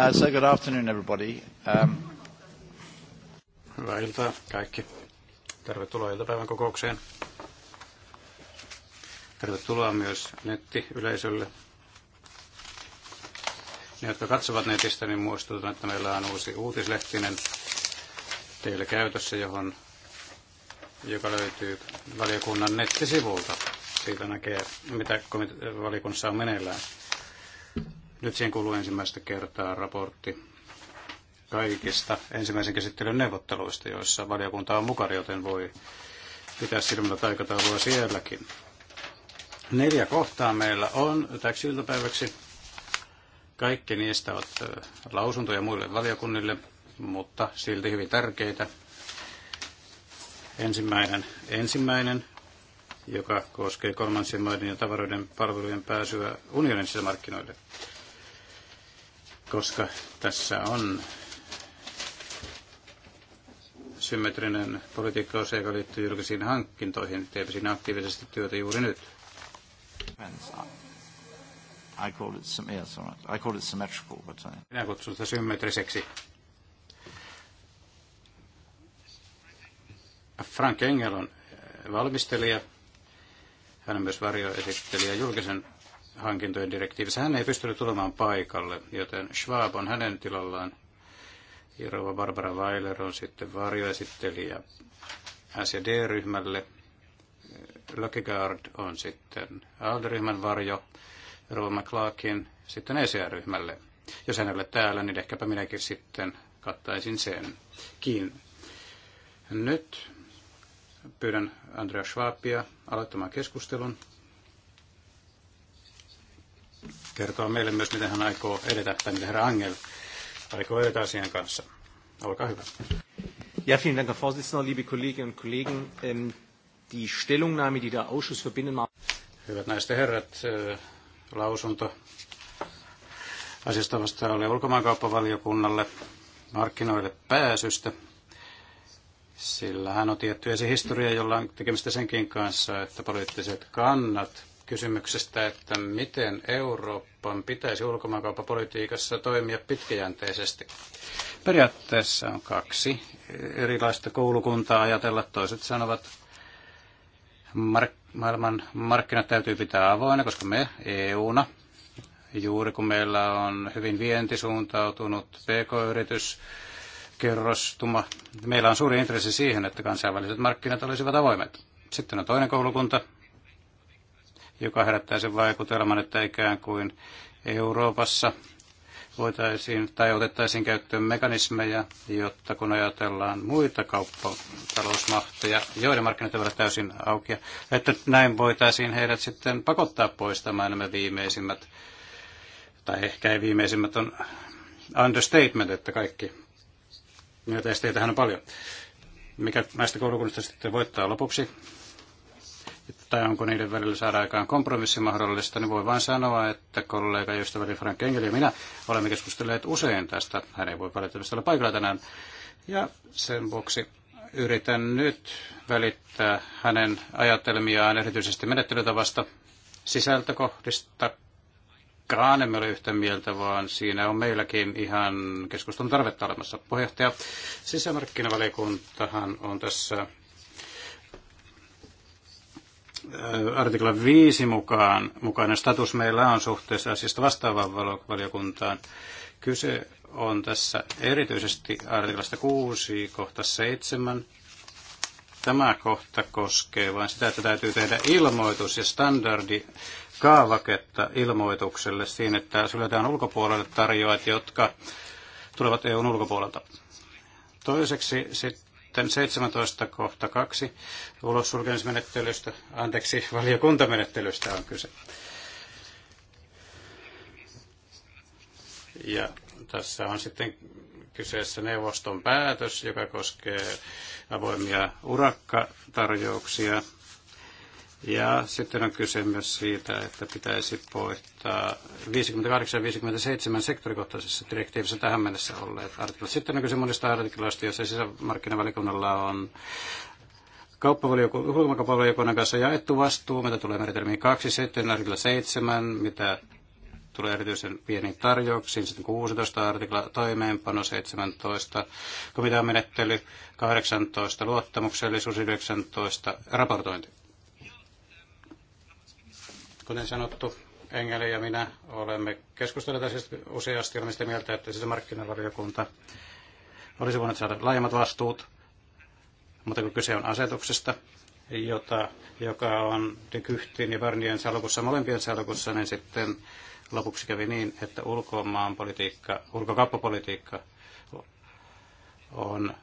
Uh, so good afternoon everybody. Um... Hyvää iltaa kaikki. Tervetuloa iltapäivän kokoukseen. Tervetuloa myös nettiyleisölle. Ne, jotka katsovat netistä, niin muistutan, että meillä on uusi uutislehtinen teille käytössä, johon, joka löytyy valiokunnan nettisivulta. Siitä näkee, mitä valiokunnassa on meneillään. Nyt siihen kuuluu ensimmäistä kertaa raportti kaikista ensimmäisen käsittelyn neuvotteluista, joissa valiokunta on mukana, joten voi pitää silmällä aikataulua sielläkin. Neljä kohtaa meillä on täksi iltapäiväksi. Kaikki niistä ovat lausuntoja muille valiokunnille, mutta silti hyvin tärkeitä. Ensimmäinen, ensimmäinen joka koskee kolmansien maiden ja tavaroiden palvelujen pääsyä unionin sisämarkkinoille koska tässä on symmetrinen politiikka-osa, joka liittyy julkisiin hankintoihin. Teemme siinä aktiivisesti työtä juuri nyt. I call it, symmetrical, uh, Minä kutsun sitä symmetriseksi. Frank Engel on eh, valmistelija. Hän on myös varjoesittelijä julkisen hankintojen direktiivissä. Hän ei pystynyt tulemaan paikalle, joten Schwab on hänen tilallaan. Ja Rova Barbara Weiler on sitten varjoesittelijä SD-ryhmälle. Lökegaard on sitten Alderyhmän varjo. Rova McClarkin sitten ECR-ryhmälle. Jos hän ole täällä, niin ehkäpä minäkin sitten kattaisin sen kiinni. Nyt pyydän Andrea Schwabia aloittamaan keskustelun kertoa meille myös, miten hän aikoo edetä, tai miten herra Angel aikoo edetä asian kanssa. Olkaa hyvä. Ja, vielen Dank, Herr Vorsitzender, liebe Kolleginnen und Kollegen. Ähm, die Stellungnahme, die der Ausschuss für Binnenmarkt... Hyvät naiset ja herrat, äh, lausunto asiasta vastaan oli ulkomaankauppavaliokunnalle markkinoille pääsystä. Sillä hän on tietty esihistoria, jolla on tekemistä senkin kanssa, että poliittiset kannat kysymyksestä, että miten Euroopan pitäisi ulkomaankauppapolitiikassa toimia pitkäjänteisesti. Periaatteessa on kaksi erilaista koulukuntaa ajatella. Toiset sanovat, mark- maailman markkinat täytyy pitää avoinna, koska me EUna, juuri kun meillä on hyvin vientisuuntautunut pk-yritys, kerrostuma. Meillä on suuri intressi siihen, että kansainväliset markkinat olisivat avoimet. Sitten on toinen koulukunta, joka herättää sen vaikutelman, että ikään kuin Euroopassa voitaisiin tai otettaisiin käyttöön mekanismeja, jotta kun ajatellaan muita kauppatalousmahteja, joiden markkinat ovat täysin auki, että näin voitaisiin heidät sitten pakottaa poistamaan nämä viimeisimmät, tai ehkä ei viimeisimmät on understatement, että kaikki näitä on paljon. Mikä näistä koulukunnista sitten voittaa lopuksi? tai onko niiden välillä saada aikaan kompromissi mahdollista, niin voi vain sanoa, että kollega ystäväni Frank Engel ja minä olemme keskustelleet usein tästä. Hän ei voi valitettavasti olla paikalla tänään. Ja sen vuoksi yritän nyt välittää hänen ajatelmiaan erityisesti menettelytavasta sisältökohdista. Kaan emme ole yhtä mieltä, vaan siinä on meilläkin ihan keskustelun tarvetta olemassa. Puheenjohtaja sisämarkkinavaliokuntahan on tässä artikla 5 mukaan, mukainen status meillä on suhteessa asiasta vastaavaan valiokuntaan. Kyse on tässä erityisesti artiklasta 6, kohta 7. Tämä kohta koskee vain sitä, että täytyy tehdä ilmoitus ja standardi kaavaketta ilmoitukselle siinä, että syljetään ulkopuolelle tarjoajat, jotka tulevat EUn ulkopuolelta. Toiseksi sitten sitten 17 kohta 2 ulossulkemismenettelystä, anteeksi, valiokuntamenettelystä on kyse. Ja tässä on sitten kyseessä neuvoston päätös, joka koskee avoimia urakkatarjouksia ja sitten on kysymys siitä, että pitäisi poistaa 58 57 sektorikohtaisessa direktiivissä tähän mennessä olleet artiklat. Sitten on kyse monista artikloista, joissa sisämarkkinavälikunnalla on kauppavaliokunnan kanssa jaettu vastuu, mitä tulee meritelmiin 2, sitten artikla 7, mitä tulee erityisen pieniin tarjouksiin, sitten 16 artikla toimeenpano, 17 menettely, 18 luottamuksellisuus, 19 raportointi. Kuten sanottu, Engeli ja minä olemme keskustelleet asiasta useasti. Olemme sitä mieltä, että sisämarkkinavaliokunta olisi voinut saada laajemmat vastuut, mutta kun kyse on asetuksesta, jota, joka on Kyhtin ja Varnien salkussa, molempien salkussa, niin sitten lopuksi kävi niin, että ulkomaan politiikka, ulkokauppapolitiikka on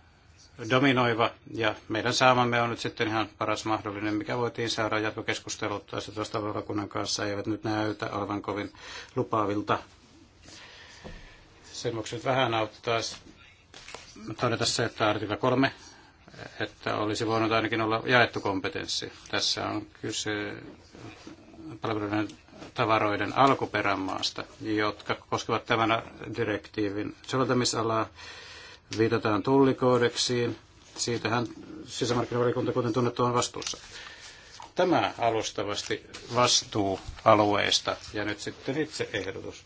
dominoiva ja meidän saamamme on nyt sitten ihan paras mahdollinen, mikä voitiin saada jatkokeskustelut taas tuosta valokunnan kanssa, eivät nyt näytä olevan kovin lupaavilta. Sen vuoksi nyt vähän auttaisi todeta se, että artikla kolme että olisi voinut ainakin olla jaettu kompetenssi. Tässä on kyse palveluiden tavaroiden alkuperämaasta, jotka koskevat tämän direktiivin soveltamisalaa viitataan tullikoodeksiin. Siitähän sisämarkkinavaliokunta, kuten tunnettu, on vastuussa. Tämä alustavasti vastuualueesta ja nyt sitten itse ehdotus.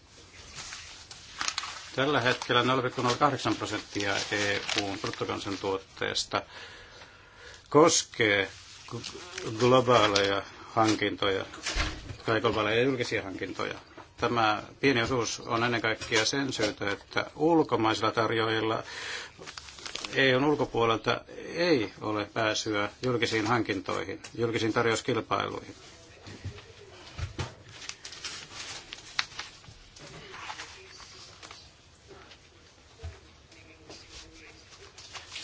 Tällä hetkellä 0,8 prosenttia EUn bruttokansantuotteesta koskee globaaleja hankintoja tai globaaleja julkisia hankintoja. Tämä pieni osuus on ennen kaikkea sen syytä, että ulkomaisilla tarjoajilla EUn ulkopuolelta ei ole pääsyä julkisiin hankintoihin, julkisiin tarjouskilpailuihin.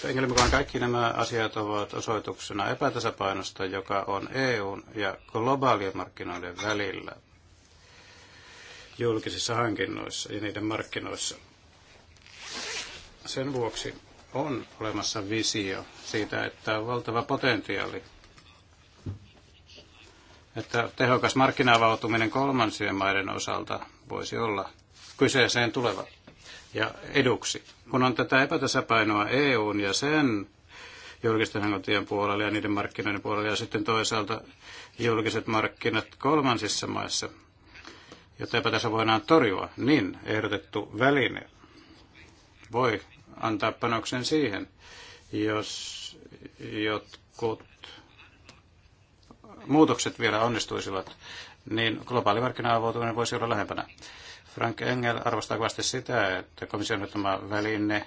Engelin mukaan kaikki nämä asiat ovat osoituksena epätasapainosta, joka on EUn ja globaalien markkinoiden välillä julkisissa hankinnoissa ja niiden markkinoissa. Sen vuoksi on olemassa visio siitä, että on valtava potentiaali, että tehokas markkinavautuminen kolmansien maiden osalta voisi olla kyseeseen tuleva ja eduksi. Kun on tätä epätasapainoa EUn ja sen julkisten hankintojen puolella ja niiden markkinoiden puolella ja sitten toisaalta julkiset markkinat kolmansissa maissa – Jotta epätasa voidaan torjua, niin ehdotettu väline voi antaa panoksen siihen, jos jotkut muutokset vielä onnistuisivat, niin globaali markkina-avautuminen voisi olla lähempänä. Frank Engel arvostaa kovasti sitä, että komission ottama väline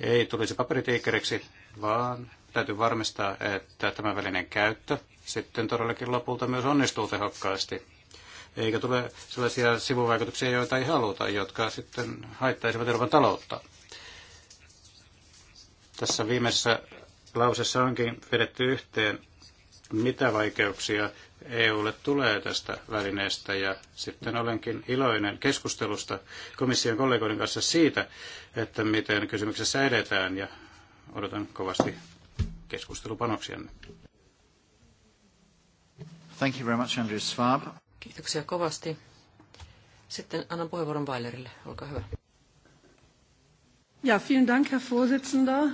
ei tulisi paperitiikereksi, vaan täytyy varmistaa, että tämä välinen käyttö sitten todellakin lopulta myös onnistuu tehokkaasti eikä tule sellaisia sivuvaikutuksia, joita ei haluta, jotka sitten haittaisivat Euroopan taloutta. Tässä viimeisessä lausessa onkin vedetty yhteen, mitä vaikeuksia EUlle tulee tästä välineestä ja sitten olenkin iloinen keskustelusta komission kollegoiden kanssa siitä, että miten kysymyksessä edetään ja odotan kovasti keskustelupanoksianne. Thank you very much, Andrew Schwab. Kiitoksia kovasti. Sitten annan puheenvuoron Weilerille. Olkaa hyvä. Ja, vielen Dank, Herr Vorsitzender.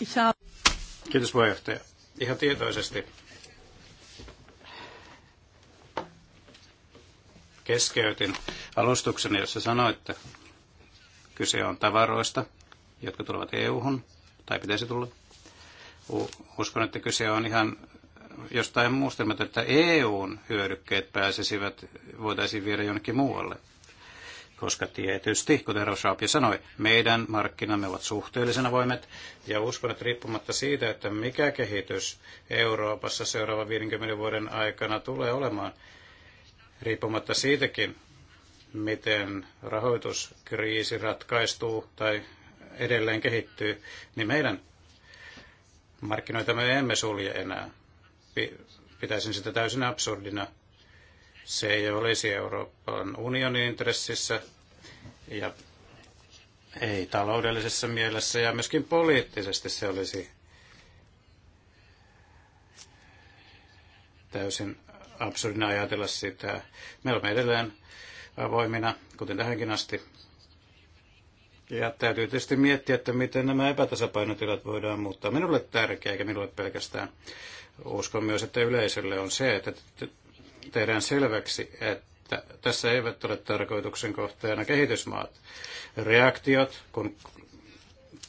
Ich habe... Kiitos puheenjohtaja. Ihan tietoisesti keskeytin alustuksen, jossa sanoitte, että kyse on tavaroista, jotka tulevat EU-hun, tai pitäisi tulla. Uskon, että kyse on ihan jostain muusta, mutta että EUn hyödykkeet pääsisivät, voitaisiin viedä jonnekin muualle. Koska tietysti, kuten Roshaapi sanoi, meidän markkinamme ovat suhteellisen avoimet ja uskon, että riippumatta siitä, että mikä kehitys Euroopassa seuraavan 50 vuoden aikana tulee olemaan, riippumatta siitäkin, miten rahoituskriisi ratkaistuu tai edelleen kehittyy, niin meidän markkinoita me emme sulje enää pitäisin sitä täysin absurdina. Se ei olisi Euroopan unionin intressissä ja ei taloudellisessa mielessä ja myöskin poliittisesti se olisi täysin absurdina ajatella sitä. Me olemme edelleen avoimina, kuten tähänkin asti. Ja täytyy tietysti miettiä, että miten nämä epätasapainotilat voidaan muuttaa. Minulle tärkeä, eikä minulle pelkästään. Uskon myös, että yleisölle on se, että tehdään selväksi, että tässä eivät ole tarkoituksen kohteena kehitysmaat. Reaktiot, kun,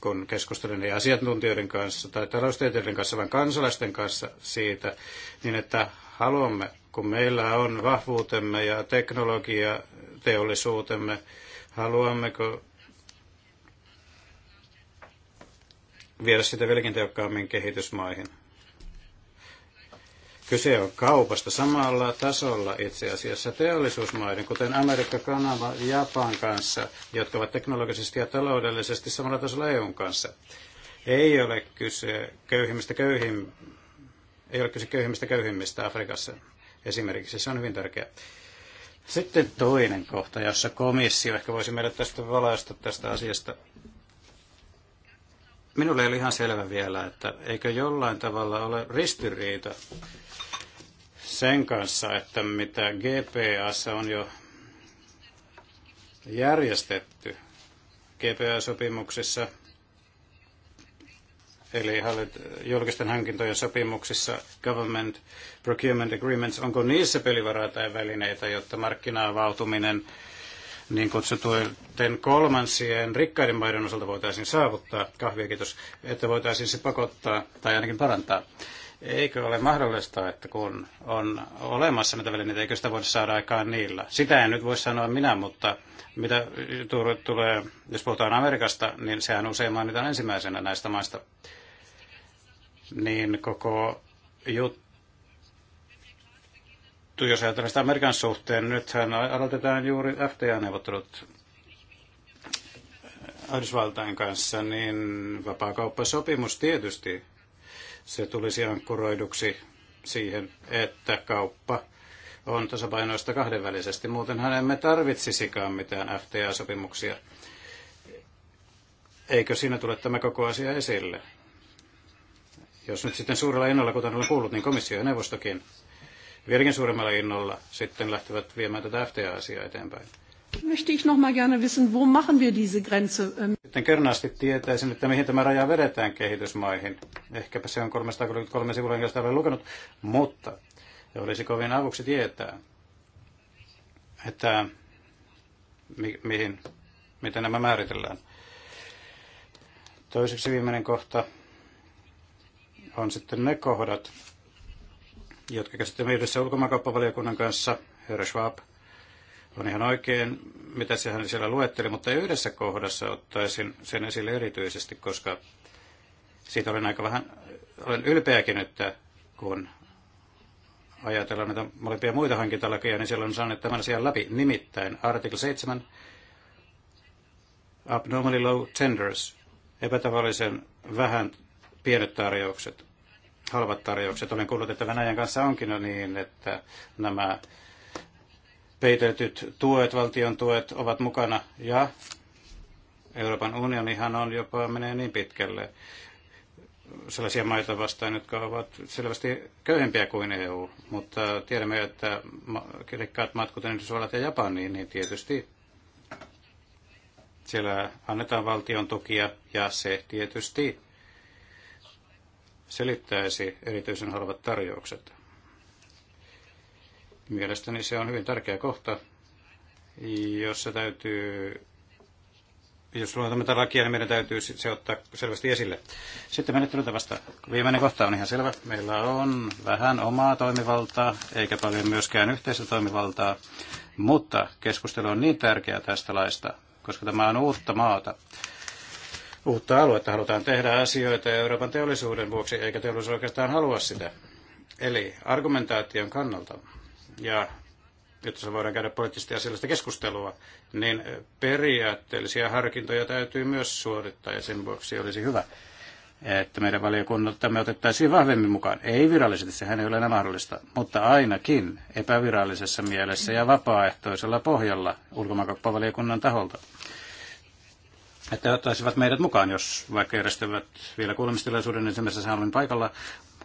kun keskustelen ei asiantuntijoiden kanssa tai taloustieteiden kanssa, vaan kansalaisten kanssa siitä, niin että haluamme, kun meillä on vahvuutemme ja teknologia, teollisuutemme, haluammeko viedä sitä vieläkin tehokkaammin kehitysmaihin. Kyse on kaupasta samalla tasolla itse asiassa teollisuusmaiden, kuten Amerikka, Kanava, ja Japan kanssa, jotka ovat teknologisesti ja taloudellisesti samalla tasolla EUn kanssa. Ei ole kyse köyhimmistä, köyhim, ei ole kyse köyhimmistä köyhimmistä Afrikassa esimerkiksi. Se on hyvin tärkeää. Sitten toinen kohta, jossa komissio ehkä voisi meidät tästä valaista tästä asiasta Minulle ei ole ihan selvä vielä, että eikö jollain tavalla ole ristiriita sen kanssa, että mitä GPS on jo järjestetty GPA-sopimuksissa, eli julkisten hankintojen sopimuksissa, government procurement agreements, onko niissä pelivaraa tai välineitä, jotta markkinavautuminen avautuminen niin kutsutuiden kolmansien rikkaiden maiden osalta voitaisiin saavuttaa, kahvia kiitos, että voitaisiin se pakottaa tai ainakin parantaa. Eikö ole mahdollista, että kun on olemassa näitä välineitä, eikö sitä voida saada aikaan niillä? Sitä en nyt voi sanoa minä, mutta mitä tulee, jos puhutaan Amerikasta, niin sehän usein mainitaan ensimmäisenä näistä maista. Niin koko juttu juttu, jos ajatellaan sitä Amerikan suhteen. Nythän aloitetaan juuri FTA-neuvottelut Yhdysvaltain kanssa, niin vapaakauppasopimus tietysti se tulisi ankkuroiduksi siihen, että kauppa on tasapainoista kahdenvälisesti. Muutenhan emme tarvitsisikaan mitään FTA-sopimuksia. Eikö siinä tule tämä koko asia esille? Jos nyt sitten suurella innolla, kuten olen kuullut, niin komissio ja neuvostokin vieläkin suuremmalla innolla sitten lähtevät viemään tätä FTA-asiaa eteenpäin. Möchte ich noch mal gerne wissen, wo machen wir diese Grenze? Ähm, sitten kernaasti tietäisin, että mihin tämä raja vedetään kehitysmaihin. Ehkäpä se on 333 sivulla, josta olen lukenut, mutta olisi kovin avuksi tietää, että mi- mihin, miten nämä määritellään. Toiseksi viimeinen kohta on sitten ne kohdat, jotka käsittelemme yhdessä ulkomaankauppavaliokunnan kanssa, herra Schwab, on ihan oikein, mitä hän siellä luetteli, mutta yhdessä kohdassa ottaisin sen esille erityisesti, koska siitä olen aika vähän, olen ylpeäkin, että kun ajatellaan näitä molempia muita hankintalakeja, niin siellä on saanut tämän asian läpi. Nimittäin artikla 7, abnormally low tenders, epätavallisen vähän pienet tarjoukset halvat tarjoukset. Olen kuullut, että Venäjän kanssa onkin niin, että nämä peiteltyt tuet, valtion tuet ovat mukana ja Euroopan unionihan on jopa menee niin pitkälle sellaisia maita vastaan, jotka ovat selvästi köyhempiä kuin EU, mutta tiedämme, että rikkaat maat, kuten Yhdysvallat ja Japani, niin tietysti siellä annetaan valtion tukia ja se tietysti selittäisi erityisen halvat tarjoukset. Mielestäni se on hyvin tärkeä kohta, jossa täytyy, jos luotamme tätä lakia, niin meidän täytyy se ottaa selvästi esille. Sitten menettelytavasta. Viimeinen kohta on ihan selvä. Meillä on vähän omaa toimivaltaa, eikä paljon myöskään yhteistä toimivaltaa, mutta keskustelu on niin tärkeä tästä laista, koska tämä on uutta maata uutta aluetta, halutaan tehdä asioita Euroopan teollisuuden vuoksi, eikä teollisuus oikeastaan halua sitä. Eli argumentaation kannalta, ja jotta se voidaan käydä poliittisesti asiallista keskustelua, niin periaatteellisia harkintoja täytyy myös suorittaa, ja sen vuoksi olisi hyvä, että meidän valiokunnattamme otettaisiin vahvemmin mukaan. Ei virallisesti, sehän ei ole enää mahdollista, mutta ainakin epävirallisessa mielessä ja vapaaehtoisella pohjalla ulkomaankauppavaliokunnan taholta että ottaisivat meidät mukaan, jos vaikka järjestävät vielä kuulemistilaisuuden ensimmäisessä niin paikalla.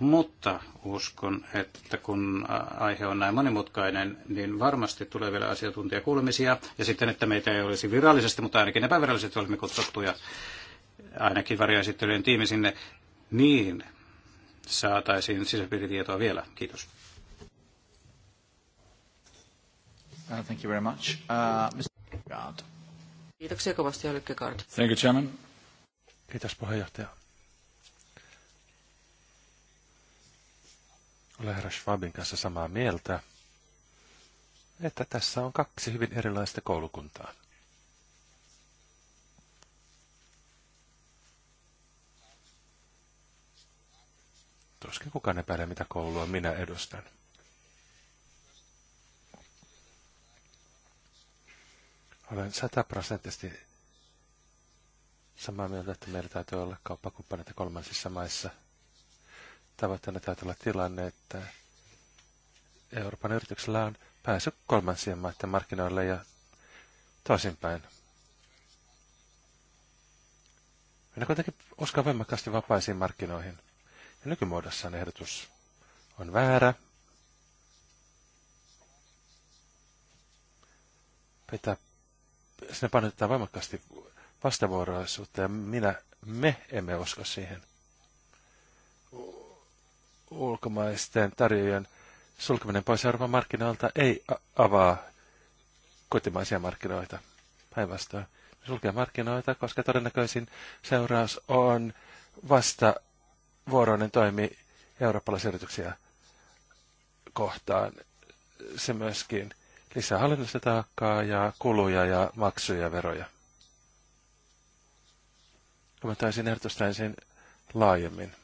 Mutta uskon, että kun aihe on näin monimutkainen, niin varmasti tulee vielä asiantuntijakuulemisia. Ja sitten, että meitä ei olisi virallisesti, mutta ainakin epävirallisesti olemme kutsuttuja, ainakin varjoesittelyjen tiimi sinne, niin saataisiin sisäpiiritietoa vielä. Kiitos. Uh, thank you very much. Uh, Mr. Kiitoksia kovasti, Jolly Kekard. Thank you, Chairman. Kiitos, puheenjohtaja. Olen herra Schwabin kanssa samaa mieltä, että tässä on kaksi hyvin erilaista koulukuntaa. Tuskin kukaan epäilee, mitä koulua minä edustan. Olen sataprosenttisesti samaa mieltä, että meillä täytyy olla kauppakumppaneita kolmansissa maissa. Tavoitteena täytyy olla tilanne, että Euroopan yrityksellä on pääsy kolmansien maiden markkinoille ja toisinpäin. Minä kuitenkin uskon voimakkaasti vapaisiin markkinoihin. Ja nykymuodossaan ehdotus on väärä. Pitää siinä painotetaan voimakkaasti vastavuoroisuutta ja minä, me emme usko siihen. Ulkomaisten tarjoajien sulkeminen pois Euroopan markkinoilta ei avaa kotimaisia markkinoita. Päinvastoin. Sulkee markkinoita, koska todennäköisin seuraus on vasta vuoroinen toimi eurooppalaisia yrityksiä kohtaan. Se myöskin – lisää hallinnollista taakkaa ja kuluja ja maksuja ja veroja. Kommentoisin ehdotusta ensin laajemmin.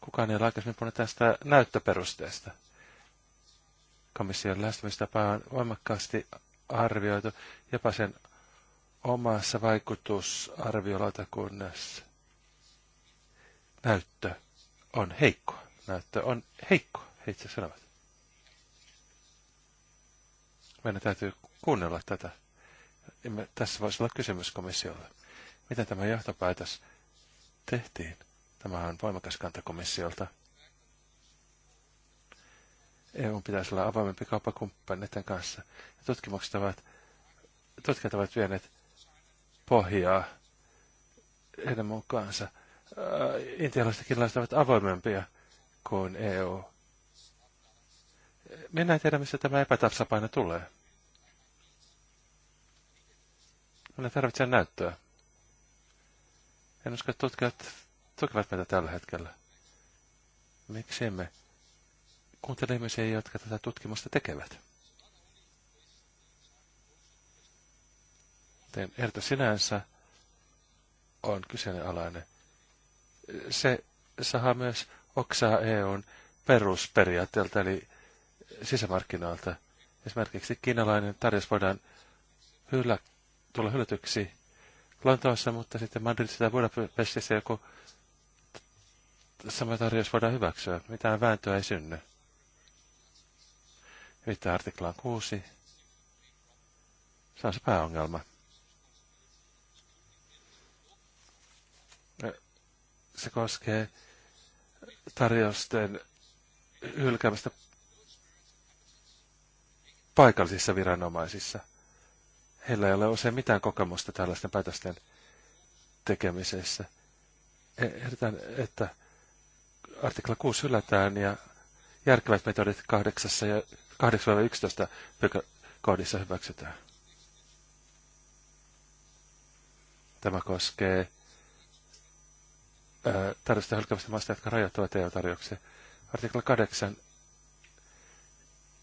Kukaan ei ole aikaisemmin puhunut tästä näyttöperusteesta. Komission lähestymistapa on voimakkaasti arvioitu jopa sen omassa vaikutusarviolautakunnassa. Näyttö on heikko. Näyttö on heikko, he itse sanovat. Meidän täytyy kuunnella tätä. Tässä voisi olla kysymys komissiolle. Miten tämä johtopäätös tehtiin? Tämä on voimakas kanta komissiolta. EU pitäisi olla avoimempi kauppakumppaneiden kanssa. Ja tutkimukset ovat, tutkijat ovat vieneet pohjaa heidän mukaansa. Intialaiset ja kiinalaiset ovat avoimempia kuin EU minä en tiedä, mistä tämä epätasapaino tulee. Minä tarvitsen näyttöä. En usko, että tutkijat tukevat meitä tällä hetkellä. Miksi emme kuuntele ihmisiä, jotka tätä tutkimusta tekevät? Joten erto sinänsä on kyseenalainen. Se saa myös oksaa EUn perusperiaatteelta, eli sisämarkkinoilta. Esimerkiksi kiinalainen tarjous voidaan hyllä, tulla hyllytyksi Lontoossa, mutta sitten Madridissa tai Budapestissa joku sama tarjous voidaan hyväksyä. Mitään vääntöä ei synny. Viittaa artiklaan 6. Se on se pääongelma. Se koskee tarjousten hylkäämistä paikallisissa viranomaisissa. Heillä ei ole usein mitään kokemusta tällaisten päätösten tekemisessä. E- ehdotan, että artikla 6 hylätään ja järkevät metodit 8 ja 8-11 kohdissa hyväksytään. Tämä koskee tarjosta hylkäämistä maista, jotka rajoittavat EU-tarjouksia. Artikla 8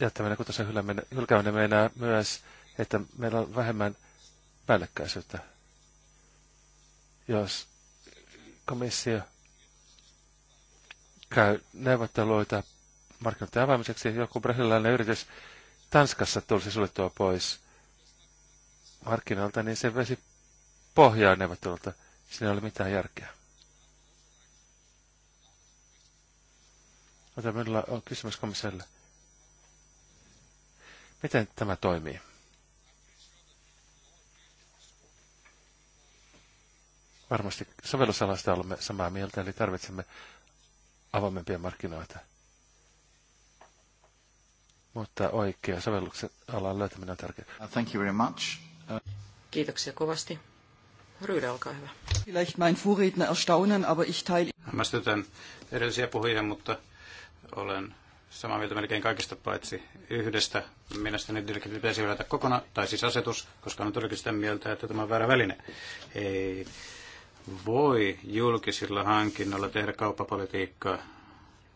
jättäminen, kuten se hylkääminen, meinaa myös, että meillä on vähemmän päällekkäisyyttä. Jos komissio käy neuvotteluita markkinoiden avaamiseksi, joku brasilialainen yritys Tanskassa tulisi suljettua pois markkinoilta, niin se vesi pohjaa neuvottelulta. Siinä ei ole mitään järkeä. Mutta minulla on kysymys komissiolle. Miten tämä toimii? Varmasti sovellusalasta olemme samaa mieltä, eli tarvitsemme avoimempia markkinoita. Mutta oikea sovelluksen alan löytäminen on tärkeää. Uh, thank you very much. Uh, Kiitoksia kovasti. Ryydä, olkaa hyvä. Vielleicht mein Vorredner erstaunen, aber ich teile... Hämmästytän edellisiä puhujia, mutta olen samaa mieltä melkein kaikista paitsi yhdestä. Mielestäni direktiivi pitäisi hylätä kokonaan, tai siis asetus, koska on todellakin sitä mieltä, että tämä on väärä väline. Ei voi julkisilla hankinnoilla tehdä kauppapolitiikkaa.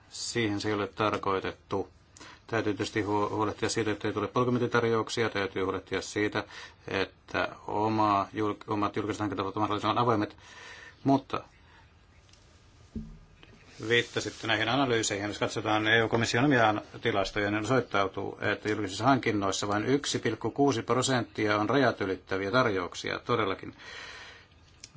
Siihen se ei ole tarkoitettu. Täytyy tietysti huolehtia siitä, että ei tule polkumyyntitarjouksia. Täytyy huolehtia siitä, että oma, julk, omat julkiset hankinnat ovat mahdollisimman avoimet. Mutta viittasitte näihin analyyseihin. Jos katsotaan EU-komission omia tilastoja, niin osoittautuu, että julkisissa hankinnoissa vain 1,6 prosenttia on rajat ylittäviä tarjouksia todellakin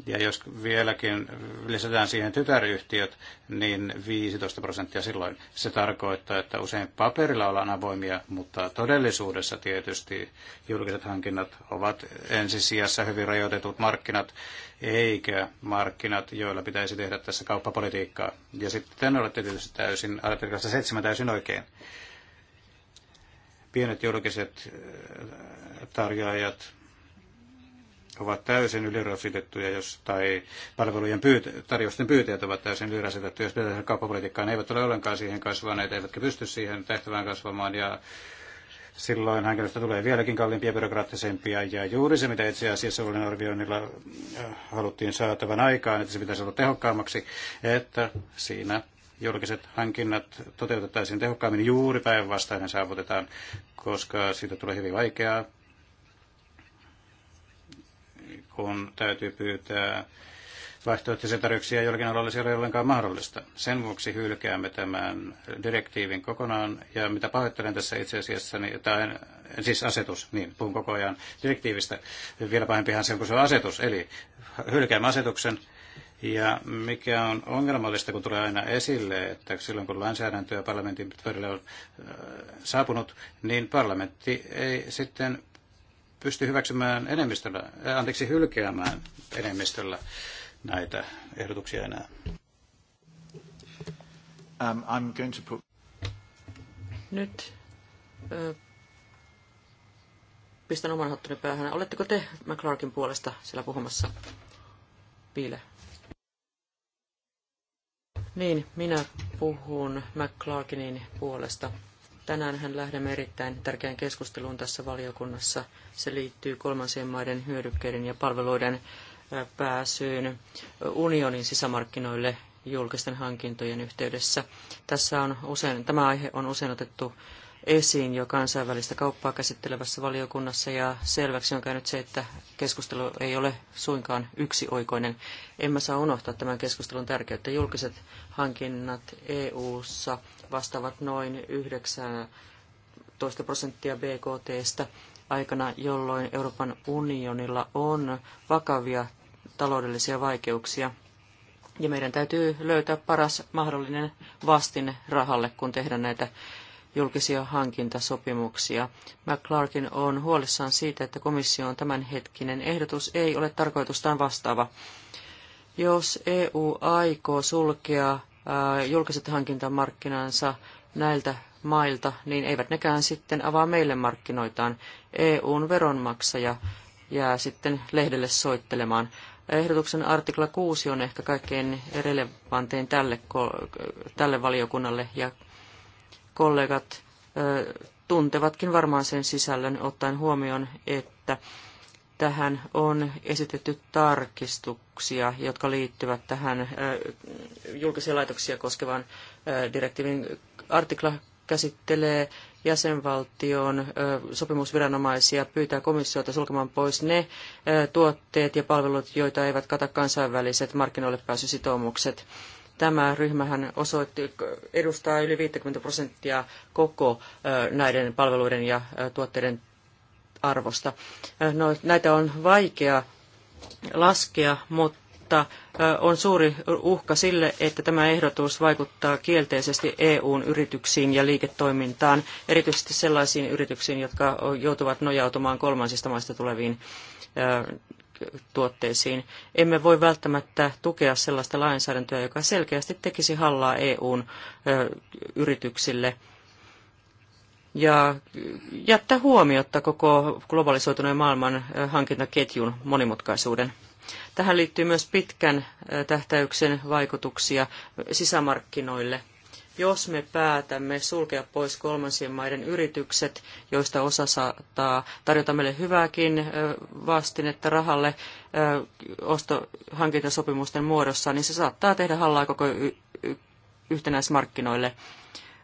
ja jos vieläkin lisätään siihen tytäryhtiöt, niin 15 prosenttia silloin. Se tarkoittaa, että usein paperilla ollaan avoimia, mutta todellisuudessa tietysti julkiset hankinnat ovat ensisijassa hyvin rajoitetut markkinat, eikä markkinat, joilla pitäisi tehdä tässä kauppapolitiikkaa. Ja sitten olette tietysti täysin, artiklasta 7 täysin oikein. Pienet julkiset äh, tarjoajat ovat täysin ylirasitettuja, jos, tai palvelujen pyytä, tarjousten pyytäjät ovat täysin ylirasitettuja, jos pidetään kauppapolitiikkaa ne eivät ole ollenkaan siihen kasvaneet, eivätkä pysty siihen tehtävään kasvamaan, ja silloin hankinnasta tulee vieläkin kalliimpia ja byrokraattisempia. Ja juuri se, mitä itse asiassa olen arvioinnilla äh, haluttiin saatavan aikaan, että se pitäisi olla tehokkaammaksi, että siinä julkiset hankinnat toteutettaisiin tehokkaammin, juuri päinvastainen saavutetaan, koska siitä tulee hyvin vaikeaa kun täytyy pyytää vaihtoehtoisia tarjouksia jollakin alalla se ei ole ollenkaan mahdollista. Sen vuoksi hylkäämme tämän direktiivin kokonaan, ja mitä pahoittelen tässä itse asiassa, niin, tämä en, siis asetus, niin puhun koko ajan direktiivistä, vielä pahempihan se on, kun se on asetus, eli hylkäämme asetuksen, ja mikä on ongelmallista, kun tulee aina esille, että silloin kun lainsäädäntöä parlamentin pöydälle on äh, saapunut, niin parlamentti ei sitten pysty hyväksymään enemmistöllä, äh, anteeksi hylkeämään enemmistöllä näitä ehdotuksia enää. Um, I'm going to put... Nyt ö, pistän oman hattuni päähän. Oletteko te McClarkin puolesta siellä puhumassa? Piile. Niin, minä puhun McClarkinin puolesta. Tänään lähdemme erittäin tärkeään keskusteluun tässä valiokunnassa. Se liittyy kolmansien maiden hyödykkeiden ja palveluiden pääsyyn unionin sisämarkkinoille julkisten hankintojen yhteydessä. Tässä on usein, tämä aihe on usein otettu esiin jo kansainvälistä kauppaa käsittelevässä valiokunnassa ja selväksi on käynyt se, että keskustelu ei ole suinkaan yksioikoinen. mä saa unohtaa tämän keskustelun tärkeyttä. Julkiset hankinnat EU-ssa vastaavat noin 19 prosenttia BKTstä aikana, jolloin Euroopan unionilla on vakavia taloudellisia vaikeuksia. Ja meidän täytyy löytää paras mahdollinen vastine rahalle, kun tehdään näitä julkisia hankintasopimuksia. McClarkin on huolissaan siitä, että komission tämänhetkinen ehdotus ei ole tarkoitustaan vastaava. Jos EU aikoo sulkea julkiset hankintamarkkinansa näiltä mailta, niin eivät nekään sitten avaa meille markkinoitaan. EUn veronmaksaja jää sitten lehdelle soittelemaan. Ehdotuksen artikla 6 on ehkä kaikkein relevantein tälle, tälle valiokunnalle ja kollegat tuntevatkin varmaan sen sisällön ottaen huomioon, että tähän on esitetty tarkistuksia, jotka liittyvät tähän julkisia laitoksia koskevan direktiivin. Artikla käsittelee jäsenvaltion sopimusviranomaisia pyytää komissiota sulkemaan pois ne tuotteet ja palvelut, joita eivät kata kansainväliset markkinoille pääsysitoumukset. Tämä ryhmähän osoitti, edustaa yli 50 prosenttia koko näiden palveluiden ja tuotteiden arvosta. No, näitä on vaikea laskea, mutta on suuri uhka sille, että tämä ehdotus vaikuttaa kielteisesti EUn yrityksiin ja liiketoimintaan, erityisesti sellaisiin yrityksiin, jotka joutuvat nojautumaan kolmansista maista tuleviin tuotteisiin. Emme voi välttämättä tukea sellaista lainsäädäntöä, joka selkeästi tekisi hallaa EUn yrityksille – ja jättää huomiotta koko globalisoituneen maailman hankintaketjun monimutkaisuuden. Tähän liittyy myös pitkän tähtäyksen vaikutuksia sisämarkkinoille. Jos me päätämme sulkea pois kolmansien maiden yritykset, joista osa saattaa tarjota meille hyvääkin vastinetta rahalle ostohankintasopimusten muodossa, niin se saattaa tehdä hallaa koko yhtenäismarkkinoille.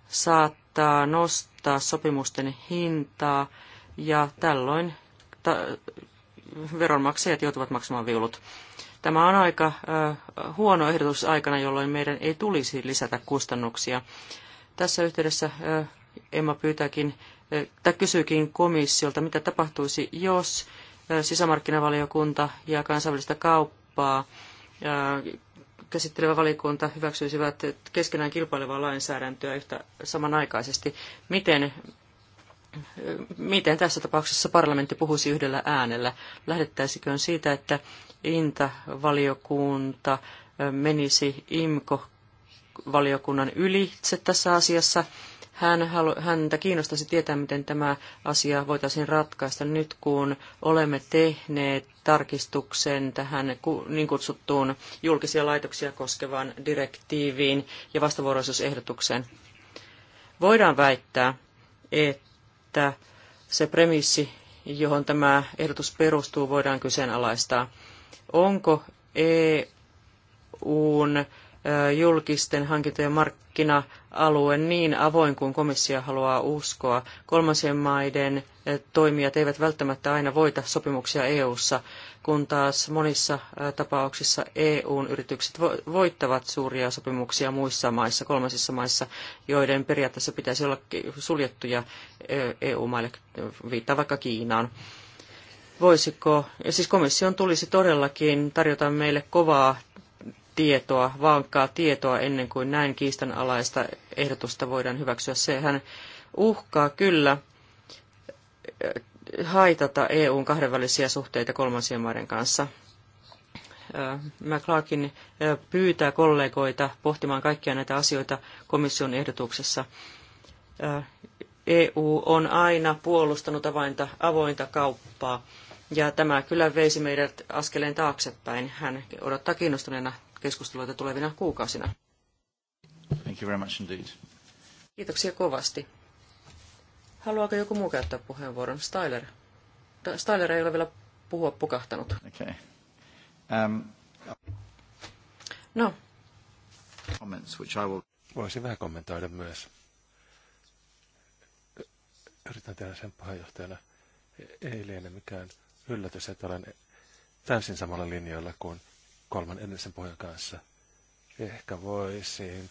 Saat saattaa nostaa sopimusten hintaa ja tällöin ta- veronmaksajat joutuvat maksamaan viulut. Tämä on aika huono ehdotus aikana, jolloin meidän ei tulisi lisätä kustannuksia. Tässä yhteydessä Emma pyytääkin, tai kysyykin komissiolta, mitä tapahtuisi, jos sisämarkkinavaliokunta ja kansainvälistä kauppaa käsittelevä valiokunta hyväksyisivät keskenään kilpailevaa lainsäädäntöä yhtä samanaikaisesti. Miten, miten tässä tapauksessa parlamentti puhuisi yhdellä äänellä? Lähdettäisiköön siitä, että Inta-valiokunta menisi IMKO-valiokunnan ylitse tässä asiassa – hän halu, häntä kiinnostaisi tietää, miten tämä asia voitaisiin ratkaista nyt, kun olemme tehneet tarkistuksen tähän niin kutsuttuun julkisia laitoksia koskevan direktiiviin ja vastavuoroisuusehdotukseen. Voidaan väittää, että se premissi, johon tämä ehdotus perustuu, voidaan kyseenalaistaa. Onko EUn julkisten hankintojen markkina alue niin avoin kuin komissio haluaa uskoa. Kolmansien maiden eh, toimijat eivät välttämättä aina voita sopimuksia EU-ssa, kun taas monissa eh, tapauksissa EUn yritykset voittavat suuria sopimuksia muissa maissa, kolmansissa maissa, joiden periaatteessa pitäisi olla suljettuja EU-maille, eh, e viittaa vaikka Kiinaan. Voisiko, ja siis komission tulisi todellakin tarjota meille kovaa tietoa, vankkaa tietoa ennen kuin näin kiistanalaista ehdotusta voidaan hyväksyä. Sehän uhkaa kyllä eh, haitata EUn kahdenvälisiä suhteita kolmansien maiden kanssa. Eh, McClarkin eh, pyytää kollegoita pohtimaan kaikkia näitä asioita komission ehdotuksessa. EU e on aina puolustanut avainta, avointa kauppaa, ja tämä kyllä veisi meidät askeleen taaksepäin. Hän odottaa kiinnostuneena keskusteluita tulevina kuukausina. Thank you very much indeed. Kiitoksia kovasti. Haluaako joku muu käyttää puheenvuoron? Styler. Styler ei ole vielä puhua pukahtanut. Okay. Um, no. Comments, which I will... Voisin vähän kommentoida myös. Yritän tehdä sen puheenjohtajana. Ei liene mikään yllätys, että olen täysin samalla linjoilla kuin kolman edellisen pohjan kanssa. Ehkä voisin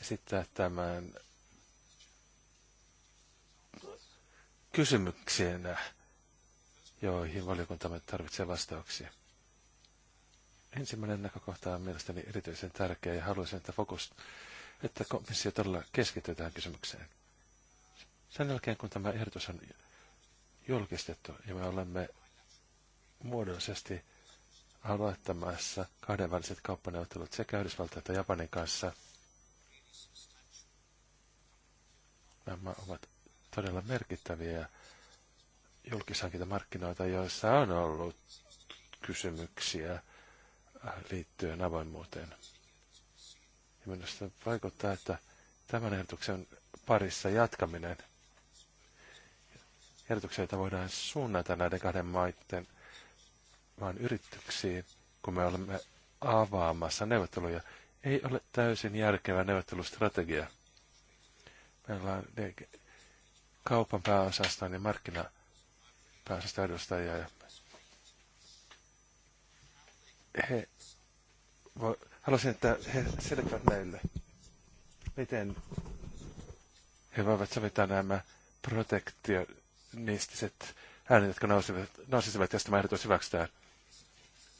esittää tämän kysymyksiin, joihin valiokuntamme tarvitsee vastauksia. Ensimmäinen näkökohta on mielestäni erityisen tärkeä ja haluaisin, että fokus, että komissio todella keskittyy tähän kysymykseen. Sen jälkeen, kun tämä ehdotus on julkistettu ja me olemme muodollisesti aloittamassa kahdenväliset kauppaneuvottelut sekä Yhdysvaltain että Japanin kanssa. Nämä ovat todella merkittäviä julkishankintamarkkinoita, joissa on ollut kysymyksiä liittyen avoimuuteen. Ja minusta vaikuttaa, että tämän ehdotuksen parissa jatkaminen, ehdotuksia, joita voidaan suunnata näiden kahden maiden vaan yrityksiin, kun me olemme avaamassa neuvotteluja. Ei ole täysin järkevä neuvottelustrategia. Meillä on kaupan pääosastaan ja niin markkinapääosasta edustajia. Ja he, haluaisin, että he selvittävät meille, miten he voivat sovittaa nämä protektionistiset äänet, jotka nousisivat, nousisivat, jos tämä ehdotus hyväksytään.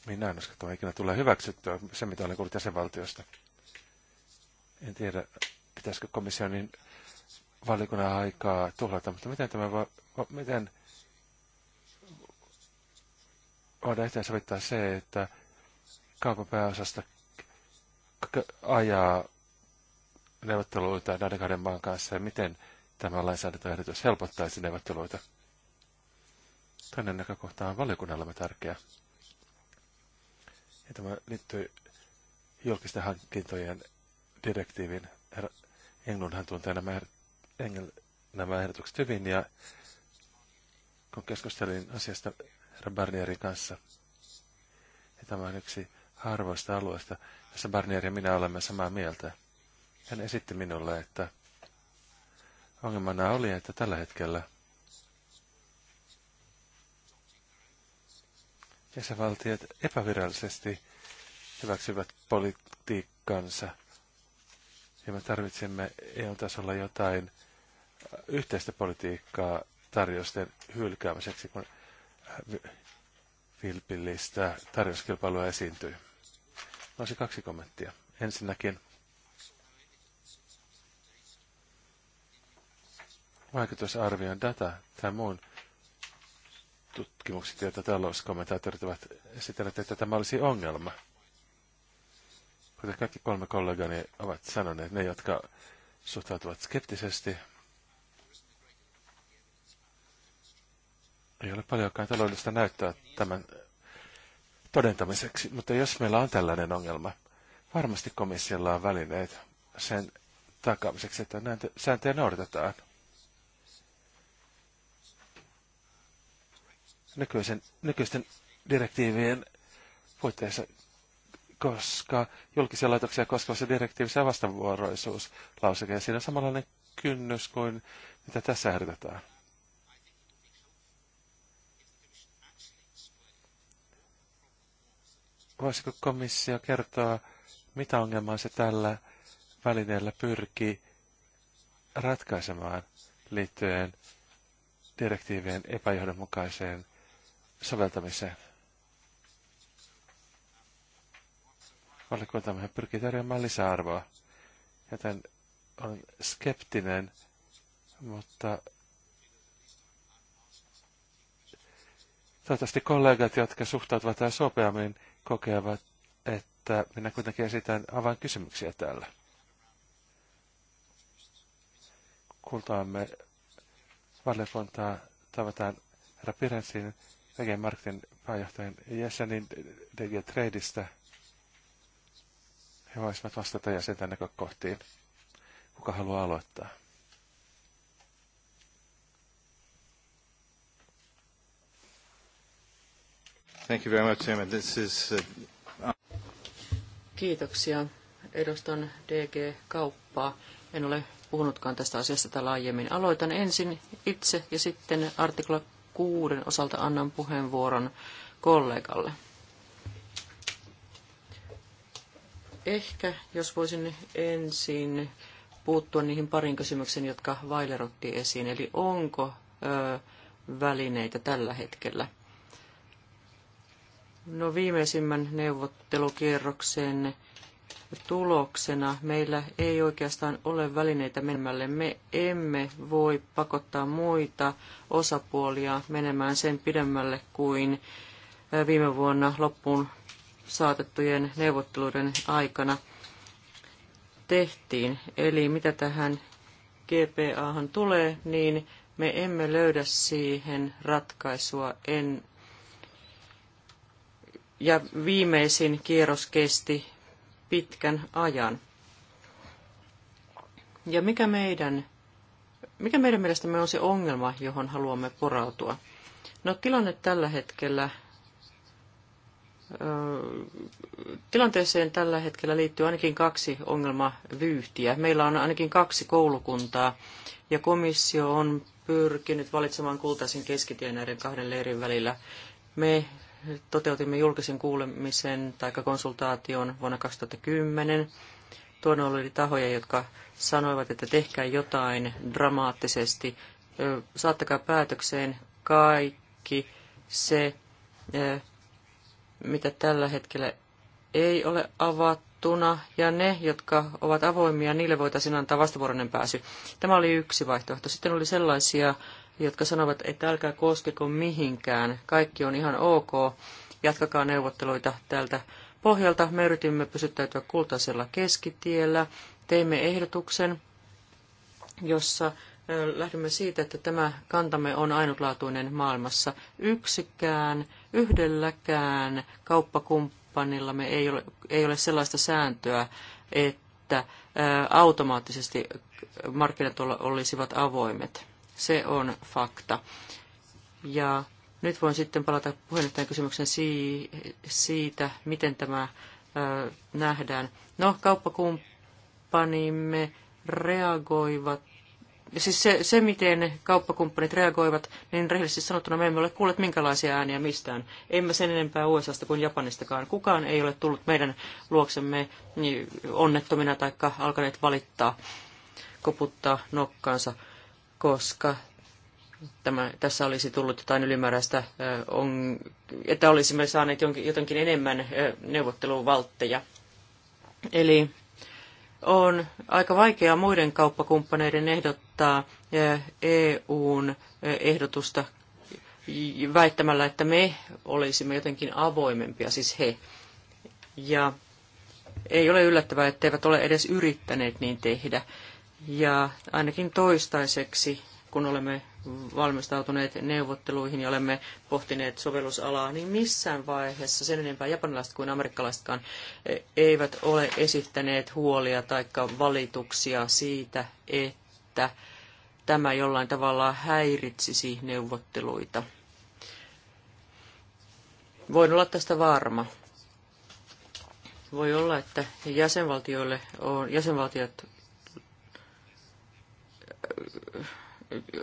Minä en usko, että ikinä tulee hyväksyttyä se, mitä olen kuullut jäsenvaltiosta. En tiedä, pitäisikö komissionin valikunnan aikaa tuhlata, mutta miten tämä va- va- miten voidaan yhteen sovittaa se, että kaupan pääosasta ajaa neuvotteluita näiden kahden maan kanssa ja miten tämä lainsäädäntöehdotus helpottaisi neuvotteluita. Toinen näkökohta on valiokunnallamme tärkeä. Ja tämä liittyy julkisten hankintojen direktiivin. Herra tuntee nämä, Engel, nämä ehdotukset hyvin ja kun keskustelin asiasta herra Barnierin kanssa, ja niin tämä on yksi harvoista alueista, jossa Barnier ja minä olemme samaa mieltä. Hän esitti minulle, että ongelmana oli, että tällä hetkellä – jäsenvaltiot epävirallisesti hyväksyvät politiikkansa. Ja me tarvitsemme EU-tasolla jotain yhteistä politiikkaa tarjousten hylkäämiseksi, kun vilpillistä tarjouskilpailua esiintyi. Olisi kaksi kommenttia. Ensinnäkin vaikutusarvion data tai muun tutkimukset, joita talouskommentaattorit ovat esitelleet, että tämä olisi ongelma. Kuten kaikki kolme kollegani ovat sanoneet, ne, jotka suhtautuvat skeptisesti, ei ole paljonkaan taloudellista näyttää tämän todentamiseksi, mutta jos meillä on tällainen ongelma, varmasti komissiolla on välineet sen takaamiseksi, että näitä sääntöjä noudatetaan. nykyisen, nykyisten direktiivien puitteissa, koska julkisia laitoksia koskevassa direktiivissä on vastavuoroisuuslauseke, ja siinä on samanlainen kynnys kuin mitä tässä ehdotetaan. Voisiko komissio kertoa, mitä ongelmaa se tällä välineellä pyrkii ratkaisemaan liittyen direktiivien epäjohdonmukaiseen soveltamiseen. hän pyrkii tarjoamaan lisäarvoa, joten olen skeptinen, mutta toivottavasti kollegat, jotka suhtautuvat tähän sopeammin, kokevat, että minä kuitenkin esitän avainkysymyksiä täällä. Kultaamme valiokuntaa tavataan herra Pirensin tekee Marketin pääjohtajan jäsenin DG Tradeista. He voisivat vastata jäsenten näkökohtiin. Kuka haluaa aloittaa? Thank you very much, Chairman. This is, uh... Kiitoksia. Edustan DG-kauppaa. En ole puhunutkaan tästä asiasta täällä aiemmin. Aloitan ensin itse ja sitten artikla kuuden osalta annan puheenvuoron kollegalle. Ehkä, jos voisin ensin puuttua niihin parin kysymykseen, jotka Vailer otti esiin. Eli onko ö, välineitä tällä hetkellä? No viimeisimmän neuvottelukierroksen tuloksena meillä ei oikeastaan ole välineitä menemälle. Me emme voi pakottaa muita osapuolia menemään sen pidemmälle kuin viime vuonna loppuun saatettujen neuvotteluiden aikana tehtiin. Eli mitä tähän GPAhan tulee, niin me emme löydä siihen ratkaisua en ja viimeisin kierros kesti pitkän ajan. Ja mikä meidän, mikä meidän mielestämme on se ongelma, johon haluamme porautua? No tilanne tällä hetkellä, tilanteeseen tällä hetkellä liittyy ainakin kaksi ongelmavyyhtiä. Meillä on ainakin kaksi koulukuntaa ja komissio on pyrkinyt valitsemaan kultaisen keskitien näiden kahden leirin välillä. Me toteutimme julkisen kuulemisen tai konsultaation vuonna 2010. Tuona oli tahoja, jotka sanoivat, että tehkää jotain dramaattisesti, saattakaa päätökseen kaikki se, mitä tällä hetkellä ei ole avattuna, ja ne, jotka ovat avoimia, niille voitaisiin antaa vastavuoroinen pääsy. Tämä oli yksi vaihtoehto. Sitten oli sellaisia jotka sanovat, että älkää koskeko mihinkään, kaikki on ihan ok, jatkakaa neuvotteluita tältä pohjalta. Me yritimme pysyttäytyä kultaisella keskitiellä, teimme ehdotuksen, jossa lähdimme siitä, että tämä kantamme on ainutlaatuinen maailmassa. Yksikään, yhdelläkään kauppakumppanillamme ei ole, ei ole sellaista sääntöä, että automaattisesti markkinat olisivat avoimet. Se on fakta. Ja nyt voin sitten palata puheenjohtajan kysymykseen siitä, miten tämä nähdään. No, kauppakumppanimme reagoivat Siis se, se, miten kauppakumppanit reagoivat, niin rehellisesti sanottuna me emme ole kuulleet minkälaisia ääniä mistään. Emme sen enempää USAsta kuin Japanistakaan. Kukaan ei ole tullut meidän luoksemme niin onnettomina tai alkaneet valittaa, koputtaa nokkaansa koska tämä, tässä olisi tullut jotain ylimääräistä, on, että olisimme saaneet jotenkin enemmän neuvotteluvaltteja. Eli on aika vaikea muiden kauppakumppaneiden ehdottaa EUn ehdotusta väittämällä, että me olisimme jotenkin avoimempia, siis he. Ja ei ole yllättävää, etteivät ole edes yrittäneet niin tehdä. Ja ainakin toistaiseksi, kun olemme valmistautuneet neuvotteluihin ja olemme pohtineet sovellusalaa, niin missään vaiheessa sen enempää japanilaiset kuin amerikkalaisetkaan e, eivät ole esittäneet huolia tai valituksia siitä, että tämä jollain tavalla häiritsisi neuvotteluita. Voin olla tästä varma. Voi olla, että jäsenvaltioille on, jäsenvaltiot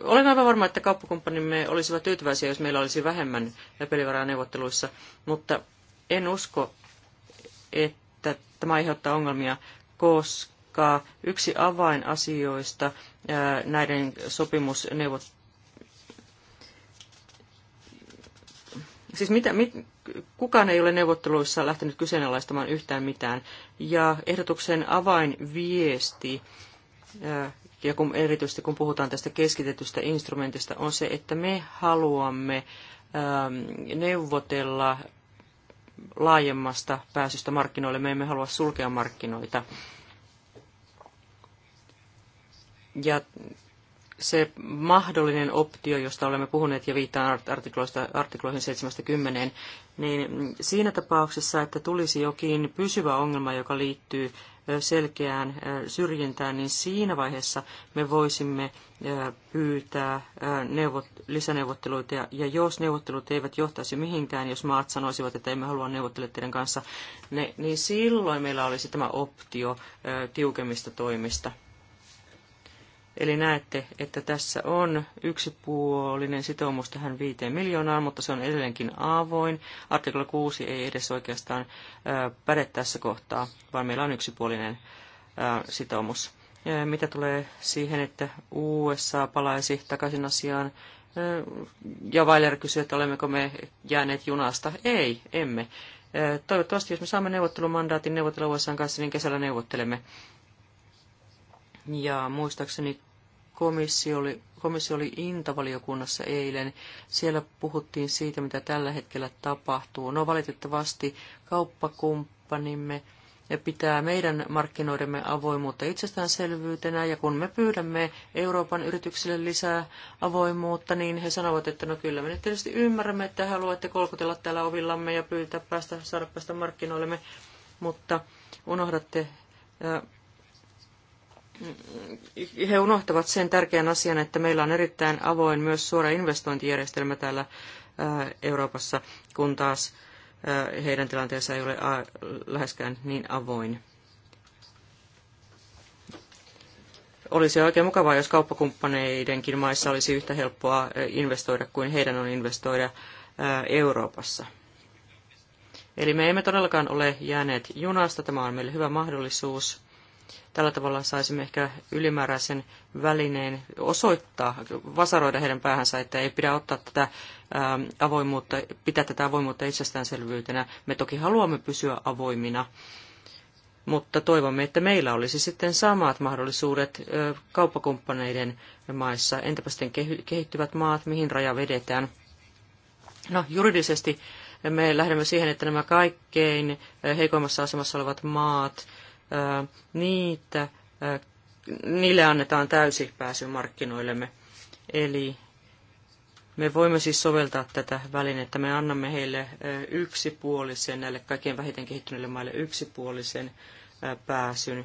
olen aivan varma, että kauppakumppanimme olisivat tyytyväisiä, jos meillä olisi vähemmän pelivaraa neuvotteluissa, mutta en usko, että tämä aiheuttaa ongelmia, koska yksi avainasioista näiden sopimusneuvottelujen siis mitä, mit, kukaan ei ole neuvotteluissa lähtenyt kyseenalaistamaan yhtään mitään. Ja ehdotuksen avainviesti ää, ja kun, erityisesti kun puhutaan tästä keskitetystä instrumentista, on se, että me haluamme ähm, neuvotella laajemmasta pääsystä markkinoille. Me emme halua sulkea markkinoita. Ja se mahdollinen optio, josta olemme puhuneet ja viittaan artikloista, artikloihin 70, niin siinä tapauksessa, että tulisi jokin pysyvä ongelma, joka liittyy selkeään syrjintään, niin siinä vaiheessa me voisimme pyytää neuvot, lisäneuvotteluita. Ja jos neuvottelut eivät johtaisi mihinkään, jos maat sanoisivat, että emme halua neuvottele teidän kanssa, niin silloin meillä olisi tämä optio tiukemmista toimista. Eli näette, että tässä on yksipuolinen sitoumus tähän viiteen miljoonaan, mutta se on edelleenkin avoin. Artikla 6 ei edes oikeastaan päde tässä kohtaa, vaan meillä on yksipuolinen sitoumus. Mitä tulee siihen, että USA palaisi takaisin asiaan, ja Weiler kysyi, että olemmeko me jääneet junasta. Ei, emme. Toivottavasti, jos me saamme neuvottelumandaatin neuvotella USA kanssa, niin kesällä neuvottelemme ja muistaakseni komissio oli, komissio oli Intavaliokunnassa eilen. Siellä puhuttiin siitä, mitä tällä hetkellä tapahtuu. No valitettavasti kauppakumppanimme ja pitää meidän markkinoidemme avoimuutta itsestäänselvyytenä, ja kun me pyydämme Euroopan yrityksille lisää avoimuutta, niin he sanovat, että no kyllä me nyt tietysti ymmärrämme, että haluatte kolkutella täällä ovillamme ja pyytää päästä, saada päästä markkinoillemme, mutta unohdatte he unohtavat sen tärkeän asian, että meillä on erittäin avoin myös suora investointijärjestelmä täällä äh, Euroopassa, kun taas äh, heidän tilanteensa ei ole äh, läheskään niin avoin. Olisi oikein mukavaa, jos kauppakumppaneidenkin maissa olisi yhtä helppoa investoida kuin heidän on investoida Euroopassa. Eli me emme todellakaan ole jääneet junasta. Tämä on meille hyvä mahdollisuus Tällä tavalla saisimme ehkä ylimääräisen välineen osoittaa, vasaroida heidän päähänsä, että ei pidä ottaa tätä ähm, avoimuutta, pitää tätä avoimuutta itsestäänselvyytenä. Me toki haluamme pysyä avoimina, mutta toivomme, että meillä olisi sitten samat mahdollisuudet kauppakumppaneiden maissa. Entäpä sitten kehittyvät maat, mihin raja vedetään? No, juridisesti me lähdemme siihen, että nämä kaikkein heikoimmassa asemassa olevat maat – niitä, niille annetaan täysi pääsy markkinoillemme. Eli me voimme siis soveltaa tätä välinettä. Me annamme heille yksipuolisen, näille kaikkein vähiten kehittyneille maille yksipuolisen pääsyn.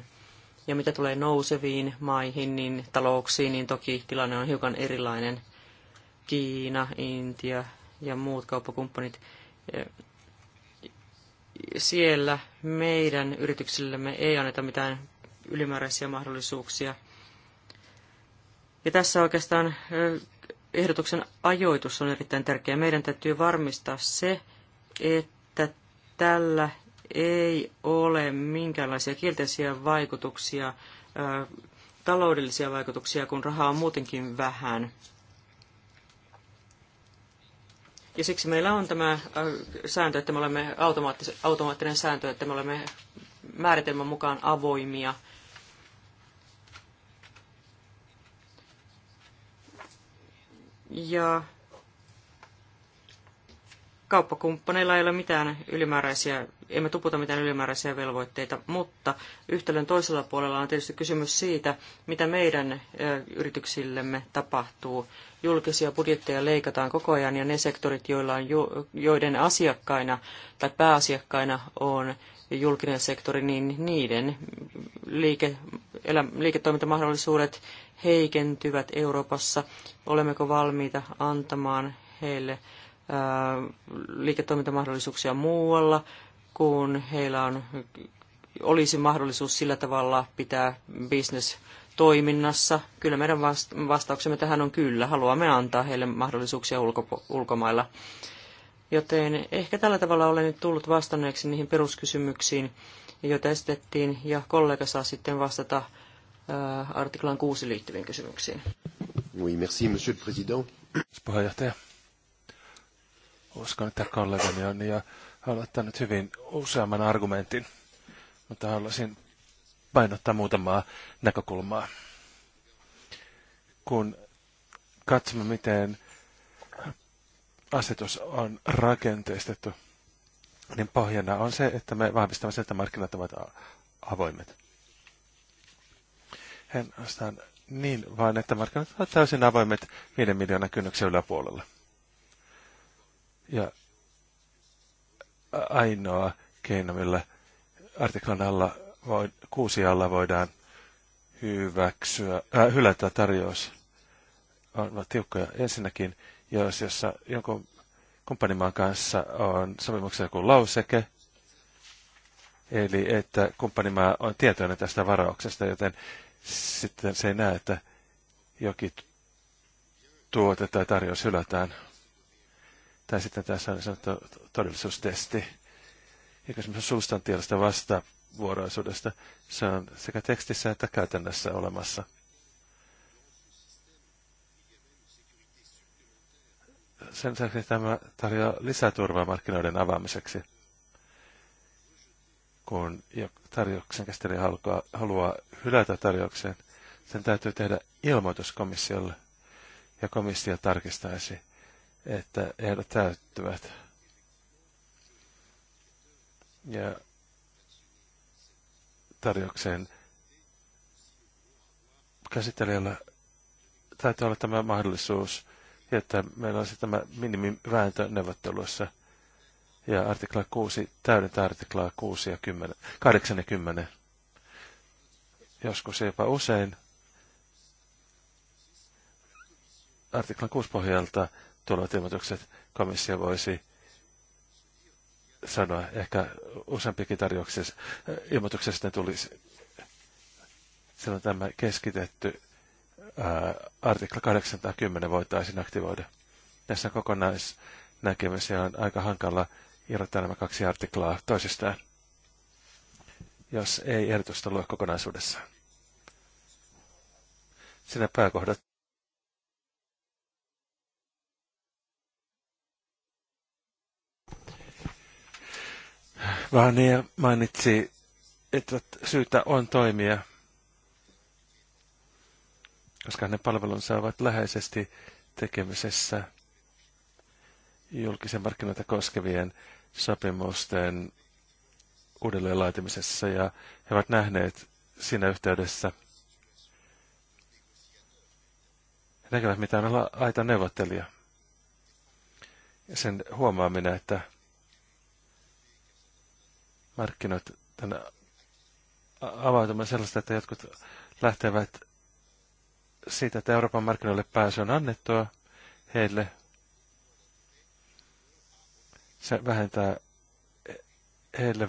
Ja mitä tulee nouseviin maihin, niin talouksiin, niin toki tilanne on hiukan erilainen. Kiina, Intia ja muut kauppakumppanit siellä meidän yrityksillemme ei anneta mitään ylimääräisiä mahdollisuuksia. Ja tässä oikeastaan ehdotuksen ajoitus on erittäin tärkeä. Meidän täytyy varmistaa se, että tällä ei ole minkäänlaisia kielteisiä vaikutuksia, taloudellisia vaikutuksia, kun rahaa on muutenkin vähän – ja siksi meillä on tämä äh, sääntö, että me olemme automaattinen sääntö, että me olemme määritelmän mukaan avoimia. Ja kauppakumppaneilla ei ole mitään ylimääräisiä emme tuputa mitään ylimääräisiä velvoitteita, mutta yhtälön toisella puolella on tietysti kysymys siitä, mitä meidän yrityksillemme tapahtuu. Julkisia budjetteja leikataan koko ajan ja ne sektorit, joilla on, joiden asiakkaina tai pääasiakkaina on julkinen sektori, niin niiden liike, elä, liiketoimintamahdollisuudet heikentyvät Euroopassa. Olemmeko valmiita antamaan heille liiketoimintamahdollisuuksia muualla kun heillä on, olisi mahdollisuus sillä tavalla pitää business toiminnassa. Kyllä meidän vastauksemme tähän on kyllä. Haluamme antaa heille mahdollisuuksia ulko, ulkomailla. Joten ehkä tällä tavalla olen nyt tullut vastanneeksi niihin peruskysymyksiin, joita esitettiin, ja kollega saa sitten vastata äh, artiklan 6 liittyviin kysymyksiin. Oui, merci, monsieur le président. Puheenjohtaja. että kollegani on ja aloittanut hyvin useamman argumentin, mutta haluaisin painottaa muutamaa näkökulmaa. Kun katsomme, miten asetus on rakenteistettu, niin pohjana on se, että me vahvistamme sen, että markkinat ovat avoimet. Hän ostaan niin, vain, että markkinat ovat täysin avoimet 5 miljoonan kynnyksen yläpuolella. Ja ainoa keino, millä artiklan alla voi, kuusi alla voidaan hyväksyä, äh, hylätä tarjous. On tiukkoja. Ensinnäkin, jos jossa jonkun kumppanimaan kanssa on sopimuksessa joku lauseke, eli että kumppanimaa on tietoinen tästä varauksesta, joten sitten se ei näe, että jokin tuote tai tarjous hylätään tai sitten tässä on sanottu todellisuustesti, eikä semmoisen substantiaalista vastavuoroisuudesta. Se on sekä tekstissä että käytännössä olemassa. Sen lisäksi tämä tarjoaa lisäturvaa markkinoiden avaamiseksi, kun tarjouksen käsittelijä haluaa, haluaa hylätä tarjouksen, sen täytyy tehdä ilmoitus komissiolle, ja komissio tarkistaisi että ehdot täyttyvät. Ja tarjokseen käsittelijällä täytyy olla tämä mahdollisuus, että meillä olisi tämä minimivääntö neuvotteluissa. Ja artikla 6 täydentää artiklaa 6 ja 10, 8 ja 10. Joskus jopa usein artiklan 6 pohjalta tulevat ilmoitukset komissio voisi sanoa. Ehkä useampikin tarjouksessa äh, ilmoituksesta tulisi silloin tämä keskitetty ää, äh, artikla 810 voitaisiin aktivoida. Tässä kokonaisnäkemys ja on aika hankala irrottaa nämä kaksi artiklaa toisistaan, jos ei ehdotusta lue kokonaisuudessaan. Sinä pääkohdat Vania niin, mainitsi, että syytä on toimia, koska ne palvelunsa ovat läheisesti tekemisessä julkisen markkinoita koskevien sopimusten uudelleenlaatimisessa ja he ovat nähneet siinä yhteydessä he näkevät mitään aita neuvottelija. Ja sen huomaaminen, että markkinoiden avautumaan sellaista, että jotkut lähtevät siitä, että Euroopan markkinoille pääsy on annettua heille. Se vähentää heille,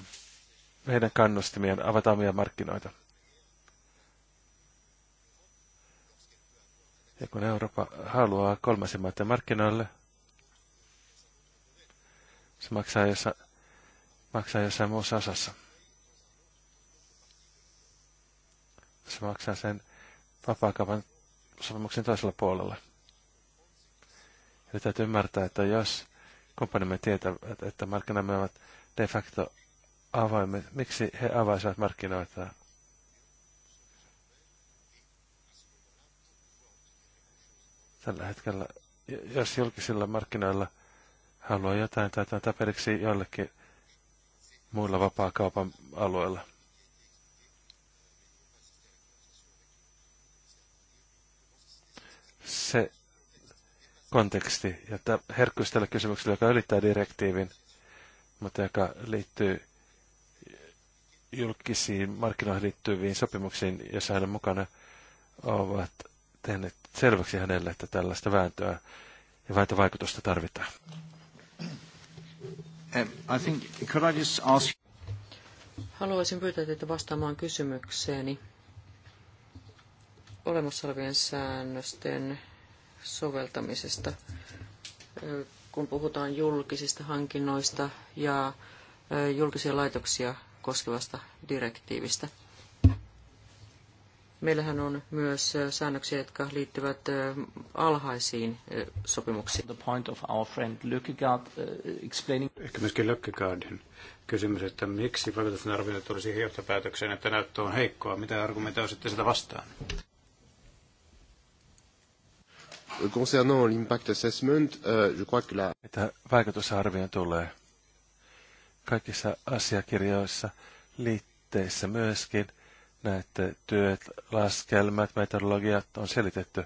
heidän kannustimien avata omia markkinoita. Ja kun Eurooppa haluaa kolmasen maiden markkinoille, se maksaa jossain maksaa jossain muussa osassa. Se maksaa sen vapaakaupan sopimuksen toisella puolella. Eli täytyy ymmärtää, että jos kumppanimme tietävät, että markkinamme ovat de facto avaimet, miksi he avaisivat markkinoita? Tällä hetkellä, jos julkisilla markkinoilla haluaa jotain tai tämä tuota periksi jollekin, muilla vapaakaupan alueilla. Se konteksti ja herkkyys tällä kysymyksellä, joka ylittää direktiivin, mutta joka liittyy julkisiin markkinoihin liittyviin sopimuksiin, joissa hän on mukana, ovat tehneet selväksi hänelle, että tällaista vääntöä ja vääntövaikutusta tarvitaan. Um, I think, could I just ask... Haluaisin pyytää teitä vastaamaan kysymykseeni olemassa olevien säännösten soveltamisesta, kun puhutaan julkisista hankinnoista ja julkisia laitoksia koskevasta direktiivistä. Meillähän on myös säännöksiä, jotka liittyvät alhaisiin sopimuksiin. The point of our friend Lykkegaard, explaining... Ehkä myöskin Lykkegaardin kysymys, että miksi vaikutusten arviointi tuli siihen johtopäätökseen, että näyttö on heikkoa. Mitä argumentteja on sitten sitä vastaan? Concernant l'impact assessment, euh, je crois que la... Mitä vaikutusarvioon tulee kaikissa asiakirjoissa, liitteissä myöskin – Näette työt, laskelmat, meteorologiat on selitetty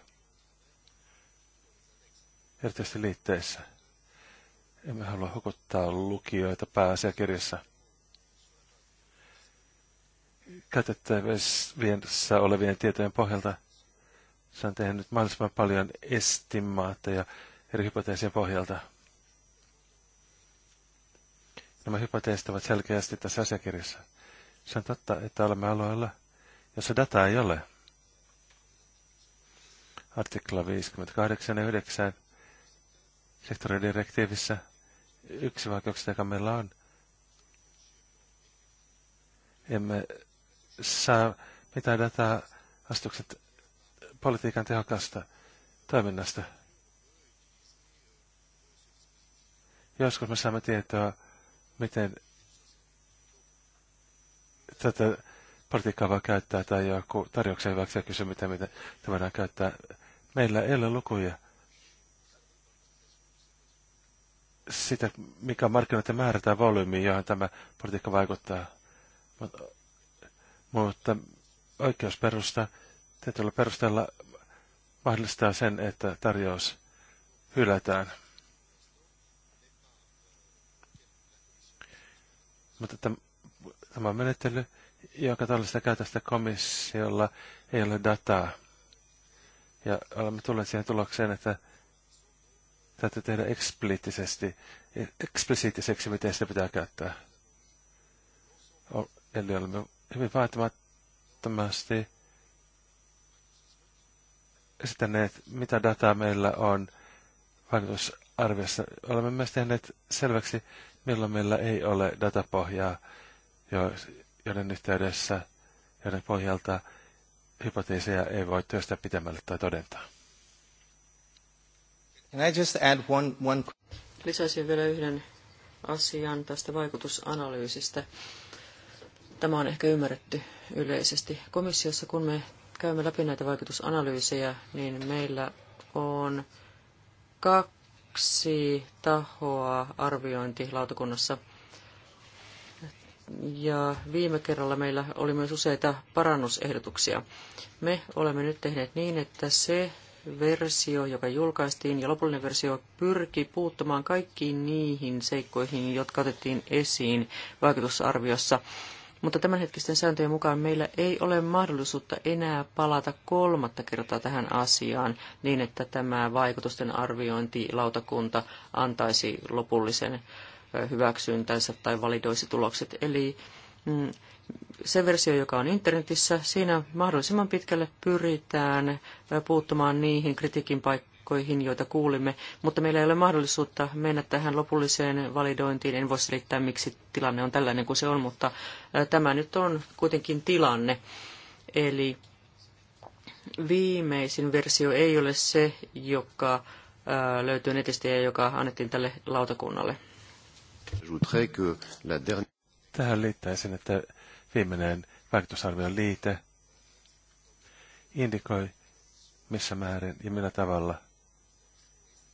erityisesti liitteissä. Emme halua hukuttaa lukijoita pääasiakirjassa. Käytettävissä olevien tietojen pohjalta se on tehnyt mahdollisimman paljon estimaatteja eri hypoteesien pohjalta. Nämä hypoteesit ovat selkeästi tässä asiakirjassa. Se on totta, että olemme alueella – jos se data ei ole. Artikla 58 ja 9 sektoridirektiivissä yksi vaikeuksia, joka meillä on. Emme saa mitään dataa astukset politiikan tehokasta toiminnasta. Joskus me saamme tietoa, miten tätä politiikkaa voi käyttää tai joku tarjouksen hyväksi ja kysyä, mitä, mitä te voidaan käyttää. Meillä ei ole lukuja sitä, mikä markkinoiden määrä tai volyymi, johon tämä politiikka vaikuttaa. Mutta, mutta oikeusperusta tietyllä perusteella mahdollistaa sen, että tarjous hylätään. Mutta tämä menettely joka tällaista käytöstä komissiolla ei ole dataa. Ja olemme tulleet siihen tulokseen, että täytyy tehdä eksplisiittiseksi, miten sitä pitää käyttää. Eli olemme hyvin vaatimattomasti esittäneet, mitä dataa meillä on vaikutusarviossa. Olemme myös tehneet selväksi, milloin meillä ei ole datapohjaa, joiden yhteydessä, joiden pohjalta hypoteeseja ei voi työstää pitemmälle tai todentaa. Can I just add one, one... Lisäisin vielä yhden asian tästä vaikutusanalyysistä. Tämä on ehkä ymmärretty yleisesti. Komissiossa, kun me käymme läpi näitä vaikutusanalyysejä, niin meillä on kaksi tahoa arviointilautakunnassa – ja viime kerralla meillä oli myös useita parannusehdotuksia. Me olemme nyt tehneet niin, että se versio, joka julkaistiin, ja lopullinen versio pyrki puuttumaan kaikkiin niihin seikkoihin, jotka otettiin esiin vaikutusarviossa. Mutta tämänhetkisten sääntöjen mukaan meillä ei ole mahdollisuutta enää palata kolmatta kertaa tähän asiaan niin, että tämä vaikutusten arviointilautakunta antaisi lopullisen hyväksyntänsä tai validoisi tulokset. Eli mm, se versio, joka on internetissä, siinä mahdollisimman pitkälle pyritään puuttumaan niihin kritiikin paikkoihin, joita kuulimme, mutta meillä ei ole mahdollisuutta mennä tähän lopulliseen validointiin. En voi selittää, miksi tilanne on tällainen kuin se on, mutta tämä nyt on kuitenkin tilanne. Eli viimeisin versio ei ole se, joka löytyy netistä ja joka annettiin tälle lautakunnalle. Tähän liittäisin, että viimeinen vaikutusarvion liite indikoi, missä määrin ja millä tavalla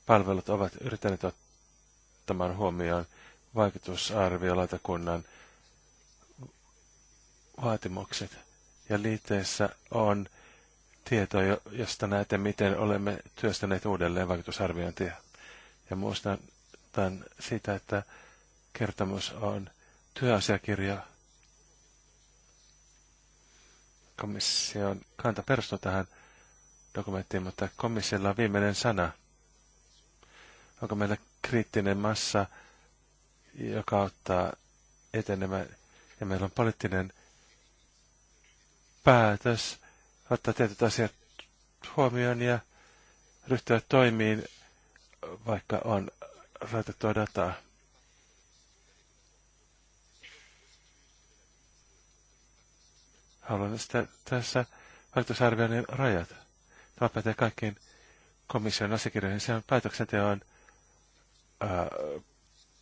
palvelut ovat yrittäneet ottamaan huomioon vaikutusarviolautakunnan vaatimukset. Ja liitteessä on tieto, josta näette, miten olemme työstäneet uudelleen vaikutusarviointia. Ja muistan siitä, että kertomus on työasiakirja. Komission kanta perustuu tähän dokumenttiin, mutta komissiolla on viimeinen sana. Onko meillä kriittinen massa, joka auttaa etenemään, ja meillä on poliittinen päätös ottaa tietyt asiat huomioon ja ryhtyä toimiin, vaikka on rajoitettua dataa. haluan sitä, tässä vaikutusarvioinnin rajat. Tämä pätee kaikkiin komission asiakirjoihin. Se on päätöksenteon ää,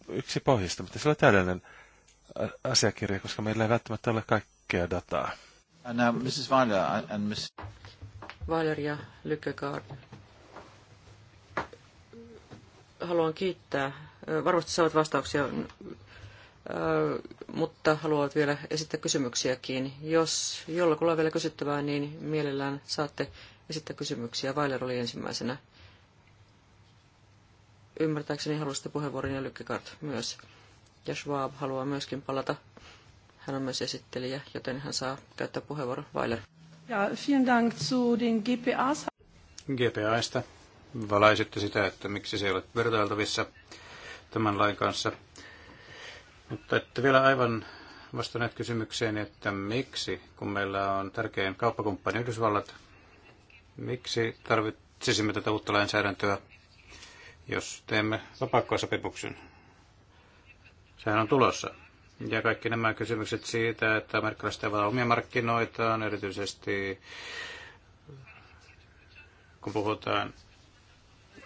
yksi pohjista, mutta se on täydellinen asiakirja, koska meillä ei välttämättä ole kaikkea dataa. And now uh, Mrs. Weiler and Miss... Weiler ja Lykkegaard. Haluan kiittää. Varmasti saavat vastauksia mutta haluavat vielä esittää kysymyksiäkin. Jos jollakulla on vielä kysyttävää, niin mielellään saatte esittää kysymyksiä. Vailer oli ensimmäisenä. Ymmärtääkseni halusitte puheenvuoron ja lykkikart myös. Ja Schwab haluaa myöskin palata. Hän on myös esittelijä, joten hän saa käyttää puheenvuoron. Vailer. Ja, vielen Dank zu den GPAs. GPAista valaisitte sitä, että miksi se ei ole vertailtavissa tämän lain kanssa – mutta että vielä aivan vastanneet kysymykseen, että miksi, kun meillä on tärkein kauppakumppani Yhdysvallat, miksi tarvitsisimme tätä uutta lainsäädäntöä, jos teemme vapakkosopimuksen? Sehän on tulossa. Ja kaikki nämä kysymykset siitä, että amerikkalaiset avaa omia markkinoitaan, erityisesti kun puhutaan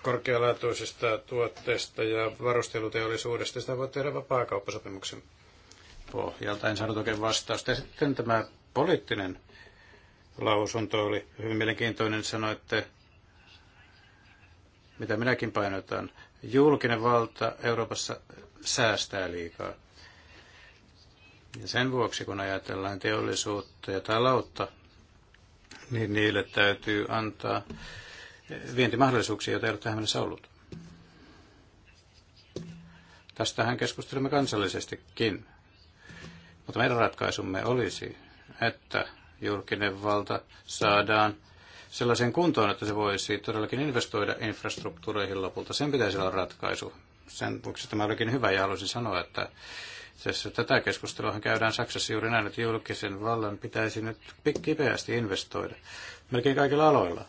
korkealaatuisista tuotteista ja varusteluteollisuudesta. Sitä voi tehdä vapaakauppasopimuksen pohjalta. En saanut oikein vastausta. Ja sitten tämä poliittinen lausunto oli hyvin mielenkiintoinen. Sanoitte, mitä minäkin painotan. Julkinen valta Euroopassa säästää liikaa. Ja sen vuoksi, kun ajatellaan teollisuutta ja taloutta, niin niille täytyy antaa vientimahdollisuuksia, joita ei ole tähän mennessä ollut. Tästähän keskustelemme kansallisestikin. Mutta meidän ratkaisumme olisi, että julkinen valta saadaan sellaisen kuntoon, että se voisi todellakin investoida infrastruktuureihin lopulta. Sen pitäisi olla ratkaisu. Sen vuoksi tämä olikin hyvä ja haluaisin sanoa, että tässä tätä keskustelua käydään Saksassa juuri näin, että julkisen vallan pitäisi nyt kipeästi investoida melkein kaikilla aloilla.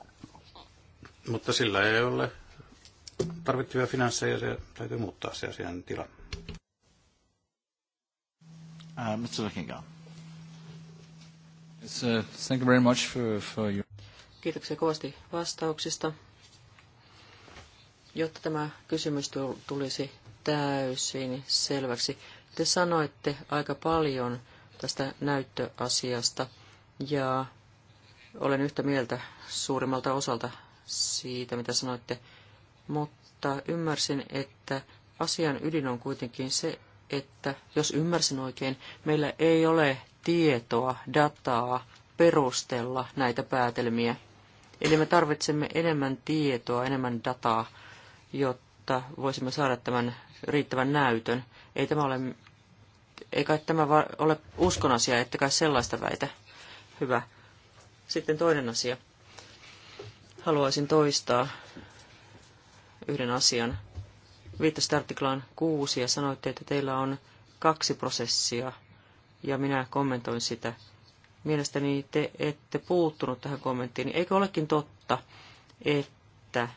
Mutta sillä ei ole tarvittavia finansseja, se täytyy muuttaa se asian tila. Uh, Mr. Uh, thank you very much for, for your... Kiitoksia kovasti vastauksista. Jotta tämä kysymys tulisi täysin selväksi, te sanoitte aika paljon tästä näyttöasiasta ja olen yhtä mieltä suurimmalta osalta siitä, mitä sanoitte, mutta ymmärsin, että asian ydin on kuitenkin se, että jos ymmärsin oikein, meillä ei ole tietoa, dataa perustella näitä päätelmiä. Eli me tarvitsemme enemmän tietoa, enemmän dataa, jotta voisimme saada tämän riittävän näytön. Ei tämä ole, ei kai tämä ole uskon asia, ettekä sellaista väitä. Hyvä. Sitten toinen asia haluaisin toistaa yhden asian. Viittasitte artiklaan kuusi ja sanoitte, että teillä on kaksi prosessia ja minä kommentoin sitä. Mielestäni te ette puuttunut tähän kommenttiin. Eikö olekin totta, että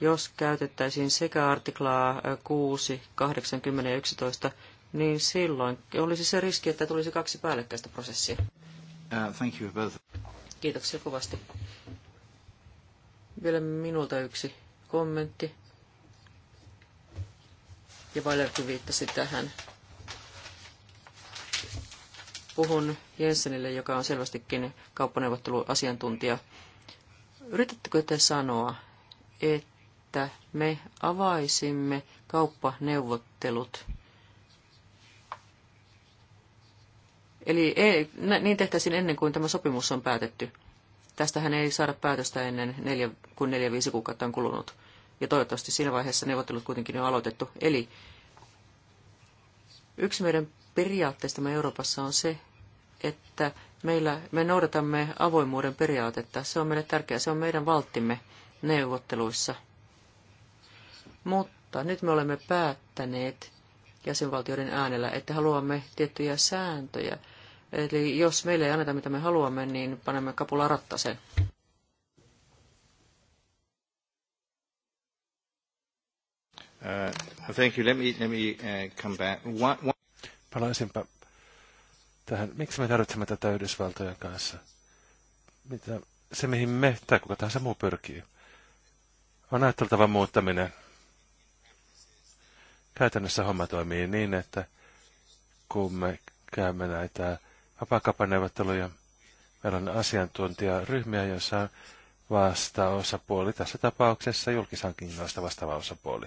jos käytettäisiin sekä artiklaa 6, 80 ja 11, niin silloin olisi se riski, että tulisi kaksi päällekkäistä prosessia. Uh, thank you both. Kiitoksia kovasti vielä minulta yksi kommentti. Ja Valerki viittasi tähän. Puhun Jensenille, joka on selvästikin kauppaneuvotteluasiantuntija. Yritättekö te sanoa, että me avaisimme kauppaneuvottelut Eli ei, niin tehtäisiin ennen kuin tämä sopimus on päätetty. Tästähän ei saada päätöstä ennen neljä, kun neljä viisi kuukautta on kulunut. Ja toivottavasti siinä vaiheessa neuvottelut kuitenkin on aloitettu. Eli yksi meidän periaatteistamme Euroopassa on se, että meillä, me noudatamme avoimuuden periaatetta. Se on meille tärkeää, se on meidän valttimme neuvotteluissa. Mutta nyt me olemme päättäneet jäsenvaltioiden äänellä, että haluamme tiettyjä sääntöjä – Eli jos meille ei anneta mitä me haluamme, niin panemme kapula rattaaseen. Uh, thank you. Let me, let me uh, come back. One, one... Palaisinpa tähän. Miksi me tarvitsemme tätä Yhdysvaltojen kanssa? Mitä, se, mihin me tai kuka tahansa muu pyrkii, on ajatteltavan muuttaminen. Käytännössä homma toimii niin, että kun me käymme näitä vapaakapaneuvotteluja. Meillä on asiantuntijaryhmiä, joissa on osapuoli tässä tapauksessa julkishankinnoista vastaava osapuoli.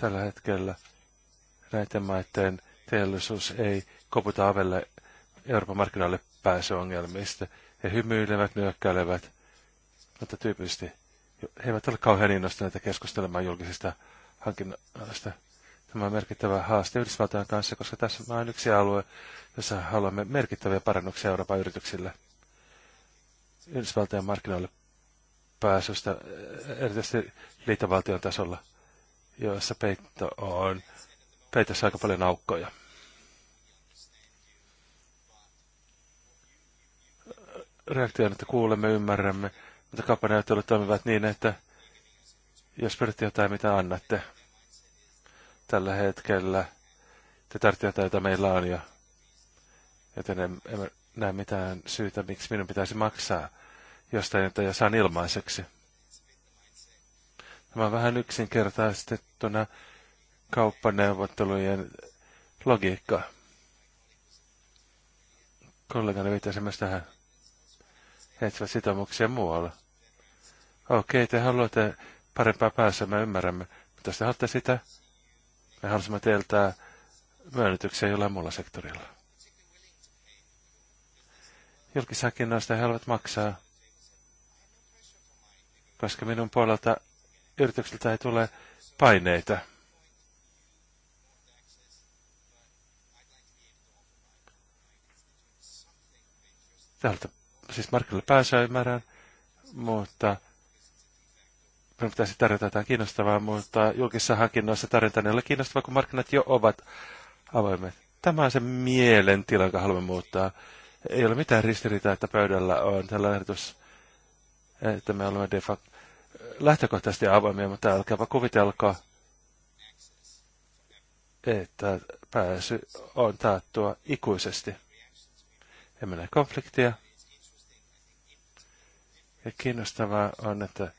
Tällä hetkellä näiden maiden teollisuus ei koputa avelle Euroopan markkinoille pääsyongelmista. He hymyilevät, nyökkäilevät, mutta tyypillisesti he eivät ole kauhean innostuneita keskustelemaan julkisista hankinnoista. Tämä on merkittävä haaste Yhdysvaltojen kanssa, koska tässä on yksi alue, jossa haluamme merkittäviä parannuksia Euroopan yrityksille. Yhdysvaltojen markkinoille pääsystä, eh, erityisesti liittovaltion tasolla, jossa peitto on, peitossa aika paljon aukkoja. on, että kuulemme, ymmärrämme, mutta kauppaneuvottelut toimivat niin, että jos pyritte jotain, mitä annatte, tällä hetkellä te tarvitsette jota meillä on jo. Joten en, en näe mitään syytä, miksi minun pitäisi maksaa jostain, jota jo saan ilmaiseksi. Tämä on vähän yksinkertaistettuna kauppaneuvottelujen logiikka. Kollegani viittasi myös tähän. He etsivät sitoumuksia muualla. Okei, okay, te haluatte parempaa päässä, me ymmärrämme. Mutta jos te haluatte sitä, me halusimme teiltä myönnytyksiä jollain muulla sektorilla. Julkishankinnoista he haluavat maksaa, koska minun puolelta yritykseltä ei tule paineita. Täältä siis markkinoille pääsyä ymmärrän, mutta minun pitäisi tarjota jotain kiinnostavaa, mutta julkisissa hankinnoissa tarjotaan ei ole kiinnostavaa, kun markkinat jo ovat avoimet. Tämä on se mielen tila, jonka haluamme muuttaa. Ei ole mitään ristiriitaa, että pöydällä on tällainen ehdotus, että me olemme de facto lähtökohtaisesti avoimia, mutta älkääpä kuvitelko, että pääsy on taattua ikuisesti. Emme näe konfliktia. Ja kiinnostavaa on, että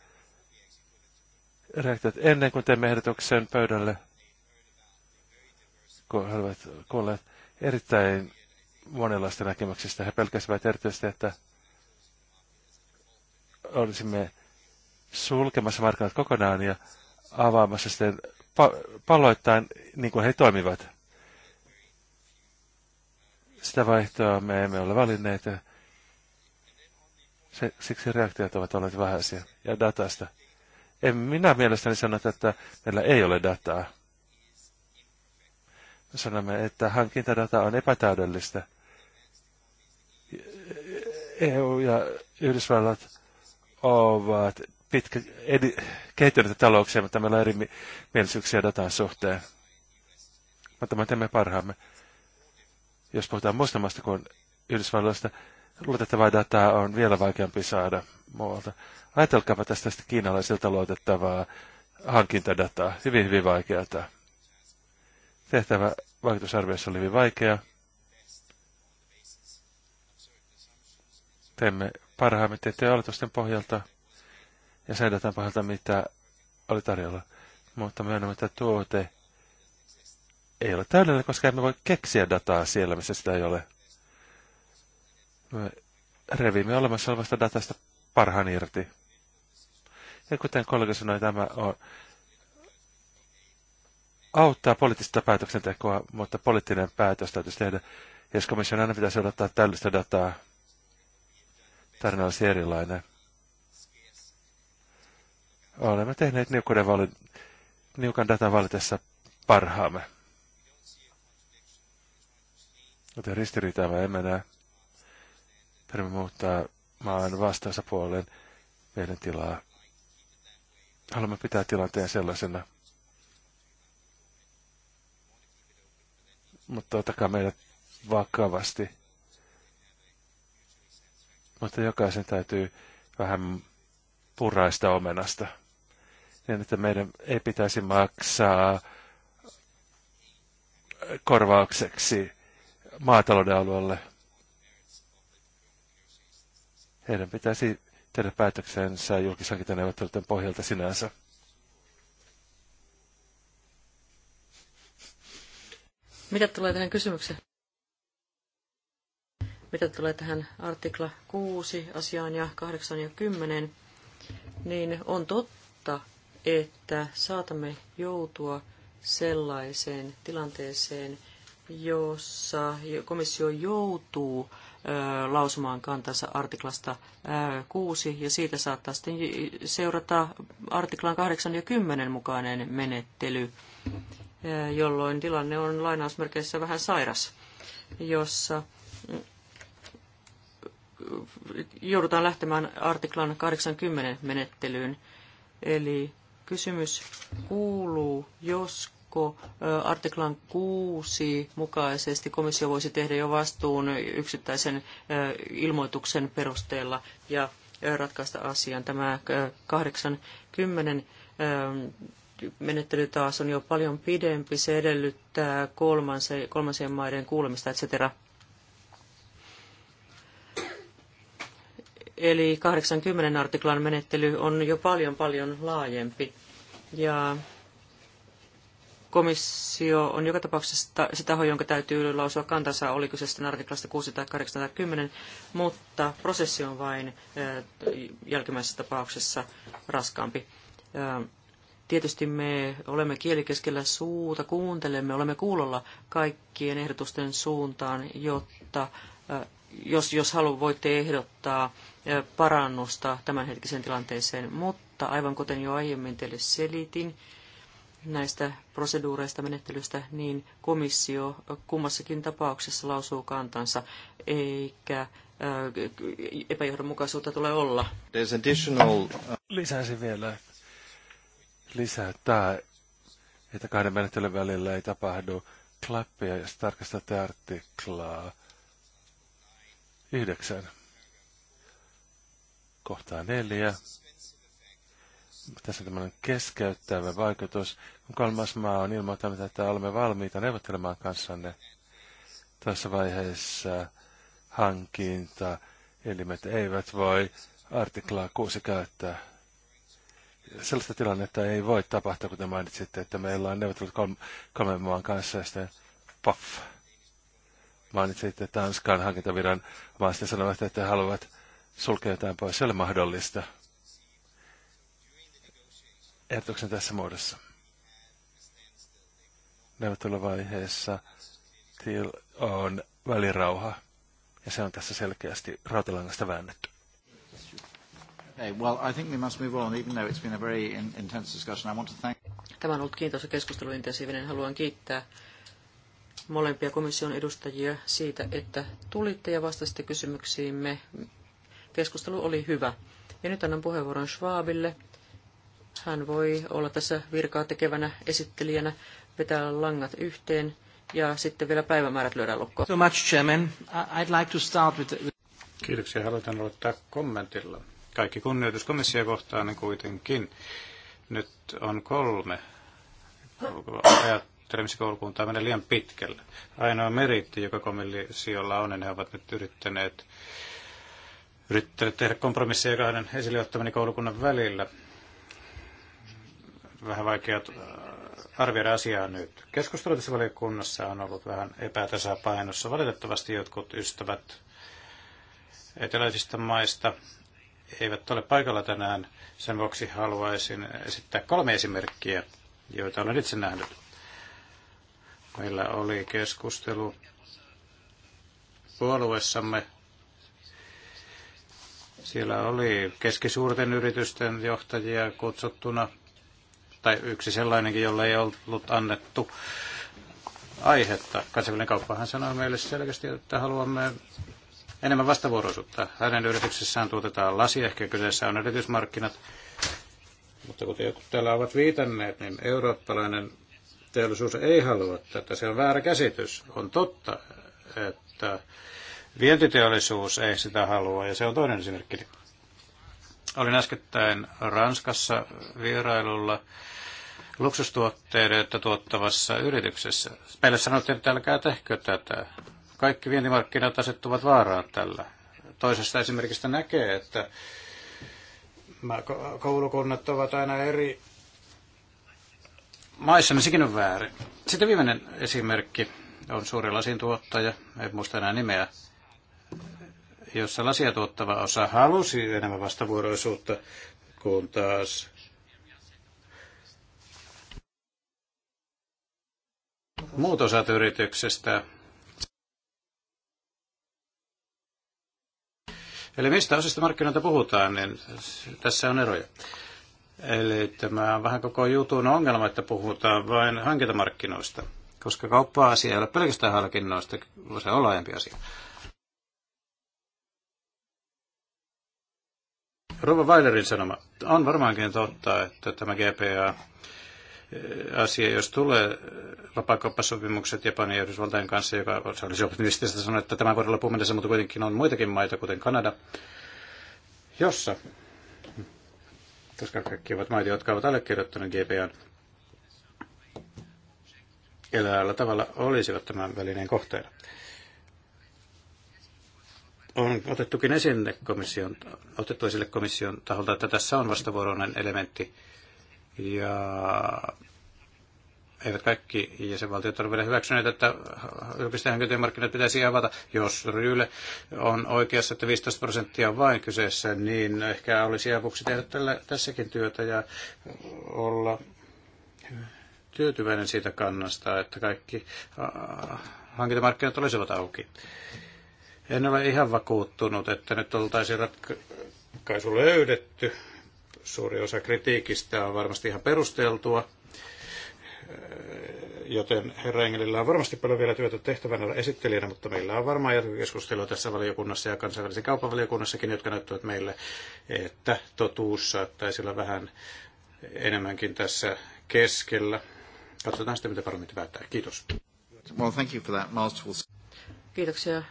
reaktiot ennen kuin teemme ehdotuksen pöydälle, kun he olivat kuulleet erittäin monenlaista näkemyksistä. He pelkäsivät erityisesti, että olisimme sulkemassa markkinat kokonaan ja avaamassa sitten pa- paloittain niin kuin he toimivat. Sitä vaihtoa me emme ole valinneet. Se, siksi reaktiot ovat olleet vähäisiä. Ja datasta. En minä mielestäni sano, että meillä ei ole dataa. Me sanomme, että hankintadata on epätäydellistä. EU ja Yhdysvallat ovat pitkä, edi, kehittyneitä talouksia, mutta meillä on eri mielisyyksiä datan suhteen. Mutta me teemme parhaamme. Jos puhutaan muistamasta maista kuin Yhdysvalloista, luotettavaa dataa on vielä vaikeampi saada muualta. Ajatelkaapa tästä kiinalaisilta luotettavaa hankintadataa. Hyvin, hyvin vaikeata. Tehtävä vaikutusarviossa oli hyvin vaikea. Teemme parhaamme tiettyjen oletusten pohjalta ja sen datan pohjalta, mitä oli tarjolla. Mutta myönnämme, että tuote ei ole täydellinen, koska emme voi keksiä dataa siellä, missä sitä ei ole. Me revimme olemassa olevasta datasta parhaan irti. Ja kuten kollega sanoi, tämä on, auttaa poliittista päätöksentekoa, mutta poliittinen päätös täytyisi tehdä. Jos komission aina pitäisi odottaa tällaista dataa, tarina olisi erilainen. Olemme tehneet niukan, vali- niukan datan valitessa parhaamme. Joten ristiriitaa emme näe pyrimme muuttaa maan vastaansa puoleen meidän tilaa. Haluamme pitää tilanteen sellaisena. Mutta otakaa meidät vakavasti. Mutta jokaisen täytyy vähän puraista omenasta. Niin, että meidän ei pitäisi maksaa korvaukseksi maatalouden alueelle heidän pitäisi tehdä päätöksensä julkishankintaneuvotteluiden pohjalta sinänsä. Mitä tulee tähän kysymykseen? Mitä tulee tähän artikla 6 asiaan ja 8 ja 10, niin on totta, että saatamme joutua sellaiseen tilanteeseen, jossa komissio joutuu lausumaan kantansa artiklasta 6, ja siitä saattaa sitten seurata artiklan 8 ja 10 mukainen menettely, jolloin tilanne on lainausmerkeissä vähän sairas, jossa mm, joudutaan lähtemään artiklan 80 menettelyyn. Eli kysymys kuuluu, jos Pakko artiklan 6 mukaisesti komissio voisi tehdä jo vastuun yksittäisen ilmoituksen perusteella ja ratkaista asian. Tämä 80 menettely taas on jo paljon pidempi. Se edellyttää kolmansien, maiden kuulemista, etc. Eli 80 artiklan menettely on jo paljon paljon laajempi. Ja komissio on joka tapauksessa se taho, jonka täytyy lausua kantansa, oli kyse sitten artiklasta 6 tai 8 tai mutta prosessi on vain jälkimmäisessä tapauksessa raskaampi. Tietysti me olemme kielikeskellä suuta, kuuntelemme, olemme kuulolla kaikkien ehdotusten suuntaan, jotta jos, jos halu, voitte ehdottaa parannusta tämänhetkiseen tilanteeseen, mutta aivan kuten jo aiemmin teille selitin, näistä proseduureista, menettelystä, niin komissio kummassakin tapauksessa lausuu kantansa, eikä äh, epäjohdonmukaisuutta tule olla. additional... Uh, Lisäisin vielä lisää tämä, että kahden menettelyn välillä ei tapahdu klappia, jos tarkastatte artiklaa yhdeksän kohtaa neljä tässä on tämmöinen keskeyttävä vaikutus. Kun kolmas maa on ilmoittanut, että olemme valmiita neuvottelemaan kanssanne tässä vaiheessa hankinta, elimet eivät voi artiklaa 6 käyttää. Sellaista tilannetta ei voi tapahtua, kuten mainitsitte, että meillä on neuvottelut kolme, kolmen maan kanssa ja sitten paff. Mainitsitte Tanskan hankintaviran, vaan sitten sanoivat, että he haluavat sulkea jotain pois. Se ei ole mahdollista ehdotuksen tässä muodossa. Neuvotteluvaiheessa on välirauha, ja se on tässä selkeästi rautalangasta väännetty. Tämä on ollut kiintoisa keskustelu intensiivinen. Haluan kiittää molempia komission edustajia siitä, että tulitte ja vastasitte kysymyksiimme. Keskustelu oli hyvä. Ja nyt annan puheenvuoron Schwabille hän voi olla tässä virkaa tekevänä esittelijänä, vetää langat yhteen ja sitten vielä päivämäärät lyödä lukkoon. So much, Chairman. I'd like to start with... Kiitoksia. Haluan aloittaa kommentilla. Kaikki kunnioitus komissia kohtaan niin kuitenkin. Nyt on kolme ajattelemiskoulukuntaa menee liian pitkälle. Ainoa meritti, joka komissiolla on, niin he ovat nyt yrittäneet, yrittäneet tehdä kompromisseja kahden esille ottamani koulukunnan välillä vähän vaikea äh, arvioida asiaa nyt. Keskustelu tässä valiokunnassa on ollut vähän epätasapainossa. Valitettavasti jotkut ystävät eteläisistä maista eivät ole paikalla tänään. Sen vuoksi haluaisin esittää kolme esimerkkiä, joita olen itse nähnyt. Meillä oli keskustelu puolueessamme. Siellä oli keskisuurten yritysten johtajia kutsuttuna tai yksi sellainenkin, jolle ei ollut annettu aihetta. Kansainvälinen kauppahan sanoi meille selkeästi, että haluamme enemmän vastavuoroisuutta. Hänen yrityksessään tuotetaan lasi ehkä kyseessä on erityismarkkinat. Mutta kuten jotkut täällä ovat viitanneet, niin eurooppalainen teollisuus ei halua tätä. Se on väärä käsitys. On totta, että vientiteollisuus ei sitä halua, ja se on toinen esimerkki Olin äskettäin Ranskassa vierailulla luksustuotteiden tuottavassa yrityksessä. Meille sanottiin, että älkää tehkö tätä. Kaikki vientimarkkinat asettuvat vaaraan tällä. Toisesta esimerkistä näkee, että koulukunnat ovat aina eri maissa, niin sekin on väärin. Sitten viimeinen esimerkki on suurilasin tuottaja, en muista enää nimeä, jossa lasia tuottava osa halusi enemmän vastavuoroisuutta, kun taas muut osat yrityksestä. Eli mistä osista markkinoita puhutaan, niin tässä on eroja. Eli tämä on vähän koko jutun ongelma, että puhutaan vain hankintamarkkinoista, koska kauppa-asia ei ole pelkästään hankinnoista, se on laajempi asia. Rova Weilerin sanoma. On varmaankin totta, että tämä GPA eh, asia, jos tulee vapaakauppasopimukset Japanin ja Yhdysvaltain kanssa, joka olisi optimistista sanoa, että tämä voi olla puhumisessa, mutta kuitenkin on muitakin maita, kuten Kanada, jossa, koska kaikki ovat maita, jotka ovat allekirjoittaneet GPAn, eläällä tavalla olisivat tämän välineen kohteena on otettukin esille komission, otettu esille komission taholta, että tässä on vastavuoroinen elementti. Ja eivät kaikki jäsenvaltiot ole vielä hyväksyneet, että yliopistojen hankintojen markkinat pitäisi avata. Jos Ryyle on oikeassa, että 15 prosenttia on vain kyseessä, niin ehkä olisi avuksi tehdä tällä, tässäkin työtä ja olla tyytyväinen siitä kannasta, että kaikki hankintamarkkinat olisivat auki. En ole ihan vakuuttunut, että nyt oltaisiin ratkaisu löydetty. Suuri osa kritiikistä on varmasti ihan perusteltua, joten herra Engelillä on varmasti paljon vielä työtä tehtävänä esittelijänä, mutta meillä on varmaan jatkokeskustelua tässä valiokunnassa ja kansainvälisen kaupavaliokunnassakin, jotka näyttävät meille, että totuus saattaisi olla vähän enemmänkin tässä keskellä. Katsotaan sitten, mitä parlamentti päättää. Kiitos. Well, thank you for that Kiitoksia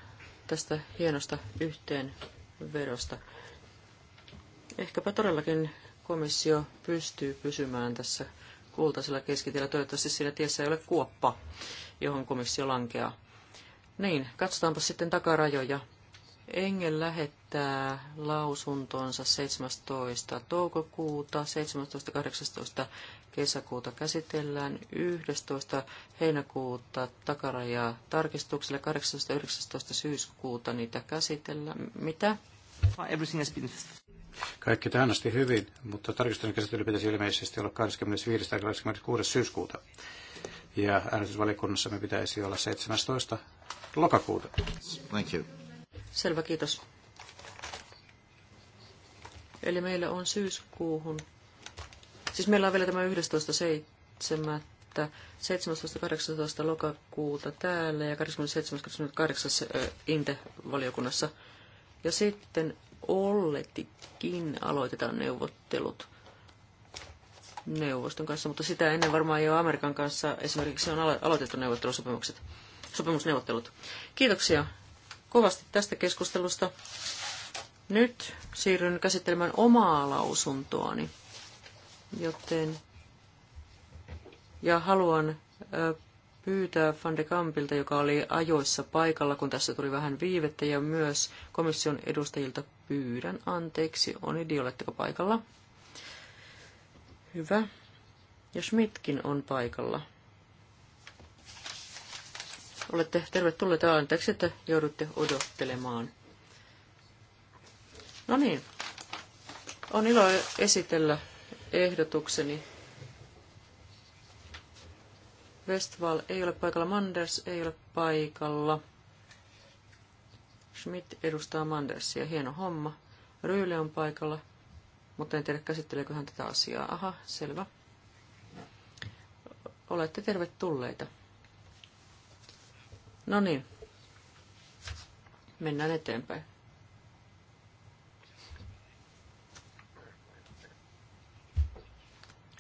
tästä hienosta yhteenvedosta. Ehkäpä todellakin komissio pystyy pysymään tässä kultaisella keskitiellä. Toivottavasti siinä tiessä ei ole kuoppa, johon komissio lankeaa. Niin, katsotaanpa sitten takarajoja. Engel lähettää lausuntonsa 17. toukokuuta, 17.18. kesäkuuta käsitellään, 11. heinäkuuta takarajaa tarkistukselle, 18.19. syyskuuta niitä käsitellään. Mitä? Everything has been... Kaikki tähän asti hyvin, mutta tarkistuksen käsittely pitäisi ilmeisesti olla 25. tai 26. syyskuuta. Ja äänestysvalikunnassa me pitäisi olla 17. lokakuuta. Thank you. Selvä, kiitos. Eli meillä on syyskuuhun. Siis meillä on vielä tämä 11.7. 17.18. lokakuuta täällä ja 27.28. Inte-valiokunnassa. Ja sitten olletikin aloitetaan neuvottelut neuvoston kanssa, mutta sitä ennen varmaan jo Amerikan kanssa esimerkiksi on aloitettu neuvottelusopimukset, sopimusneuvottelut. Kiitoksia kovasti tästä keskustelusta. Nyt siirryn käsittelemään omaa lausuntoani, joten ja haluan pyytää Van de Kampilta, joka oli ajoissa paikalla, kun tässä tuli vähän viivettä, ja myös komission edustajilta pyydän anteeksi. Onidi, oletteko paikalla? Hyvä. Ja Schmidtkin on paikalla olette tervetulleet anteeksi, että joudutte odottelemaan. No niin, on ilo esitellä ehdotukseni. Westval ei ole paikalla, Manders ei ole paikalla. Schmidt edustaa Mandersia, hieno homma. Ryyle on paikalla, mutta en tiedä käsitteleekö hän tätä asiaa. Aha, selvä. Olette tervetulleita. No niin, mennään eteenpäin.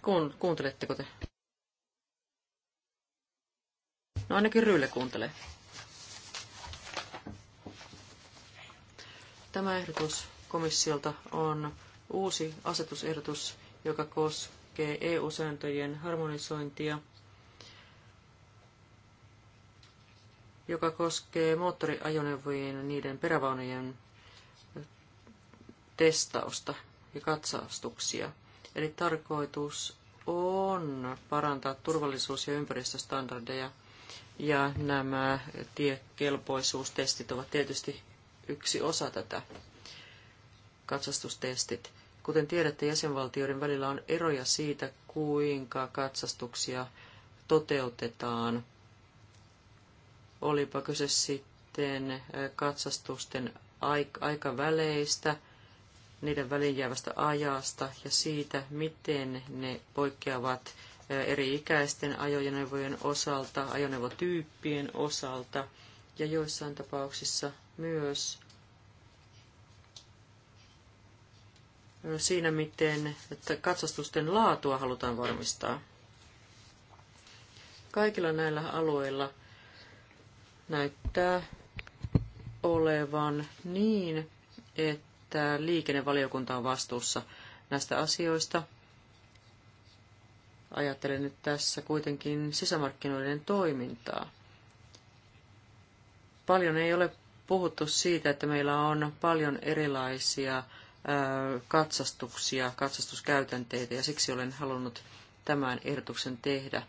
Kuun, kuunteletteko te? No ainakin Rylle kuuntelee. Tämä ehdotus komissiolta on uusi asetusehdotus, joka koskee EU-sääntöjen harmonisointia – joka koskee moottoriajoneuvojen ja niiden perävaunujen testausta ja katsastuksia. Eli tarkoitus on parantaa turvallisuus- ja ympäristöstandardeja. Ja nämä tiekelpoisuustestit ovat tietysti yksi osa tätä, katsastustestit. Kuten tiedätte, jäsenvaltioiden välillä on eroja siitä, kuinka katsastuksia toteutetaan – olipa kyse sitten katsastusten aikaväleistä, niiden väliin jäävästä ajasta ja siitä, miten ne poikkeavat eri ikäisten ajoneuvojen osalta, ajoneuvotyyppien osalta ja joissain tapauksissa myös siinä, miten että katsastusten laatua halutaan varmistaa. Kaikilla näillä alueilla Näyttää olevan niin, että liikennevaliokunta on vastuussa näistä asioista. Ajattelen nyt tässä kuitenkin sisämarkkinoiden toimintaa. Paljon ei ole puhuttu siitä, että meillä on paljon erilaisia katsastuksia, katsastuskäytänteitä ja siksi olen halunnut tämän ehdotuksen tehdä.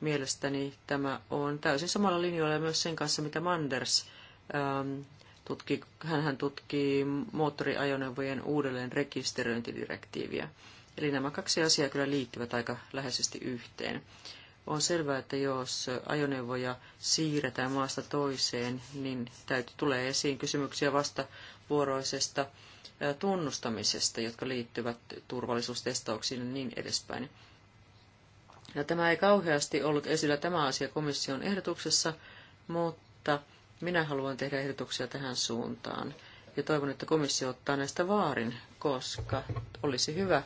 Mielestäni tämä on täysin samalla linjoilla myös sen kanssa, mitä Manders ähm, tutki, hänhän tutkii moottoriajoneuvojen uudelleen rekisteröintidirektiiviä. Eli nämä kaksi asiaa kyllä liittyvät aika läheisesti yhteen. On selvää, että jos ajoneuvoja siirretään maasta toiseen, niin täytyy tulee esiin kysymyksiä vastavuoroisesta äh, tunnustamisesta, jotka liittyvät turvallisuustestauksiin ja niin edespäin. Ja tämä ei kauheasti ollut esillä tämä asia komission ehdotuksessa, mutta minä haluan tehdä ehdotuksia tähän suuntaan. Ja toivon, että komissio ottaa näistä vaarin, koska olisi hyvä,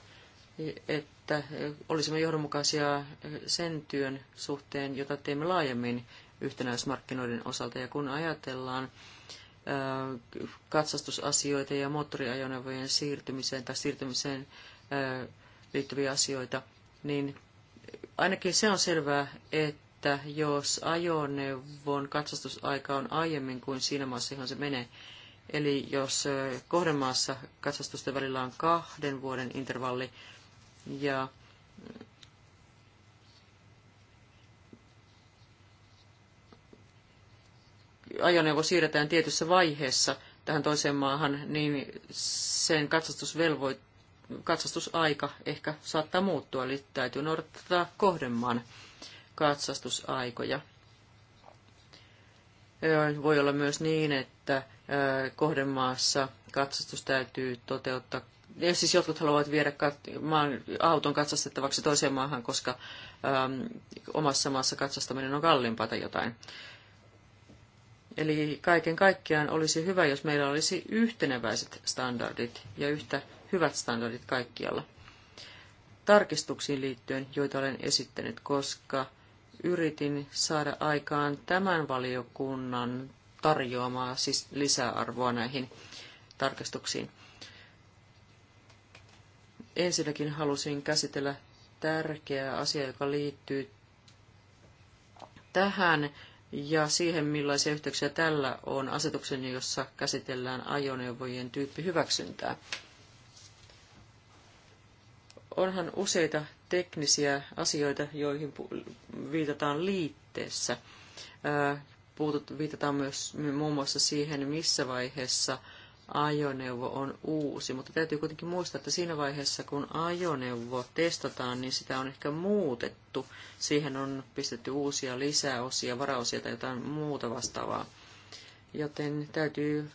että olisimme johdonmukaisia sen työn suhteen, jota teemme laajemmin yhtenäismarkkinoiden osalta. Ja kun ajatellaan äh, katsastusasioita ja moottoriajoneuvojen siirtymiseen tai siirtymiseen äh, liittyviä asioita, niin ainakin se on selvää, että jos ajoneuvon katsastusaika on aiemmin kuin siinä maassa, johon se menee, eli jos kohdemaassa katsastusten välillä on kahden vuoden intervalli ja mm, ajoneuvo siirretään tietyssä vaiheessa tähän toiseen maahan, niin sen katsastusvelvoite katsastusaika ehkä saattaa muuttua, eli täytyy noudattaa kohdemaan katsastusaikoja. Voi olla myös niin, että kohdemaassa katsastus täytyy toteuttaa. Ja siis jotkut haluavat viedä kat- maan, auton katsastettavaksi toiseen maahan, koska äm, omassa maassa katsastaminen on kalliimpaa tai jotain. Eli kaiken kaikkiaan olisi hyvä, jos meillä olisi yhteneväiset standardit ja yhtä hyvät standardit kaikkialla. Tarkistuksiin liittyen, joita olen esittänyt, koska yritin saada aikaan tämän valiokunnan tarjoamaa siis lisäarvoa näihin tarkistuksiin. Ensinnäkin halusin käsitellä tärkeää asiaa, joka liittyy tähän ja siihen, millaisia yhteyksiä tällä on asetuksen, jossa käsitellään ajoneuvojen tyyppihyväksyntää. hyväksyntää. Onhan useita teknisiä asioita, joihin viitataan liitteessä. Puutut, viitataan myös muun muassa siihen, missä vaiheessa ajoneuvo on uusi, mutta täytyy kuitenkin muistaa, että siinä vaiheessa, kun ajoneuvo testataan, niin sitä on ehkä muutettu. Siihen on pistetty uusia lisäosia, varaosia tai jotain muuta vastaavaa. Joten täytyy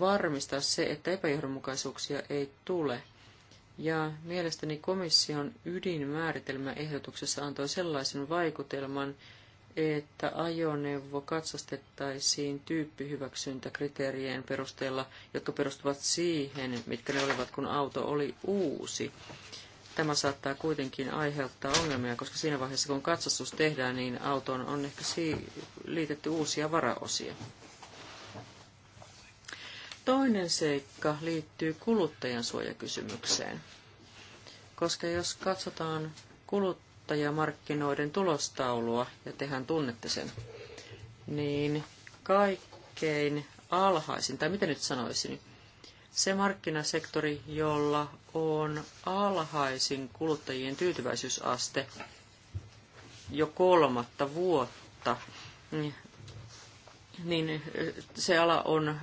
varmistaa se, että epäjohdonmukaisuuksia ei tule ja mielestäni komission ydinmääritelmäehdotuksessa antoi sellaisen vaikutelman, että ajoneuvo katsastettaisiin tyyppihyväksyntäkriteerien perusteella, jotka perustuvat siihen, mitkä ne olivat, kun auto oli uusi. Tämä saattaa kuitenkin aiheuttaa ongelmia, koska siinä vaiheessa, kun katsastus tehdään, niin autoon on ehkä liitetty uusia varaosia. Toinen seikka liittyy kuluttajan suojakysymykseen. Koska jos katsotaan kuluttajamarkkinoiden tulostaulua, ja tehän tunnette sen, niin kaikkein alhaisin, tai mitä nyt sanoisin, se markkinasektori, jolla on alhaisin kuluttajien tyytyväisyysaste jo kolmatta vuotta, niin eh, se ala on eh,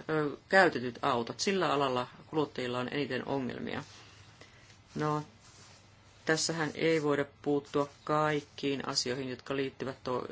käytetyt autot. Sillä alalla kuluttajilla on eniten ongelmia. No, tässähän ei voida puuttua kaikkiin asioihin, jotka liittyvät to-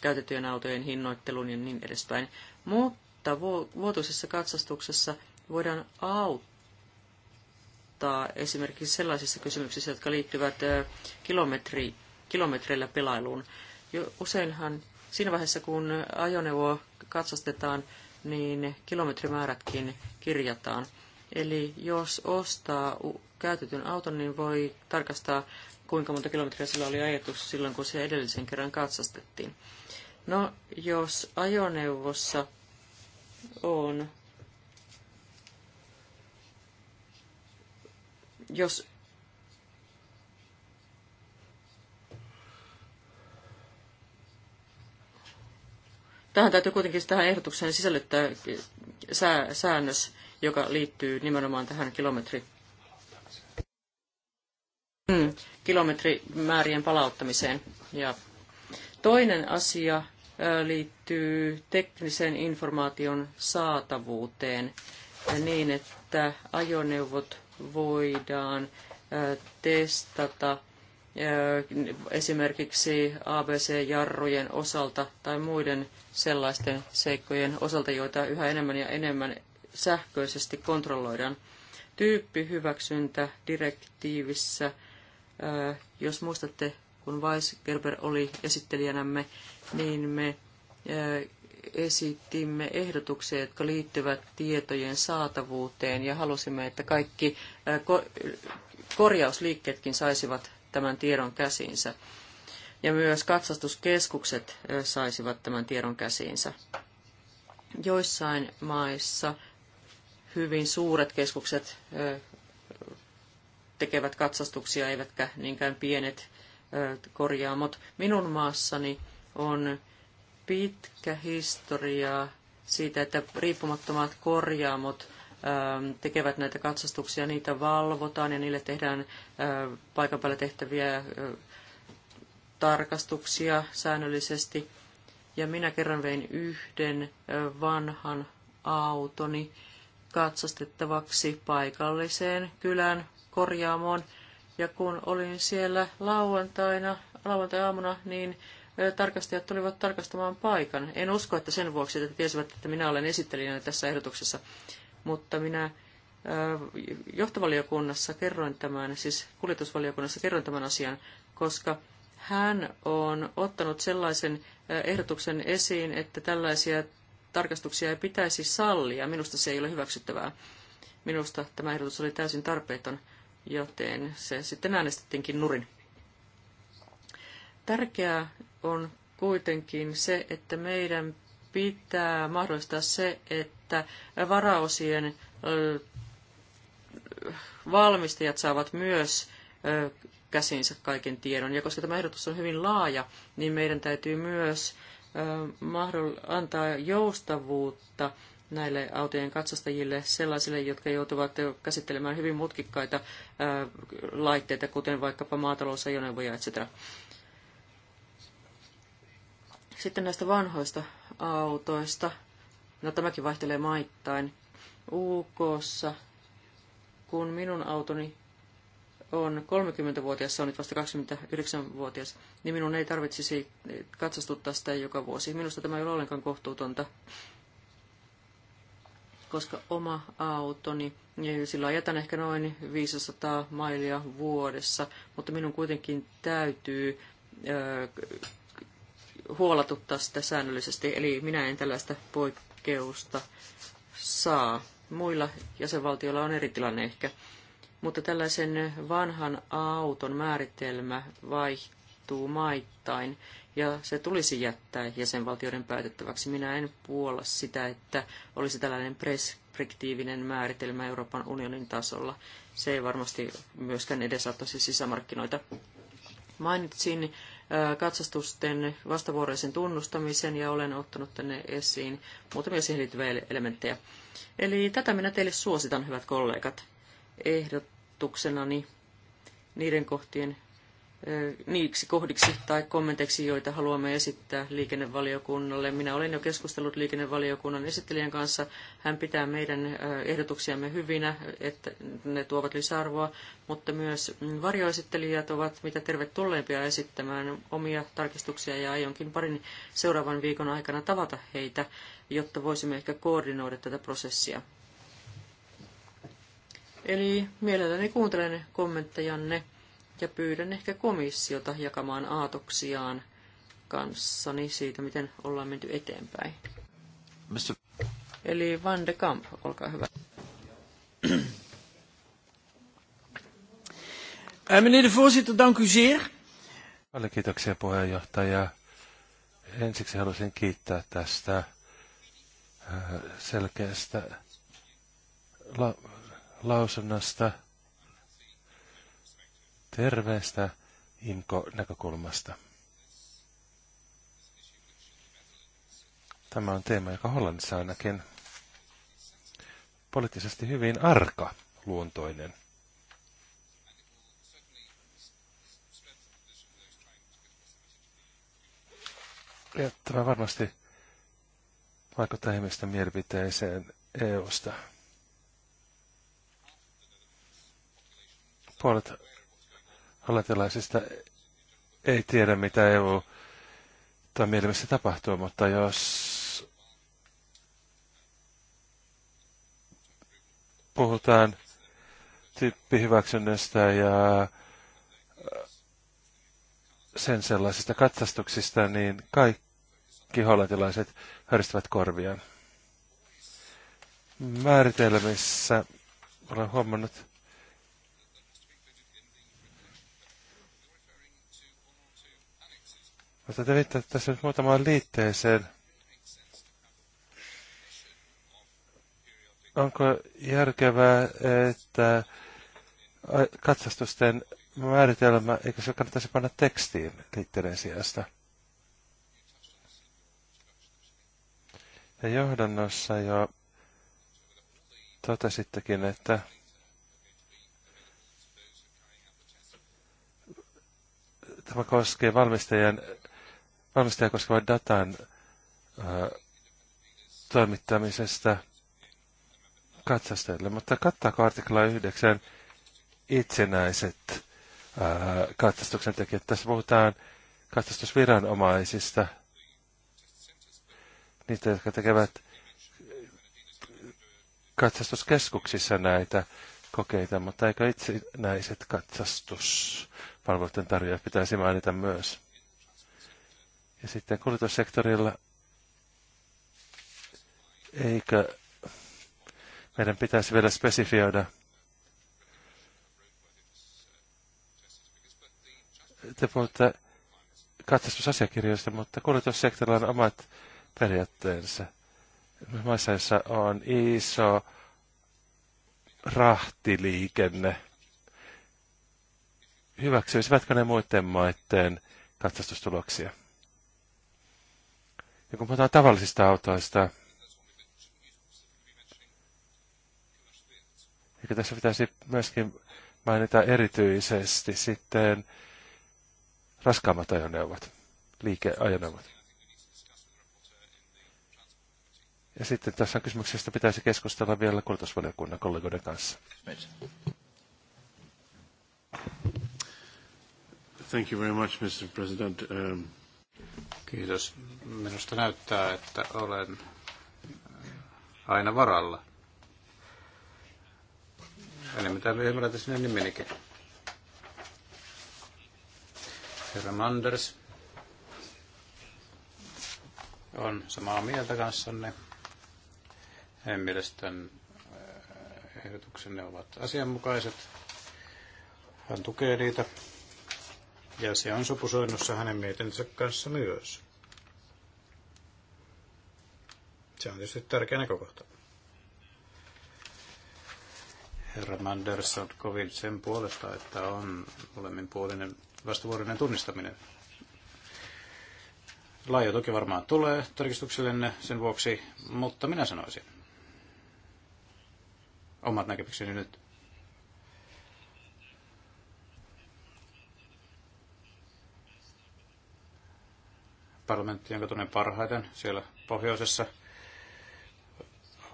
käytettyjen autojen hinnoitteluun ja niin edespäin. Mutta vuotuisessa katsastuksessa voidaan auttaa esimerkiksi sellaisissa kysymyksissä, jotka liittyvät eh, kilometri, kilometreillä pelailuun. Jo, useinhan siinä vaiheessa, kun ajoneuvo katsastetaan, niin kilometrimäärätkin kirjataan. Eli jos ostaa käytetyn auton, niin voi tarkastaa, kuinka monta kilometriä sillä oli ajettu silloin, kun se edellisen kerran katsastettiin. No, jos ajoneuvossa on, jos Tähän täytyy kuitenkin tähän ehdotukseen sisällyttää sää, säännös, joka liittyy nimenomaan tähän kilometri, mm, kilometrimäärien palauttamiseen. Ja toinen asia liittyy teknisen informaation saatavuuteen niin, että ajoneuvot voidaan testata esimerkiksi ABC-jarrujen osalta tai muiden sellaisten seikkojen osalta, joita yhä enemmän ja enemmän sähköisesti kontrolloidaan. Tyyppihyväksyntä direktiivissä, jos muistatte, kun Weisgerber oli esittelijänämme, niin me esittimme ehdotuksia, jotka liittyvät tietojen saatavuuteen ja halusimme, että kaikki korjausliikkeetkin saisivat tämän tiedon käsiinsä. Ja myös katsastuskeskukset saisivat tämän tiedon käsiinsä. Joissain maissa hyvin suuret keskukset tekevät katsastuksia, eivätkä niinkään pienet korjaamot. Minun maassani on pitkä historia siitä, että riippumattomat korjaamot Ähm, tekevät näitä katsastuksia, niitä valvotaan ja niille tehdään äh, paikan päällä tehtäviä äh, tarkastuksia säännöllisesti. Ja minä kerran vein yhden äh, vanhan autoni katsastettavaksi paikalliseen kylän korjaamoon. Ja kun olin siellä lauantaina, lauantai-aamuna, niin tarkastajat tulivat tarkastamaan paikan. En usko, että sen vuoksi, että tiesivät, että minä olen esittelijänä tässä ehdotuksessa mutta minä johtovaliokunnassa kerroin tämän, siis kuljetusvaliokunnassa kerroin tämän asian, koska hän on ottanut sellaisen ehdotuksen esiin, että tällaisia tarkastuksia ei pitäisi sallia. Minusta se ei ole hyväksyttävää. Minusta tämä ehdotus oli täysin tarpeeton, joten se sitten äänestettiinkin nurin. Tärkeää on kuitenkin se, että meidän pitää mahdollistaa se, että varaosien valmistajat saavat myös käsinsä kaiken tiedon. Ja koska tämä ehdotus on hyvin laaja, niin meidän täytyy myös antaa joustavuutta näille autojen katsastajille, sellaisille, jotka joutuvat käsittelemään hyvin mutkikkaita laitteita, kuten vaikkapa maatalousajoneuvoja, etc. Sitten näistä vanhoista autoista. No tämäkin vaihtelee maittain. uk kun minun autoni on 30-vuotias, se on nyt vasta 29-vuotias, niin minun ei tarvitsisi katsastuttaa sitä joka vuosi. Minusta tämä ei ole ollenkaan kohtuutonta, koska oma autoni, eh, sillä ajetaan ehkä noin 500 mailia vuodessa, mutta minun kuitenkin täytyy eh, huolatuttaa sitä säännöllisesti, eli minä en tällaista poikkeusta saa. Muilla jäsenvaltioilla on eri tilanne ehkä, mutta tällaisen vanhan auton määritelmä vaihtuu maittain, ja se tulisi jättää jäsenvaltioiden päätettäväksi. Minä en puolla sitä, että olisi tällainen preskriptiivinen määritelmä Euroopan unionin tasolla. Se ei varmasti myöskään edesauttaisi sisämarkkinoita. Mainitsin katsastusten vastavuoroisen tunnustamisen ja olen ottanut tänne esiin muutamia siihen liittyviä elementtejä. Eli tätä minä teille suositan, hyvät kollegat, ehdotuksenani niiden kohtien niiksi kohdiksi tai kommenteiksi, joita haluamme esittää liikennevaliokunnalle. Minä olen jo keskustellut liikennevaliokunnan esittelijän kanssa. Hän pitää meidän ehdotuksiamme hyvinä, että ne tuovat lisäarvoa, mutta myös varjoesittelijät ovat mitä tervetulleimpia esittämään omia tarkistuksia ja aionkin parin seuraavan viikon aikana tavata heitä, jotta voisimme ehkä koordinoida tätä prosessia. Eli mielelläni kuuntelen kommenttejanne ja pyydän ehkä komissiota jakamaan aatoksiaan kanssani siitä, miten ollaan menty eteenpäin. Mr. Eli Van de Kamp, olkaa hyvä. Eh, meneer de voorzitter, dank u zeer. Paljon kiitoksia puheenjohtaja. Ensiksi haluaisin kiittää tästä eh, selkeästä la- lausunnosta terveestä inko näkökulmasta Tämä on teema, joka Hollannissa ainakin poliittisesti hyvin arka luontoinen. Ja tämä varmasti vaikuttaa ihmisten mielipiteeseen EUsta. Puolet hollantilaisista ei tiedä, mitä EU mielessä tapahtuu, mutta jos puhutaan tyyppihyväksynnästä ja äh, sen sellaisista katsastuksista, niin kaikki hollantilaiset höristävät korviaan. Määritelmissä olen huomannut, Mutta te viittaatte tässä nyt muutamaan liitteeseen. Onko järkevää, että katsastusten määritelmä, eikö se kannattaisi panna tekstiin liitteiden sijasta? Ja johdannossa jo totesittekin, että tämä koskee valmistajien valmistajaa koskevan datan ää, toimittamisesta katsastajille, mutta kattaako artikla 9 itsenäiset ää, katsastuksen tekijät? Tässä puhutaan katsastusviranomaisista, niitä, jotka tekevät katsastuskeskuksissa näitä kokeita, mutta eikö itsenäiset katsastuspalveluiden tarjoajat pitäisi mainita myös? Ja sitten kuljetussektorilla, eikö meidän pitäisi vielä spesifioida te puhutte katsastusasiakirjoista, mutta kuljetussektorilla on omat periaatteensa. Maissa, joissa on iso rahtiliikenne, hyväksyisivätkö ne muiden maiden katsastustuloksia? Ja kun puhutaan tavallisista autoista, Eikö tässä pitäisi myöskin mainita erityisesti sitten raskaammat ajoneuvot, liikeajoneuvot? Ja sitten tässä kysymyksestä pitäisi keskustella vielä kulutusvaliokunnan kollegoiden kanssa. Thank you very much, Mr. President. Um... Kiitos. Minusta näyttää, että olen aina varalla. Eli mitä ymmärrätä sinne nimenikin. Herra Manders on samaa mieltä kanssanne. Heidän mielestään eh, ehdotuksenne ovat asianmukaiset. Hän tukee niitä. Ja se on sopusoinnussa hänen mietintönsä kanssa myös. Se on tietysti tärkeä näkökohta. Herra Manders on kovin sen puolesta, että on molemminpuolinen vastavuorinen tunnistaminen. Laajo toki varmaan tulee tarkistuksellenne sen vuoksi, mutta minä sanoisin omat näkemykseni nyt parlamentti, jonka tunnen parhaiten siellä pohjoisessa,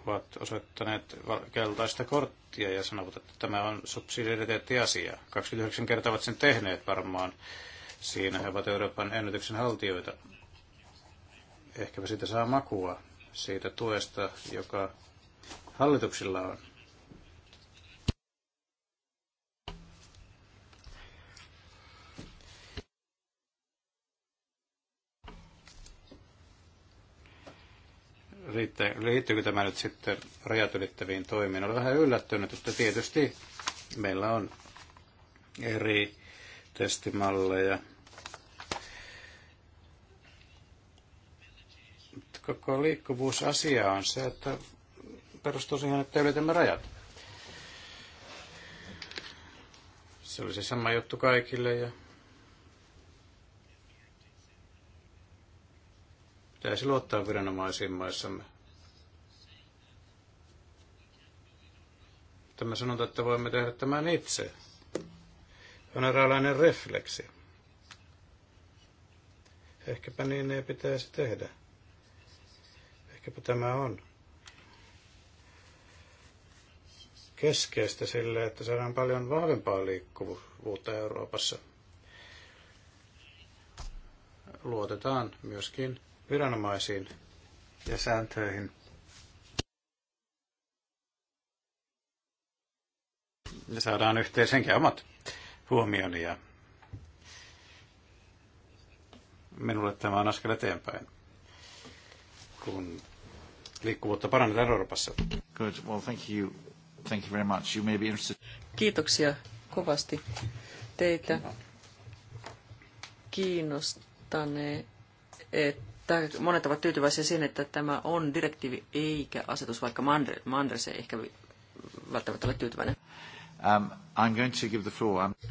ovat osoittaneet keltaista korttia ja sanovat, että tämä on subsidiariteettiasia. 29 kertaa ovat sen tehneet varmaan. Siinä he ovat Euroopan ennätyksen haltijoita. Ehkäpä siitä saa makua siitä tuesta, joka hallituksilla on liittyykö tämä nyt sitten rajat ylittäviin toimiin. Olen vähän yllättynyt, että tietysti meillä on eri testimalleja. Koko liikkuvuusasia on se, että perustuu siihen, että ylitämme rajat. Se oli se sama juttu kaikille ja Pitäisi luottaa viranomaisiin maissamme. Tämä sanotaan, että voimme tehdä tämän itse. On eräänlainen refleksi. Ehkäpä niin ei pitäisi tehdä. Ehkäpä tämä on keskeistä sille, että saadaan paljon vahvempaa liikkuvuutta Euroopassa. Luotetaan myöskin viranomaisiin ja sääntöihin. Ja saadaan yhteisenkin omat huomioni ja minulle tämä on askel eteenpäin, kun liikkuvuutta parannetaan Euroopassa. Good. Well, thank you. Thank you very much. You may be interested. Kiitoksia kovasti teitä kiinnostaneet monet ovat tyytyväisiä siihen, että tämä on direktiivi eikä asetus, vaikka Manders ei ehkä välttämättä ole tyytyväinen. Um, I'm going to give the floor. I'm... Um,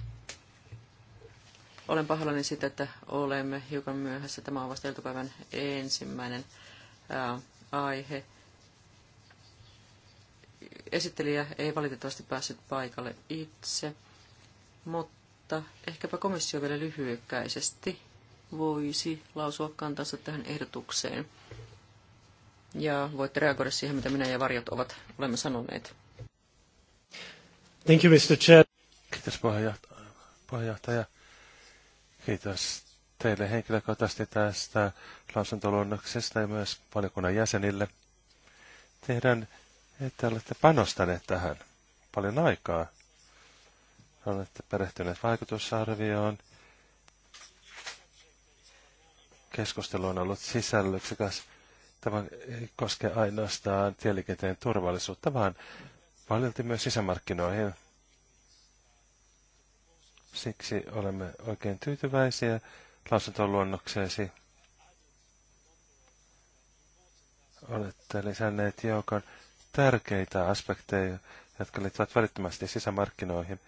Olen pahoillani siitä, että olemme hiukan myöhässä. Tämä on vasta iltapäivän ensimmäinen uh, aihe. Esittelijä ei valitettavasti päässyt paikalle itse, mutta ehkäpä komissio vielä lyhyekkäisesti voisi lausua kantansa tähän ehdotukseen. Ja voitte reagoida siihen, mitä minä ja varjot ovat olemme sanoneet. Thank you, Mr. Chair. Kiitos puheenjohtaja. Kiitos teille henkilökohtaisesti tästä lausuntoluonnoksesta ja myös valiokunnan jäsenille. Tehdään, että olette panostaneet tähän paljon aikaa. Olette perehtyneet vaikutusarvioon – keskustelu on ollut sisällöksikas. Tämä ei koske ainoastaan tieliikenteen turvallisuutta, vaan paljolti myös sisämarkkinoihin. Siksi olemme oikein tyytyväisiä lausuntoluonnokseesi. Olette lisänneet joukon tärkeitä aspekteja, jotka liittyvät välittömästi sisämarkkinoihin.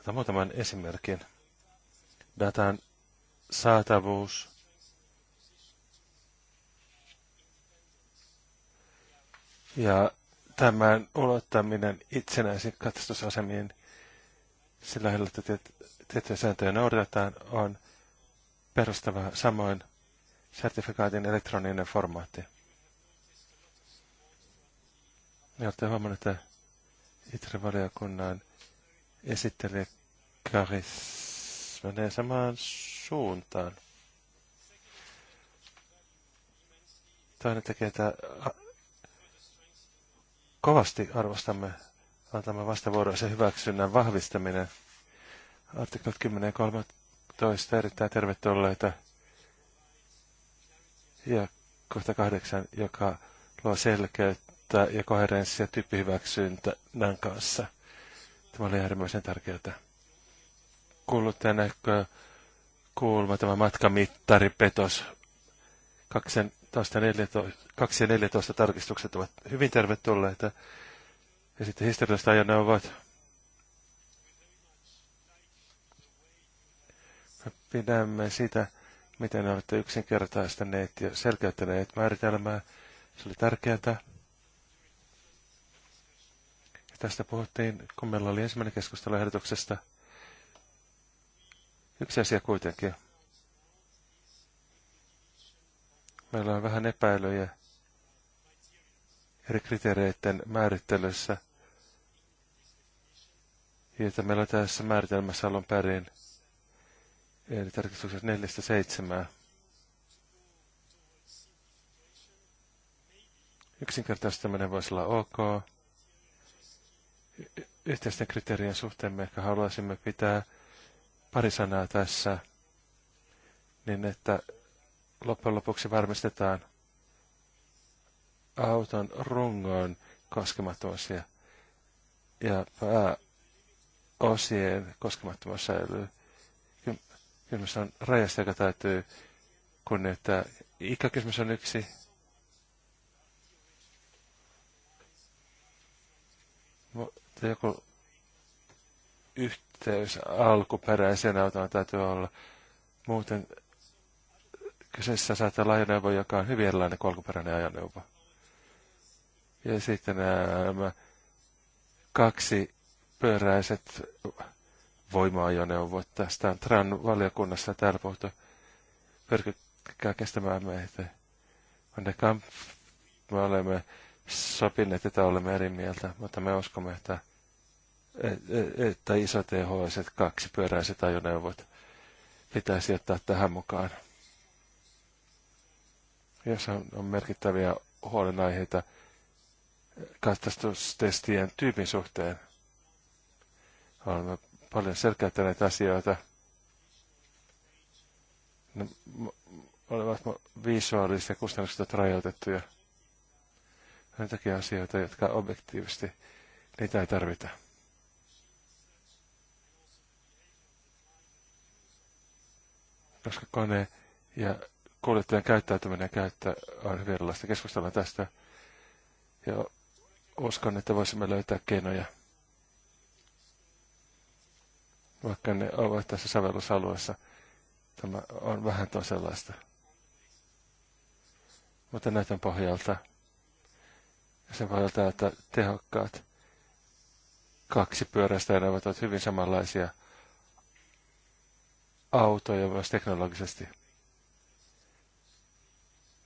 Otan muutaman esimerkin. Datan saatavuus, Ja tämän ulottaminen itsenäisiin katsastusasemiin sillä lailla, että tiettyjä sääntöjä noudatetaan, on perustava samoin sertifikaatin elektroninen formaatti. Ja olette huomannut, että ITRE-valiokunnan esittelijä Karis menee samaan suuntaan. Toinen tekee tämä kovasti arvostamme antamme vastavuoroisen hyväksynnän vahvistaminen. Artiklat 10 ja 13 erittäin tervetulleita. Ja kohta kahdeksan, joka luo selkeyttä ja koherenssia tyyppihyväksyntänän kanssa. Tämä oli äärimmäisen tärkeää. Kuuluttajan näkö kuulma tämä matkamittari petos kaksen taas 14, 2 ja 14 tarkistukset ovat hyvin tervetulleita. Ja sitten historialliset ajoneuvot. Me pidämme sitä, miten olette yksinkertaistaneet ja selkeyttäneet määritelmää. Se oli tärkeää. Ja tästä puhuttiin, kun meillä oli ensimmäinen keskustelu ehdotuksesta. Yksi asia kuitenkin. Meillä on vähän epäilyjä eri kriteereiden määrittelyssä, joita meillä on tässä määritelmässä alun perin, eli tarkistuksessa neljästä seitsemää. Yksinkertaistaminen voisi olla ok. Yhteisten kriteerien suhteen me ehkä haluaisimme pitää pari sanaa tässä, niin että loppujen lopuksi varmistetaan auton rungon koskemattomuus ja, ja pääosien koskemattomuus säilyy. Kysymys on rajasta, joka täytyy kunnioittaa. Ikäkysymys on yksi. Joku yhteys alkuperäisen autoon täytyy olla. Muuten Kyseessä saattaa olla ajoneuvo, joka on hyvin erilainen kuin alkuperäinen ajoneuvo. Ja sitten nämä kaksi pyöräiset voima-ajoneuvot. Tästä on Tran valiokunnassa täällä puhuttu. Pyrkikää kestämään meitä. Onnekaan me olemme sopineet, että olemme eri mieltä, mutta me uskomme, että, e, e, että iso THS, e kaksi pyöräiset ajoneuvot pitäisi ottaa tähän mukaan jossa on merkittäviä huolenaiheita katsastustestien tyypin suhteen. Olemme paljon selkeyttäneet asioita. Ne olivat visuaalisia kustannukset rajoitettuja. Ne takia asioita, jotka objektiivisesti niitä ei tarvita. Koska kone ja kuljettajan käyttäytyminen käyttää on hyvin erilaista. Keskustellaan tästä ja uskon, että voisimme löytää keinoja, vaikka ne ovat tässä sävellysalueessa. Tämä on vähän toisenlaista. Mutta näytön pohjalta ja sen pohjalta, että tehokkaat kaksi pyöräistä elävät ovat hyvin samanlaisia autoja myös teknologisesti –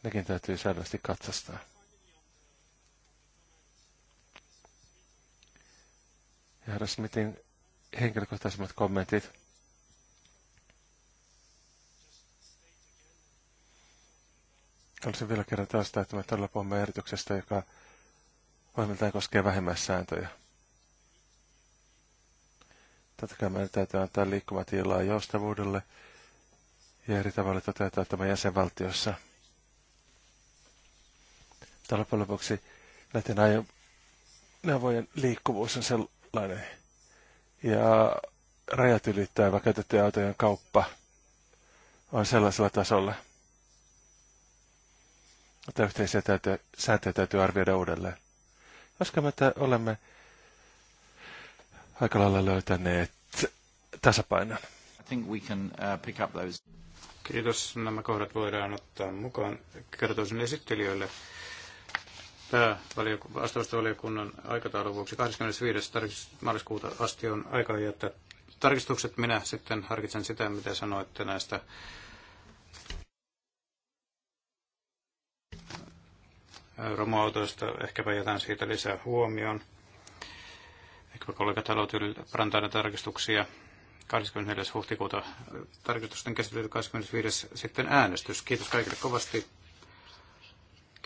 Nekin täytyy säännöllisesti katsastaa. Ja herra Smithin henkilökohtaisemmat kommentit. Haluaisin vielä kerran tästä, että me todella puhumme erityksestä, joka voimiltaan koskee vähimmäissääntöjä. Totta kai meidän täytyy antaa liikkumatilaa joustavuudelle ja eri tavalla toteuttaa tämä jäsenvaltiossa. Mutta loppujen lopuksi näiden ajo, neuvojen liikkuvuus on sellainen. Ja rajat ylittävä käytettyjen autojen kauppa on sellaisella tasolla, että yhteisiä täytyy, sääntöjä täytyy arvioida uudelleen. Koska me olemme aika lailla löytäneet tasapainon. I think we can, uh, pick up those. Kiitos. Nämä kohdat voidaan ottaa mukaan. Kertoisin esittelijöille, päävaliokunnan aikataulun vuoksi 25. marraskuuta asti on aika jättää tarkistukset. Minä sitten harkitsen sitä, mitä sanoitte näistä romuautoista. Ehkäpä jätän siitä lisää huomioon. Ehkäpä kollegat haluavat parantaa näitä tarkistuksia. 24. huhtikuuta tarkistusten käsittely 25. sitten äänestys. Kiitos kaikille kovasti.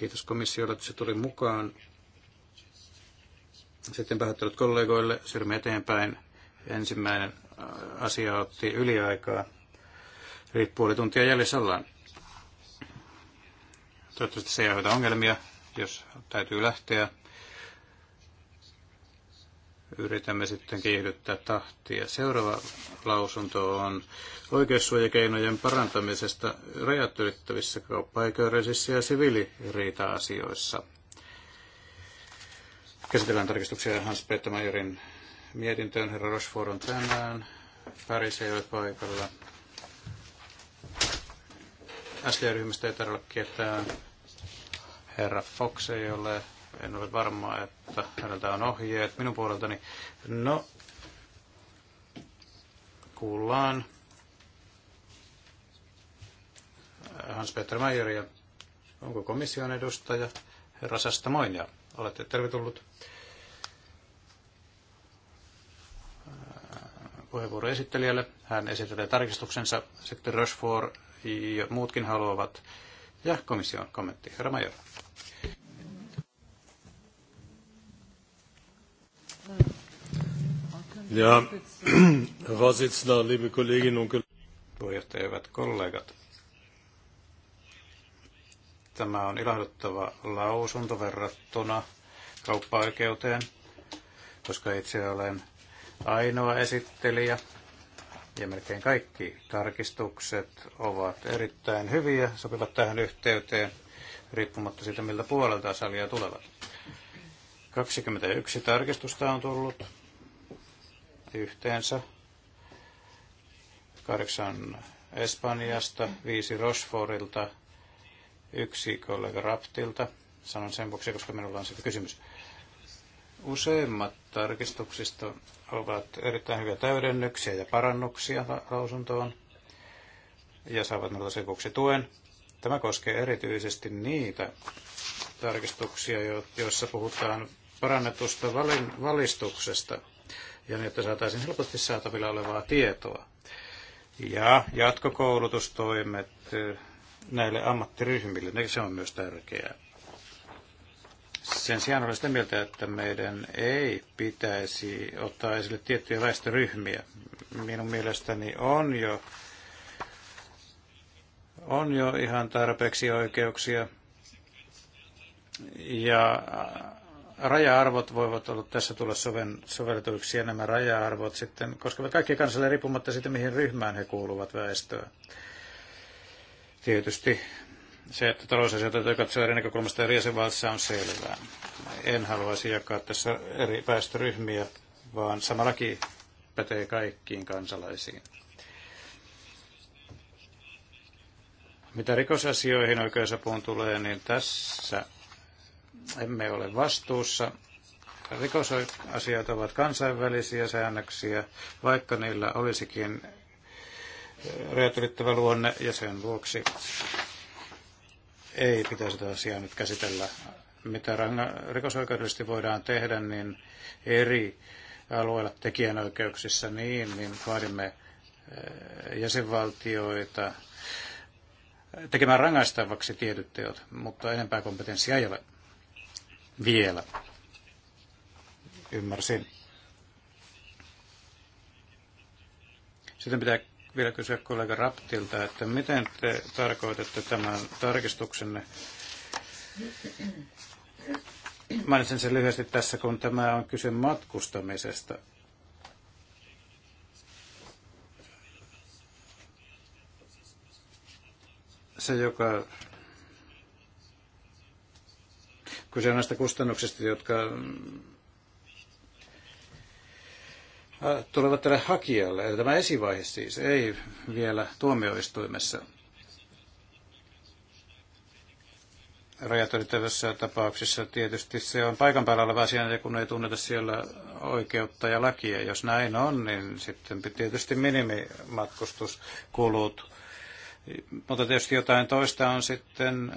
Kiitos komissiolle, että se tuli mukaan. Sitten pahoittelut kollegoille. Siirrymme eteenpäin. Ensimmäinen äh, asia otti yliaikaa. Eli puoli tuntia jäljessä ollaan. Toivottavasti se ei aiheuta ongelmia, jos täytyy lähteä yritämme sitten kiihdyttää tahtia. Seuraava lausunto on oikeussuojakeinojen parantamisesta rajat ylittävissä kauppaoikeudellisissa ja siviiliriita-asioissa. Käsitellään tarkistuksia Hans Peter Majorin mietintöön. Herra Rochefort on tänään. Paris ei ole paikalla. SD-ryhmästä ei tarvitse ketään. Herra Fox ei ole en ole varma, että häneltä on ohjeet minun puoleltani. No, kuullaan Hans-Peter ja Onko komission edustaja? Herra Sastamoin ja olette tervetullut puheenvuoro esittelijälle. Hän esittelee tarkistuksensa. Sitten Rochefort ja muutkin haluavat. Ja komission kommentti. Herra Major. Ja, Vasitsna, liebe kollegat. Tämä on ilahduttava lausunto verrattuna kauppa koska itse olen ainoa esittelijä ja melkein kaikki tarkistukset ovat erittäin hyviä, sopivat tähän yhteyteen, riippumatta siitä, miltä puolelta salia tulevat. 21 tarkistusta on tullut yhteensä. Kahdeksan Espanjasta, viisi Rosforilta, yksi kollega Raptilta. Sanon sen vuoksi, koska minulla on siitä kysymys. Useimmat tarkistuksista ovat erittäin hyviä täydennyksiä ja parannuksia lausuntoon ja saavat minulta sen vuoksi tuen. Tämä koskee erityisesti niitä tarkistuksia, joissa puhutaan parannetusta valistuksesta ja niin, että saataisiin helposti saatavilla olevaa tietoa. Ja jatkokoulutustoimet eh, näille ammattiryhmille, niin se on myös tärkeää. Sen sijaan olen sitä mieltä, että meidän ei pitäisi ottaa esille tiettyjä väestöryhmiä. Minun mielestäni on jo, on jo ihan tarpeeksi oikeuksia ja raja-arvot voivat olla tässä tulla soven, sovelletuiksi ja nämä raja-arvot sitten koskevat kaikkia kansalle riippumatta siitä, mihin ryhmään he kuuluvat väestöä. Tietysti se, että talousasioita täytyy katsoa eri näkökulmasta eri jäsenvaltiossa on selvää. En haluaisi jakaa tässä eri väestöryhmiä, vaan sama laki pätee kaikkiin kansalaisiin. Mitä rikosasioihin oikeusapuun tulee, niin tässä emme ole vastuussa. Rikosasiat ovat kansainvälisiä säännöksiä, vaikka niillä olisikin eh, rajat ylittävä luonne, ja sen vuoksi ei pitäisi tätä asiaa nyt käsitellä. Mitä ranga- rikosoikeudellisesti voidaan tehdä, niin eri alueilla tekijänoikeuksissa niin, niin vaadimme eh, jäsenvaltioita tekemään rangaistavaksi tietyt teot, mutta enempää kompetenssia ei ole vielä. Ymmärsin. Sitten pitää vielä kysyä kollega Raptilta, että miten te tarkoitatte tämän tarkistuksenne? Mainitsen sen lyhyesti tässä, kun tämä on kyse matkustamisesta. Se, joka Kyse on näistä kustannuksista, jotka mm, tulevat tälle hakijalle. Eli tämä esivaihe siis, ei vielä tuomioistuimessa. Rajat ylittävässä tapauksessa tietysti se on paikan päällä oleva asia, kun ei tunneta siellä oikeutta ja lakia. Jos näin on, niin sitten tietysti minimimatkustuskulut. Mutta tietysti jotain toista on sitten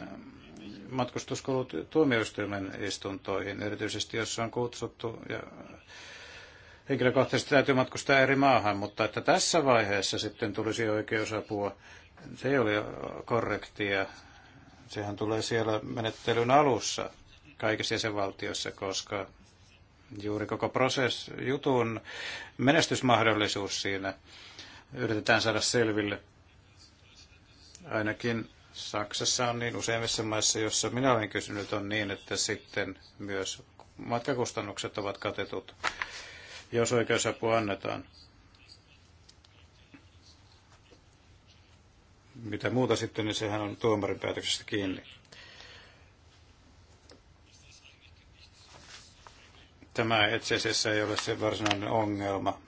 matkustuskulut tuomioistuimen istuntoihin, erityisesti jos on kutsuttu ja henkilökohtaisesti täytyy matkustaa eri maahan, mutta että tässä vaiheessa sitten tulisi oikeusapua, se ei ole korrektia. Sehän tulee siellä menettelyn alussa kaikissa jäsenvaltioissa, koska juuri koko prosess, jutun menestysmahdollisuus siinä yritetään saada selville. Ainakin Saksassa on niin useimmissa maissa, jossa minä olen kysynyt, on niin, että sitten myös matkakustannukset ovat katetut, jos oikeusapu annetaan. Mitä muuta sitten, niin sehän on tuomarin päätöksestä kiinni. Tämä itse asiassa ei ole se varsinainen ongelma,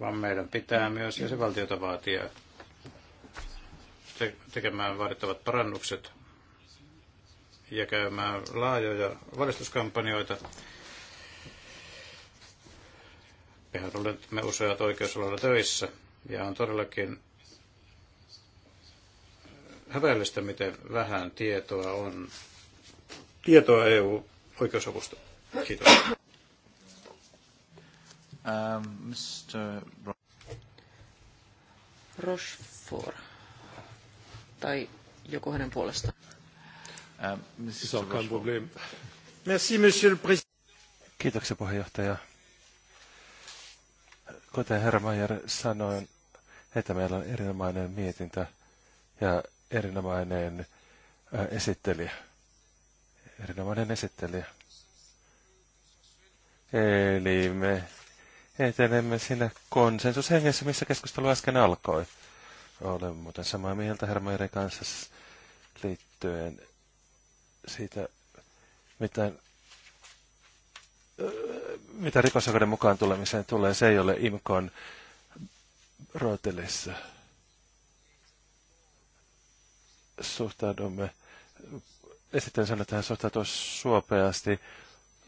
vaan meidän pitää myös jäsenvaltiota vaatia te- tekemään vaadittavat parannukset ja käymään laajoja valistuskampanjoita. Mehän olemme useat oikeusalalla töissä ja on todellakin häpeällistä, miten vähän tietoa on. Tietoa EU-oikeusavusta. Kiitos. Um, ähm, Mr. Rochefort tai joku hänen puolestaan. Ähm, Kiitoksia puheenjohtaja. Kuten herra Mayer sanoi, että meillä on erinomainen mietintä ja erinomainen äh, esittelijä. Erinomainen esittelijä. Eli me etenemme sinne konsensushengessä, missä keskustelu äsken alkoi. Olen muuten samaa mieltä Hermoiden kanssa liittyen siitä, mitä, mitä rikosoikeuden mukaan tulemiseen tulee. Se ei ole IMKon rootelissa. Suhtaudumme, esittelen sanoa, että hän suhtautuu suopeasti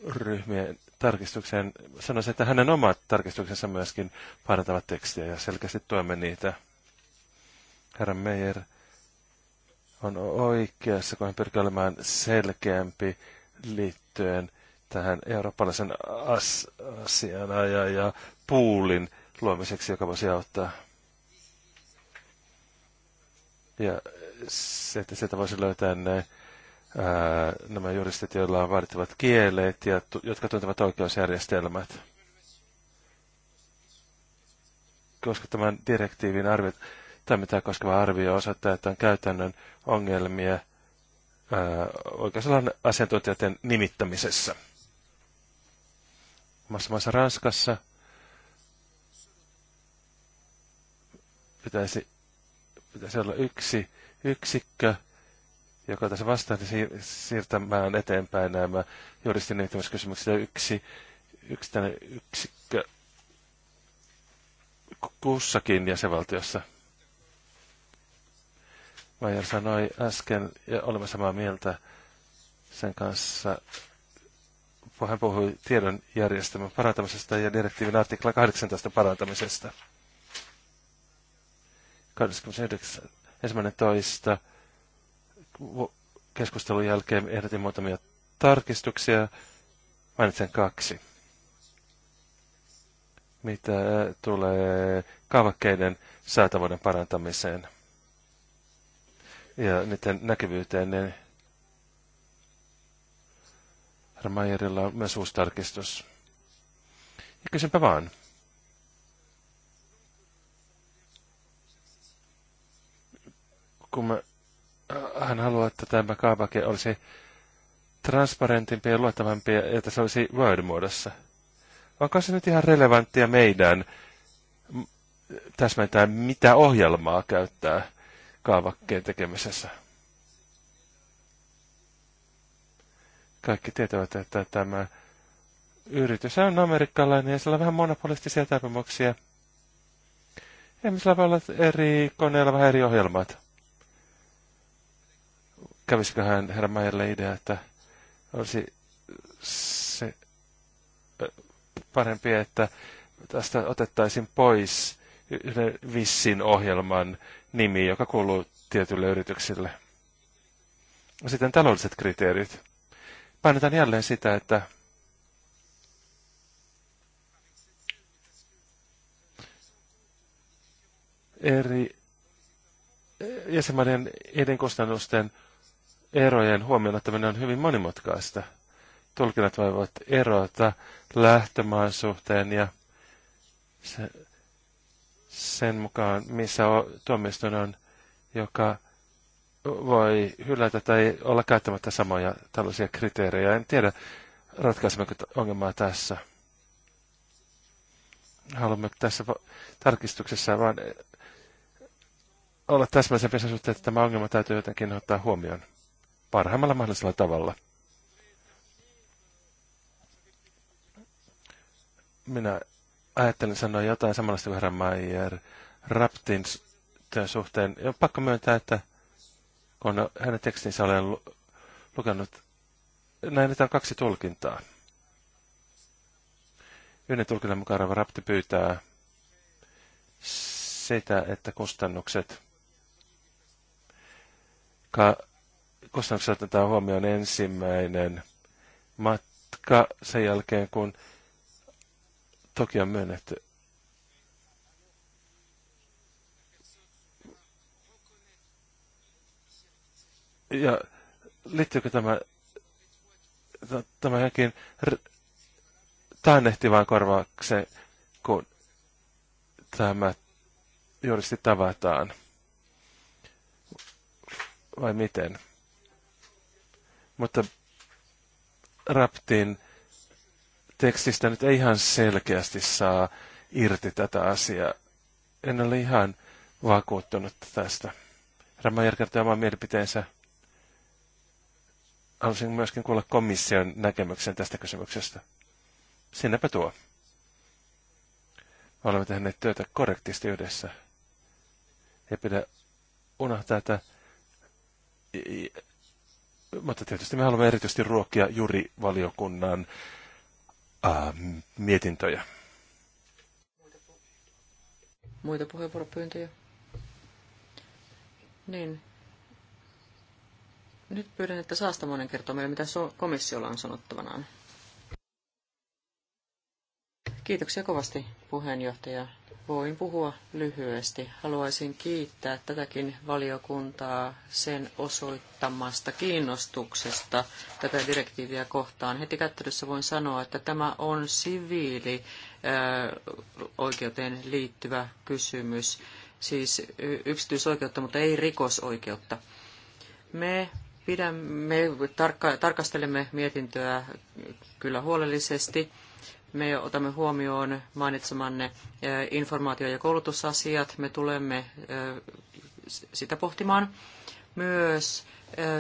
ryhmien tarkistukseen. Sanoisin, että hänen omat tarkistuksensa myöskin parantavat tekstiä ja selkeästi tuemme niitä herra Meijer on oikeassa, kun hän pyrkii olemaan selkeämpi liittyen tähän eurooppalaisen as- asianaja ja puulin luomiseksi, joka voisi auttaa. Ja se, että sieltä voisi löytää ne, ää, nämä juristit, joilla on vaadittavat kielet ja jotka tuntevat oikeusjärjestelmät. Koska tämän direktiivin arvioit, mitä koskeva arvio osoittaa, että on käytännön ongelmia oikeusalan asiantuntijoiden nimittämisessä. Omassa maassa Ranskassa pitäisi, pitäisi olla yksi yksikkö, joka tässä vastaa niin siirtämään eteenpäin nämä juristin nimittämiskysymykset ja yksi yksittäinen yksikkö kussakin jäsenvaltiossa – Meijer sanoi äsken, ja olemme samaa mieltä sen kanssa, hän puhui tiedon järjestelmän parantamisesta ja direktiivin artikla 18 parantamisesta. 29.1. keskustelun jälkeen ehdotin muutamia tarkistuksia. Mainitsen kaksi. Mitä tulee kaavakkeiden saatavuuden parantamiseen ja niiden näkyvyyteen, niin Ramajerilla on myös uusi tarkistus. Ja kysynpä vaan. Kun mä, äh, hän haluaa, että tämä kaavake olisi transparentimpi ja luottavampi, että se olisi Word-muodossa. Onko se nyt ihan relevanttia meidän täsmentää, mitä ohjelmaa käyttää? kaavakkeen tekemisessä. Kaikki tietävät, että tämä yritys on amerikkalainen ja sillä on vähän monopolistisia taipumuksia. Ihmisillä voi olla eri koneilla vähän eri ohjelmat. Kävisiköhän herra Maijalle idea, että olisi se parempi, että tästä otettaisiin pois yhden vissin ohjelman nimi, joka kuuluu tietylle yrityksille. Sitten taloudelliset kriteerit. Painetaan jälleen sitä, että eri jäsenmaiden elinkustannusten erojen huomioon ottaminen on hyvin monimutkaista. Tulkinnat voivat erota lähtömaan suhteen ja se, sen mukaan, missä tuomioistuin on, joka voi hylätä tai olla käyttämättä samoja tällaisia kriteerejä. En tiedä, ratkaisemmeko ongelmaa tässä. Haluamme tässä tarkistuksessa vaan eh, olla täsmällisempi sen suhteen, että tämä ongelma täytyy jotenkin ottaa huomioon parhaimmalla mahdollisella tavalla. Minä ajattelin sanoa jotain samanlaista verran Meyer Raptin työn suhteen. Ja pakko myöntää, että kun hänen tekstinsä olen lukenut, näin, on kaksi tulkintaa. Yhden tulkinnan mukaan Rava Rapti pyytää sitä, että kustannukset, ka, kustannukset otetaan huomioon ensimmäinen matka sen jälkeen, kun toki on myönnetty. Ja liittyykö tämä, no, tämä jokin taannehtivaan korvaukseen, kun tämä juristi tavataan? Vai miten? Mutta raptin tekstistä nyt ei ihan selkeästi saa irti tätä asiaa. En ole ihan vakuuttunut tästä. Rama kertoi oman mielipiteensä. Haluaisin myöskin kuulla komission näkemyksen tästä kysymyksestä. Sinnepä tuo. Olemme tehneet työtä korrektisti yhdessä. Ei pidä unohtaa, että... Mutta tietysti me haluamme erityisesti ruokkia juurivaliokunnan valiokunnan äh, mietintöjä. Muita puheenvuoropyyntöjä? Niin. Nyt pyydän, että Saastamoinen kertoo meille, mitä komissiolla on sanottavanaan. Kiitoksia kovasti puheenjohtaja Voin puhua lyhyesti. Haluaisin kiittää tätäkin valiokuntaa sen osoittamasta kiinnostuksesta tätä direktiiviä kohtaan. Heti kättelyssä voin sanoa, että tämä on siviili oikeuteen liittyvä kysymys, siis yksityisoikeutta, mutta ei rikosoikeutta. Me pidämme, tarkka, tarkastelemme mietintöä kyllä huolellisesti me otamme huomioon mainitsemanne informaatio- ja koulutusasiat. Me tulemme sitä pohtimaan. Myös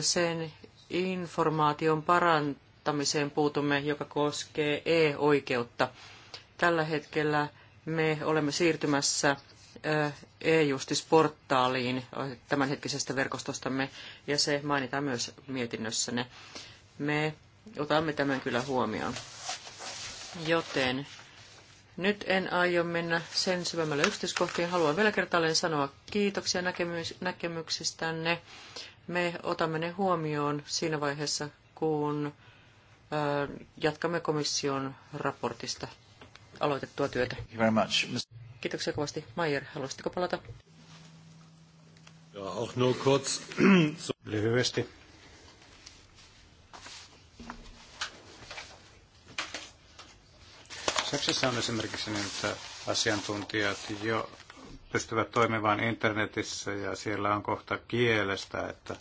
sen informaation parantamiseen puutumme, joka koskee e-oikeutta. Tällä hetkellä me olemme siirtymässä e-justisportaaliin tämänhetkisestä verkostostamme, ja se mainitaan myös mietinnössänne. Me otamme tämän kyllä huomioon. Joten nyt en aio mennä sen syvemmälle yksityiskohtiin. Haluan vielä kertaalleen sanoa kiitoksia näkemyksistänne. Me otamme ne huomioon siinä vaiheessa, kun jatkamme komission raportista aloitettua työtä. Kiitoksia kovasti. Maier, haluaisitko palata? Lyhyesti Saksassa on esimerkiksi niin, että asiantuntijat jo pystyvät toimimaan internetissä ja siellä on kohta kielestä, että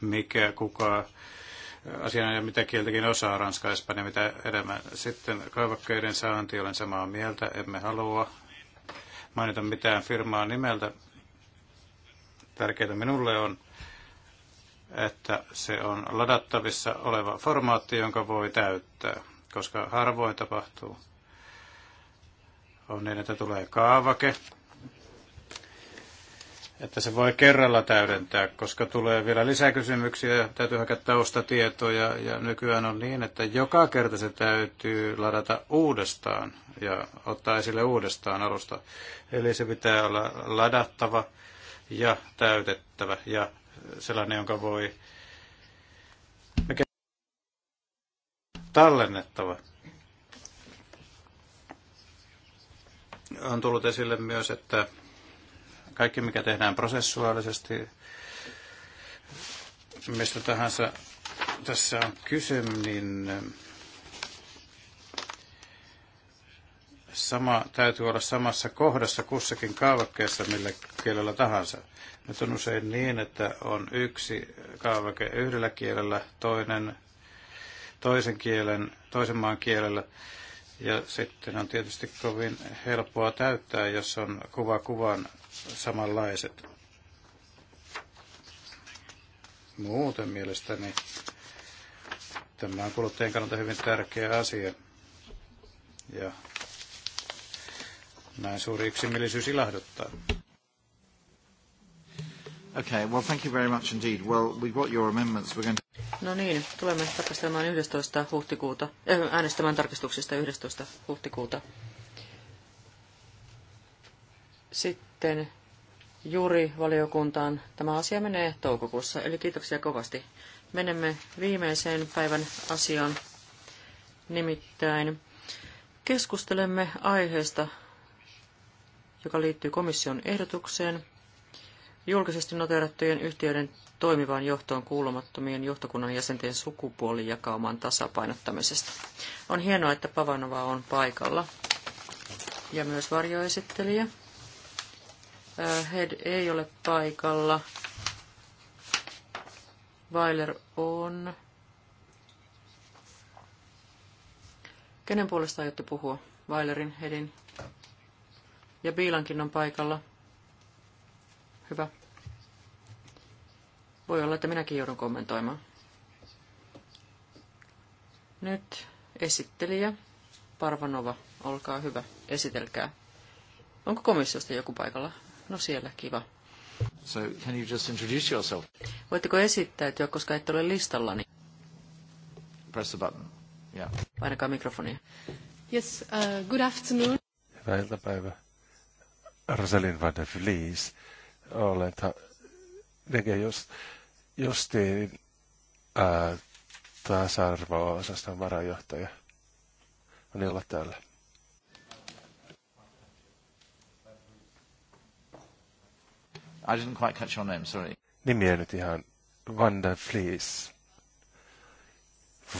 mikä, kuka asiana ja mitä kieltäkin osaa, ranska, espanja, mitä enemmän. Sitten kaivakkeiden saanti, olen samaa mieltä, emme halua mainita mitään firmaa nimeltä. Tärkeintä minulle on, että se on ladattavissa oleva formaatti, jonka voi täyttää, koska harvoin tapahtuu on niin, että tulee kaavake, että se voi kerralla täydentää, koska tulee vielä lisäkysymyksiä, täytyy hakea taustatietoja ja nykyään on niin, että joka kerta se täytyy ladata uudestaan ja ottaa esille uudestaan alusta. Eli se pitää olla ladattava ja täytettävä ja sellainen, jonka voi tallennettava. On tullut esille myös, että kaikki mikä tehdään prosessuaalisesti, mistä tahansa tässä on kyse, niin sama, täytyy olla samassa kohdassa kussakin kaavakkeessa millä kielellä tahansa. Nyt on usein niin, että on yksi kaavake yhdellä kielellä, toinen toisen kielen, toisen maan kielellä ja sitten on tietysti kovin helppoa täyttää, jos on kuva kuvan samanlaiset. Muuten mielestäni tämä on kuluttajien kannalta hyvin tärkeä asia. Ja näin suuri yksimielisyys ilahduttaa. Okay, well thank you very much indeed. Well, we've got your amendments. We're going No niin, tulemme tarkastelemaan 11. huhtikuuta, äh, äänestämään tarkistuksista 11. huhtikuuta. Sitten juuri valiokuntaan tämä asia menee toukokuussa, eli kiitoksia kovasti. Menemme viimeiseen päivän asiaan, nimittäin keskustelemme aiheesta, joka liittyy komission ehdotukseen – julkisesti noteerattujen yhtiöiden toimivaan johtoon kuulumattomien johtokunnan jäsenten sukupuolijakauman tasapainottamisesta. On hienoa, että Pavanova on paikalla ja myös varjoesittelijä. Head ei ole paikalla. Weiler on. Kenen puolesta aiotte puhua? Weilerin, Hedin ja Biilankin on paikalla. Hyvä. Voi olla, että minäkin joudun kommentoimaan. Nyt esittelijä Parvanova, olkaa hyvä, esitelkää. Onko komissiosta joku paikalla? No siellä, kiva. So, can you just introduce yourself? Voitteko esittäytyä, koska et ole listallani? Press the button. Yeah. Painakaa mikrofonia. Yes, uh, good afternoon. Hyvää iltapäivää. Rosalind van der Vlies olen ta, DG just, justiin ää, tasa-arvo-osaston varajohtaja on olla täällä. I didn't quite catch your name, sorry. Nimi on nyt ihan Van der Vlies.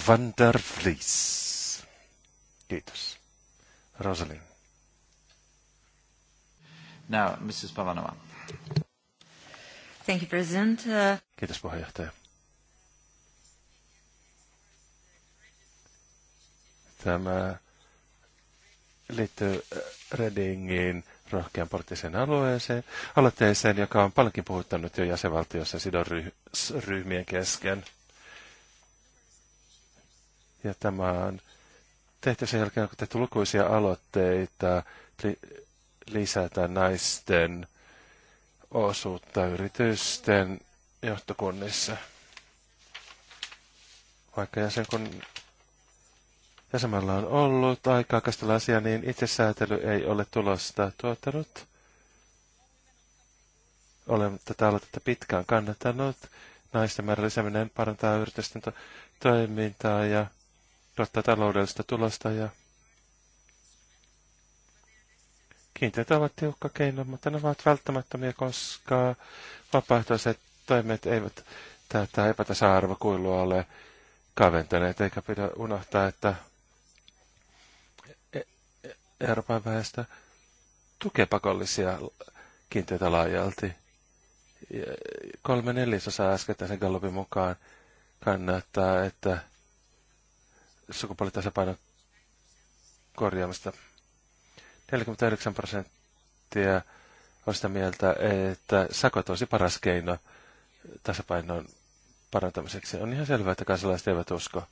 Van der Vlies. Kiitos. Rosalind. Now, Mrs. Pavanova. Thank you, President. Uh, Kiitos puheenjohtaja. Tämä liittyy äh, Redingin rohkean poliittiseen alueeseen, aloitteeseen, joka on paljonkin puhuttanut jo jäsenvaltiossa sidoryhmien kesken. Ja tämä on tehty sen jälkeen, kun tehty lukuisia aloitteita li, lisätä naisten osuutta yritysten johtokunnissa. Vaikka kun jäsenmällä on ollut aikaa kastella asia niin itsesäätely ei ole tulosta tuottanut. Olen tätä aloitetta pitkään kannattanut. Naisten määrän lisääminen parantaa yritysten to- toimintaa ja tuottaa taloudellista tulosta ja Kiinteät ovat tiukka keino, mutta ne ovat välttämättömiä, koska vapaaehtoiset toimet eivät tätä epätasa-arvokuilua ole kaventaneet, eikä pidä unohtaa, että e- e- Euroopan väestö tukee pakollisia kiinteitä laajalti. Kolme neljäsosaa äskettäisen Gallupin mukaan kannattaa, että sukupuolitasapaino korjaamista 49 prosenttia on sitä mieltä, että sakot olisi paras keino tasapainon parantamiseksi. On ihan selvää, että kansalaiset eivät usko,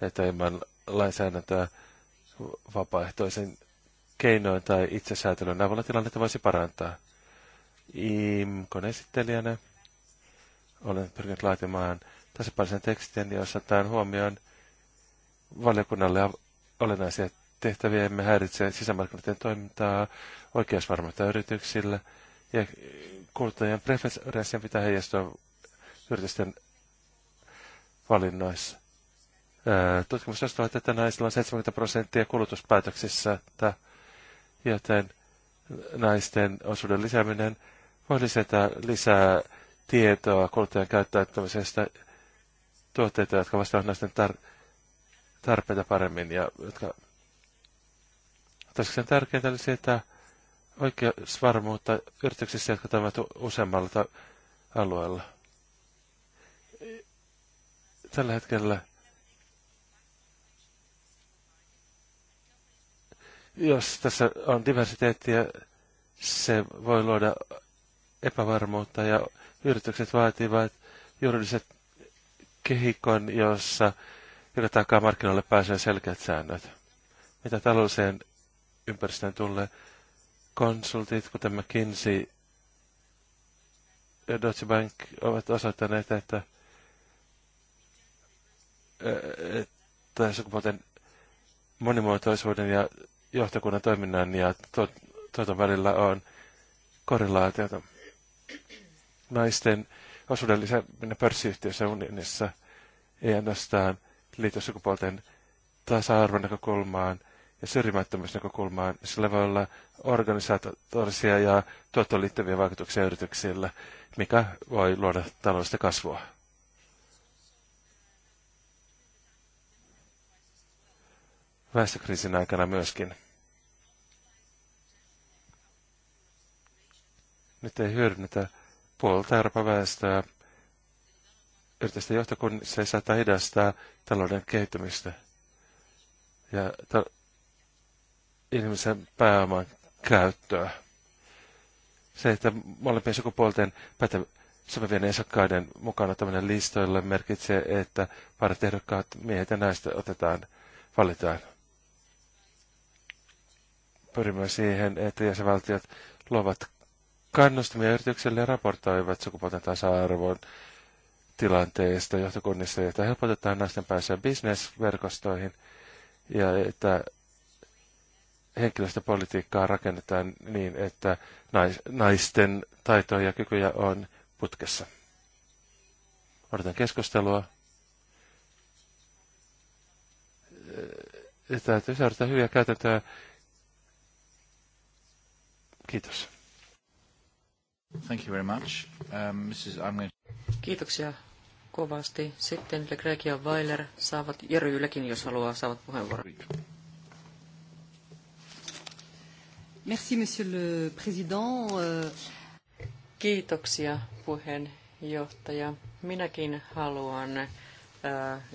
että ilman lainsäädäntöä vapaaehtoisen keinoin tai itsesäätelyn avulla tilannetta voisi parantaa. IMKon esittelijänä olen pyrkinyt laatimaan tasapainoisen tekstin, jossa tämän huomioon valiokunnalle olennaisia tehtäviä emme häiritse sisämarkkinoiden toimintaa, oikeusvarmuutta yrityksille ja kuluttajien preferenssien pitää heijastua yritysten valinnoissa. Tutkimus osoittaa, että naisilla on 70 prosenttia kulutuspäätöksissä, joten naisten osuuden lisääminen voi lisätä lisää tietoa kuluttajan käyttäytymisestä tuotteita, jotka vastaavat naisten tar- tarpeita paremmin ja jotka Toiseksi tärkeintä oli se, että oikeusvarmuutta yrityksissä, jotka toimivat useammalla alueella. Tällä hetkellä jos tässä on diversiteettiä, se voi luoda epävarmuutta ja yritykset vaativat juridiset kehikon, jossa joka takaa markkinoille pääsee selkeät säännöt. Mitä taloudelliseen Ympäristöön tulle konsultit, kuten McKinsey ja Deutsche Bank, ovat osoittaneet, että, eh, että sukupuolten monimuotoisuuden ja johtokunnan toiminnan ja tuoton välillä on korrelaatiota. Naisten osuuden lisääminen pörssiyhtiössä unionissa ei ainoastaan liity sukupuolten tasa-arvon näkökulmaan – ja syrjimättömyysnäkökulmaan. Sillä voi olla organisatorisia ja tuottoon liittyviä vaikutuksia yrityksillä, mikä voi luoda taloudellista kasvua. Väestökriisin aikana myöskin. Nyt ei hyödynnetä puolta Euroopan väestöä. Yritysten johtokunnissa ei saattaa hidastaa talouden kehittymistä. Ja ta- ihmisen pääoman käyttöä. Se, että molempien sukupuolten pätevä sopivien esokkaiden mukana tämmöinen listoille merkitsee, että parit ehdokkaat miehet ja naiset otetaan, valitaan. Pyrimme siihen, että jäsenvaltiot luovat kannustamia yritykselle ja raportoivat sukupuolten tasa-arvon tilanteesta johtokunnissa, että helpotetaan naisten pääsyä bisnesverkostoihin ja että henkilöstöpolitiikkaa rakennetaan niin, että nais, naisten taitoja ja kykyjä on putkessa. Odotan keskustelua. täytyy seurata hyviä käytäntöjä. Kiitos. Thank you very much. Um, Mrs. Amin. Kiitoksia kovasti. Sitten Le Greg ja Weiler saavat, Jerry Ylekin, jos haluaa, saavat puheenvuoron. Merci, monsieur le président. Kiitoksia, puheenjohtaja. Minäkin haluan äh,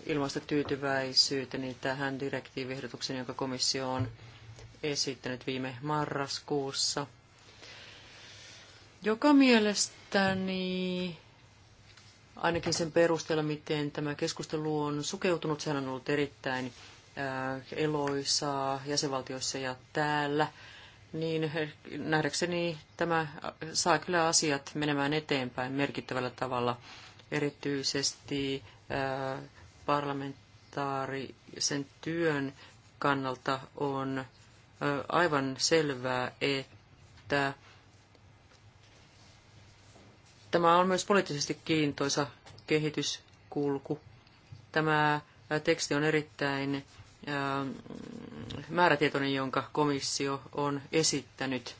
ilmaista tyytyväisyyteni tähän direktiiviehdotukseen, jonka komissio on esittänyt viime marraskuussa, joka mielestäni ainakin sen perusteella, miten tämä keskustelu on sukeutunut, sehän on ollut erittäin äh, eloisaa jäsenvaltioissa ja täällä – niin nähdäkseni tämä saa kyllä asiat menemään eteenpäin merkittävällä tavalla, erityisesti äh, parlamentaarisen työn kannalta on äh, aivan selvää, että tämä on myös poliittisesti kiintoisa kehityskulku. Tämä teksti on erittäin äh, määrätietoinen, jonka komissio on esittänyt.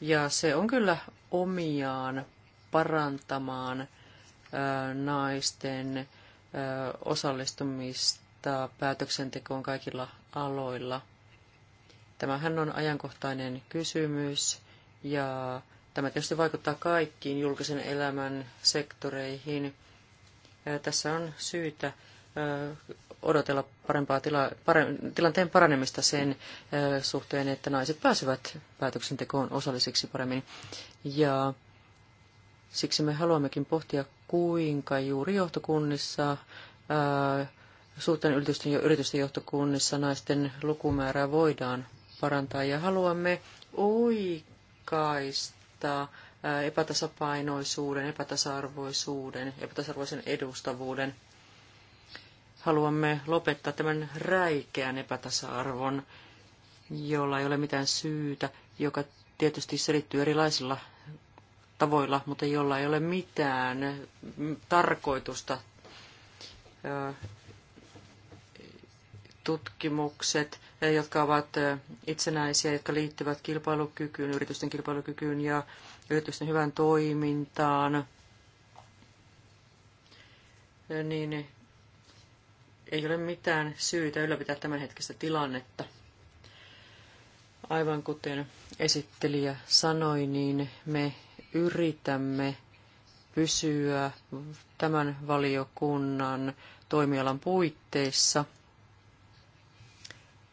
Ja se on kyllä omiaan parantamaan naisten osallistumista päätöksentekoon kaikilla aloilla. Tämähän on ajankohtainen kysymys ja tämä tietysti vaikuttaa kaikkiin julkisen elämän sektoreihin. Tässä on syytä odotella parempaa tila, pare, tilanteen paranemista sen suhteen, että naiset pääsevät päätöksentekoon osallisiksi paremmin. Ja siksi me haluammekin pohtia, kuinka juuri johtokunnissa, ö, suurten yritysten, yritysten johtokunnissa naisten lukumäärää voidaan parantaa. Ja haluamme oikaista epätasapainoisuuden, epätasa-arvoisuuden, epätasa-arvoisen edustavuuden – Haluamme lopettaa tämän räikeän epätasa-arvon, jolla ei ole mitään syytä, joka tietysti selittyy erilaisilla tavoilla, mutta jolla ei ole mitään tarkoitusta. Tutkimukset, jotka ovat itsenäisiä, jotka liittyvät kilpailukykyyn, yritysten kilpailukykyyn ja yritysten hyvään toimintaan, niin ei ole mitään syytä ylläpitää tämänhetkistä tilannetta. Aivan kuten esittelijä sanoi, niin me yritämme pysyä tämän valiokunnan toimialan puitteissa.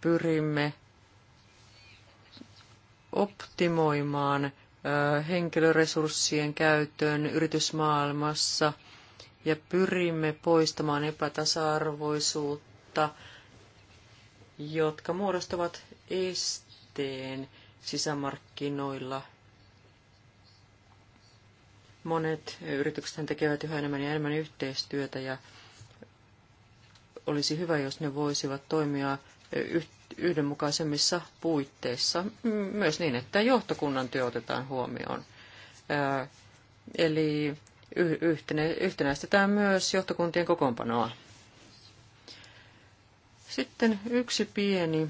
Pyrimme optimoimaan henkilöresurssien käytön yritysmaailmassa ja pyrimme poistamaan epätasa-arvoisuutta, jotka muodostavat esteen sisämarkkinoilla. Monet yritykset tekevät yhä enemmän ja enemmän yhteistyötä ja olisi hyvä, jos ne voisivat toimia yhdenmukaisemmissa puitteissa, myös niin, että johtokunnan työ otetaan huomioon. Eli yhtenäistetään myös johtokuntien kokoonpanoa. Sitten yksi pieni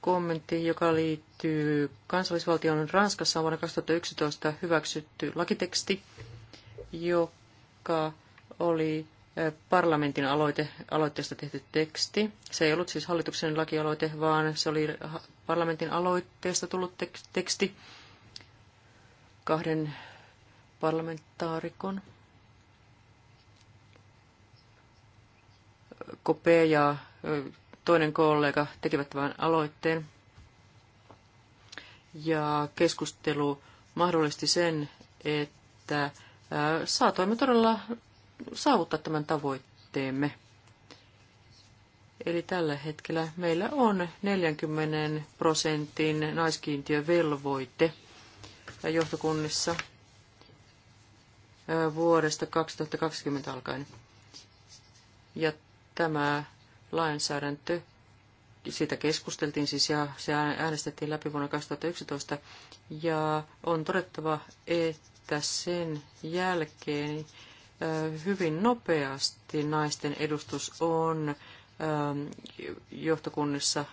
kommentti, joka liittyy kansallisvaltion Ranskassa on vuonna 2011 hyväksytty lakiteksti, joka oli parlamentin aloite, aloitteesta tehty teksti. Se ei ollut siis hallituksen lakialoite, vaan se oli parlamentin aloitteesta tullut teksti kahden parlamentaarikon. Kope ja toinen kollega tekivät tämän aloitteen. Ja keskustelu mahdollisti sen, että saatoimme todella saavuttaa tämän tavoitteemme. Eli tällä hetkellä meillä on 40 prosentin naiskiintiövelvoite johtokunnissa vuodesta 2020 alkaen. Ja tämä lainsäädäntö, siitä keskusteltiin siis ja se äänestettiin läpi vuonna 2011 ja on todettava, että sen jälkeen äh, hyvin nopeasti naisten edustus on äh, johtokunnissa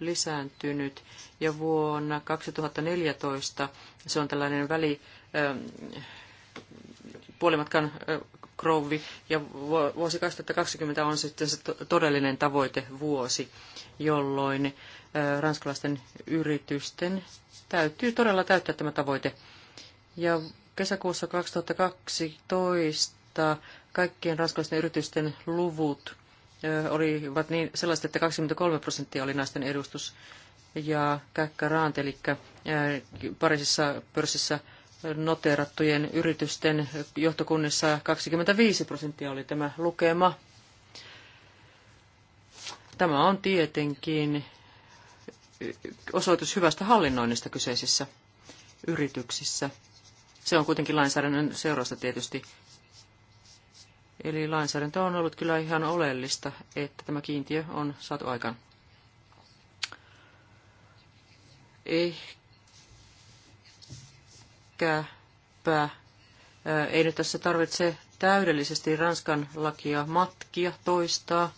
lisääntynyt ja vuonna 2014 se on tällainen väli, äh, puolimatkan Krouvi ja vuosi 2020 on sitten se todellinen tavoitevuosi, jolloin ranskalaisten yritysten täytyy todella täyttää tämä tavoite. Ja kesäkuussa 2012 kaikkien ranskalaisten yritysten luvut olivat niin sellaiset, että 23 prosenttia oli naisten edustus. Ja Käkkä Raant, eli Pariisissa pörssissä noteerattujen yritysten johtokunnissa 25 prosenttia oli tämä lukema. Tämä on tietenkin osoitus hyvästä hallinnoinnista kyseisissä yrityksissä. Se on kuitenkin lainsäädännön seurausta tietysti. Eli lainsäädäntö on ollut kyllä ihan oleellista, että tämä kiintiö on saatu aikaan. Ehkä ehkäpä ei nyt tässä tarvitse täydellisesti Ranskan lakia matkia toistaa,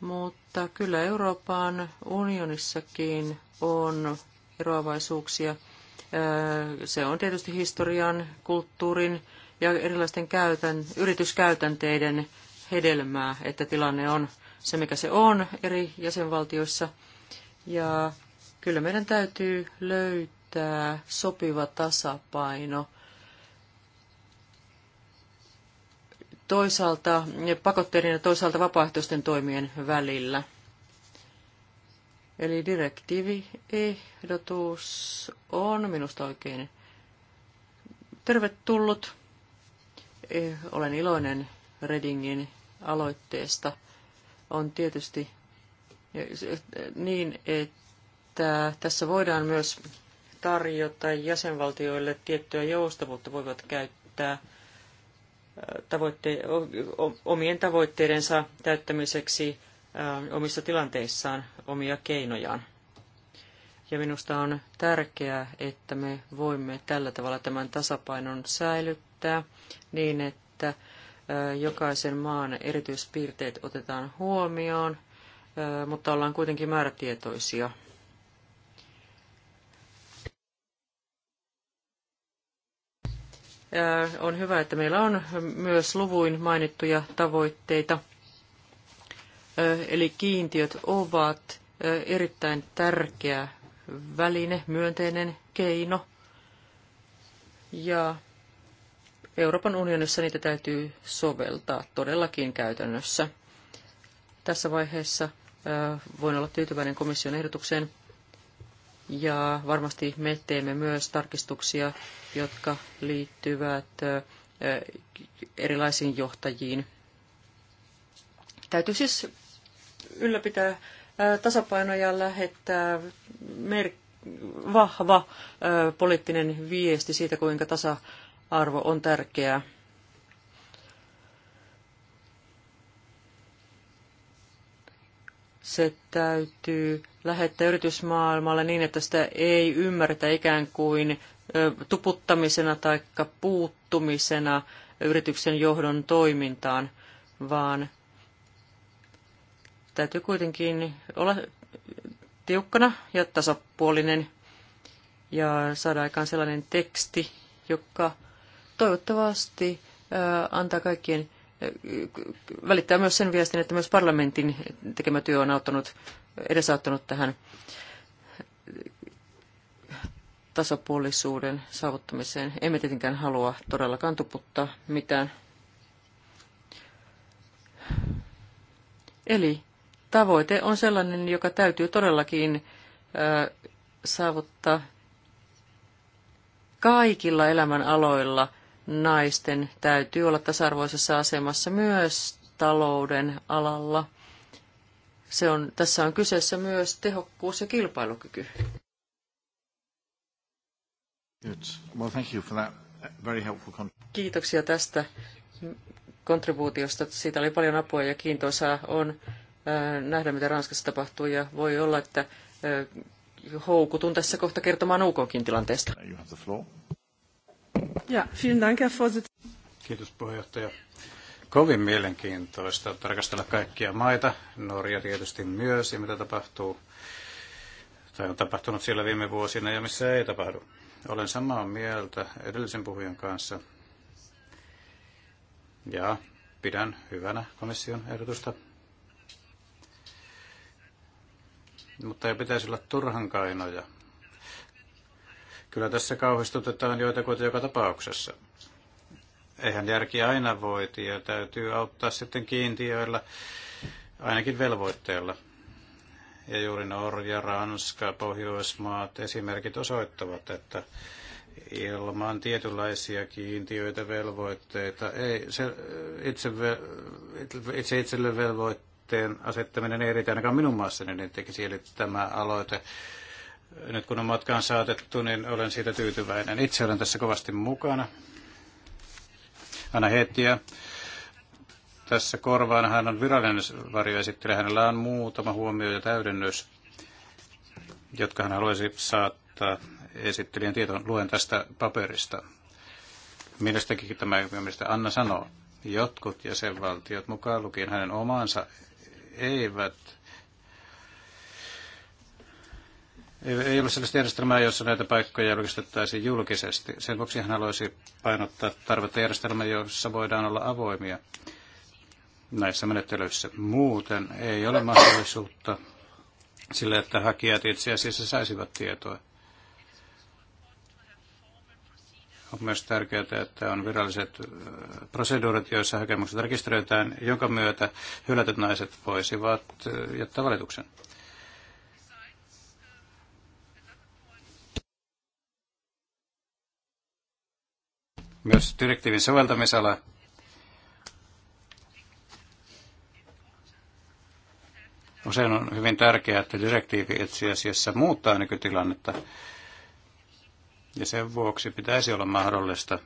mutta kyllä Euroopan unionissakin on eroavaisuuksia. Se on tietysti historian, kulttuurin ja erilaisten käytän, yrityskäytänteiden hedelmää, että tilanne on se, mikä se on eri jäsenvaltioissa. Ja kyllä meidän täytyy löytää löytää sopiva tasapaino. Toisaalta pakotteiden ja toisaalta vapaaehtoisten toimien välillä. Eli direktiiviehdotus on minusta oikein tervetullut. E, olen iloinen Redingin aloitteesta. On tietysti e, e, niin, että tässä voidaan myös tarjota jäsenvaltioille tiettyä joustavuutta, voivat käyttää tavoitte- omien tavoitteidensa täyttämiseksi omissa tilanteissaan omia keinojaan. Ja minusta on tärkeää, että me voimme tällä tavalla tämän tasapainon säilyttää niin, että jokaisen maan erityispiirteet otetaan huomioon, mutta ollaan kuitenkin määrätietoisia – On hyvä, että meillä on myös luvuin mainittuja tavoitteita. Eli kiintiöt ovat erittäin tärkeä väline, myönteinen keino. Ja Euroopan unionissa niitä täytyy soveltaa todellakin käytännössä. Tässä vaiheessa voin olla tyytyväinen komission ehdotukseen ja varmasti me teemme myös tarkistuksia, jotka liittyvät erilaisiin johtajiin. Täytyy siis ylläpitää tasapainoja, ja lähettää vahva poliittinen viesti siitä, kuinka tasa-arvo on tärkeää. se täytyy lähettää yritysmaailmalle niin, että sitä ei ymmärretä ikään kuin tuputtamisena tai puuttumisena yrityksen johdon toimintaan, vaan täytyy kuitenkin olla tiukkana ja tasapuolinen ja saada aikaan sellainen teksti, joka toivottavasti antaa kaikkien välittää myös sen viestin, että myös parlamentin tekemä työ on auttanut, edesauttanut tähän tasapuolisuuden saavuttamiseen. Emme tietenkään halua todellakaan tuputtaa mitään. Eli tavoite on sellainen, joka täytyy todellakin saavuttaa kaikilla elämän aloilla – naisten täytyy olla tasa-arvoisessa asemassa myös talouden alalla. Se on, tässä on kyseessä myös tehokkuus ja kilpailukyky. Kiitoksia tästä kontribuutiosta. Siitä oli paljon apua ja kiintoisaa on äh, nähdä, mitä Ranskassa tapahtuu ja voi olla, että äh, houkutun tässä kohta kertomaan uk tilanteesta. Ja, vielen Dank, Herr Kiitos puheenjohtaja. Kovin mielenkiintoista tarkastella kaikkia maita, Norja tietysti myös, ja mitä tapahtuu, tai on tapahtunut siellä viime vuosina ja missä ei tapahdu. Olen samaa mieltä edellisen puhujan kanssa, ja pidän hyvänä komission ehdotusta. Mutta ei pitäisi olla turhan kainoja Kyllä tässä kauhistutetaan joitakuita joka tapauksessa. Eihän järki aina voiti ja täytyy auttaa sitten kiintiöillä, ainakin velvoitteilla. Ja juuri Norja, Ranska, Pohjoismaat esimerkit osoittavat, että ilman tietynlaisia kiintiöitä, velvoitteita. Ei, se itse, itse itselle velvoitteen asettaminen ei riitä ainakaan minun maassani, niin tekisi. Eli tämä aloite nyt kun on matkaan saatettu, niin olen siitä tyytyväinen. Itse olen tässä kovasti mukana. Anna Heettiä. Tässä korvaan hän on virallinen varjoesittelijä. Hänellä on muutama huomio ja täydennys, jotka hän haluaisi saattaa esittelijän tietoon. Luen tästä paperista. Mielestäkin tämä, mistä Anna sanoo, jotkut jäsenvaltiot mukaan lukien hänen omaansa eivät Ei ole sellaista järjestelmää, jossa näitä paikkoja julkistettaisiin julkisesti. Sen vuoksi hän haluaisi painottaa tarvetta järjestelmää, jossa voidaan olla avoimia näissä menettelyissä. Muuten ei ole mahdollisuutta sille, että hakijat itse asiassa saisivat tietoa. On myös tärkeää, että on viralliset proseduurit, joissa hakemukset rekisteröitään, jonka myötä hylätyt naiset voisivat jättää valituksen. myös direktiivin soveltamisala. Usein on hyvin tärkeää, että direktiivi itse asiassa muuttaa nykytilannetta, ja sen vuoksi pitäisi olla mahdollista,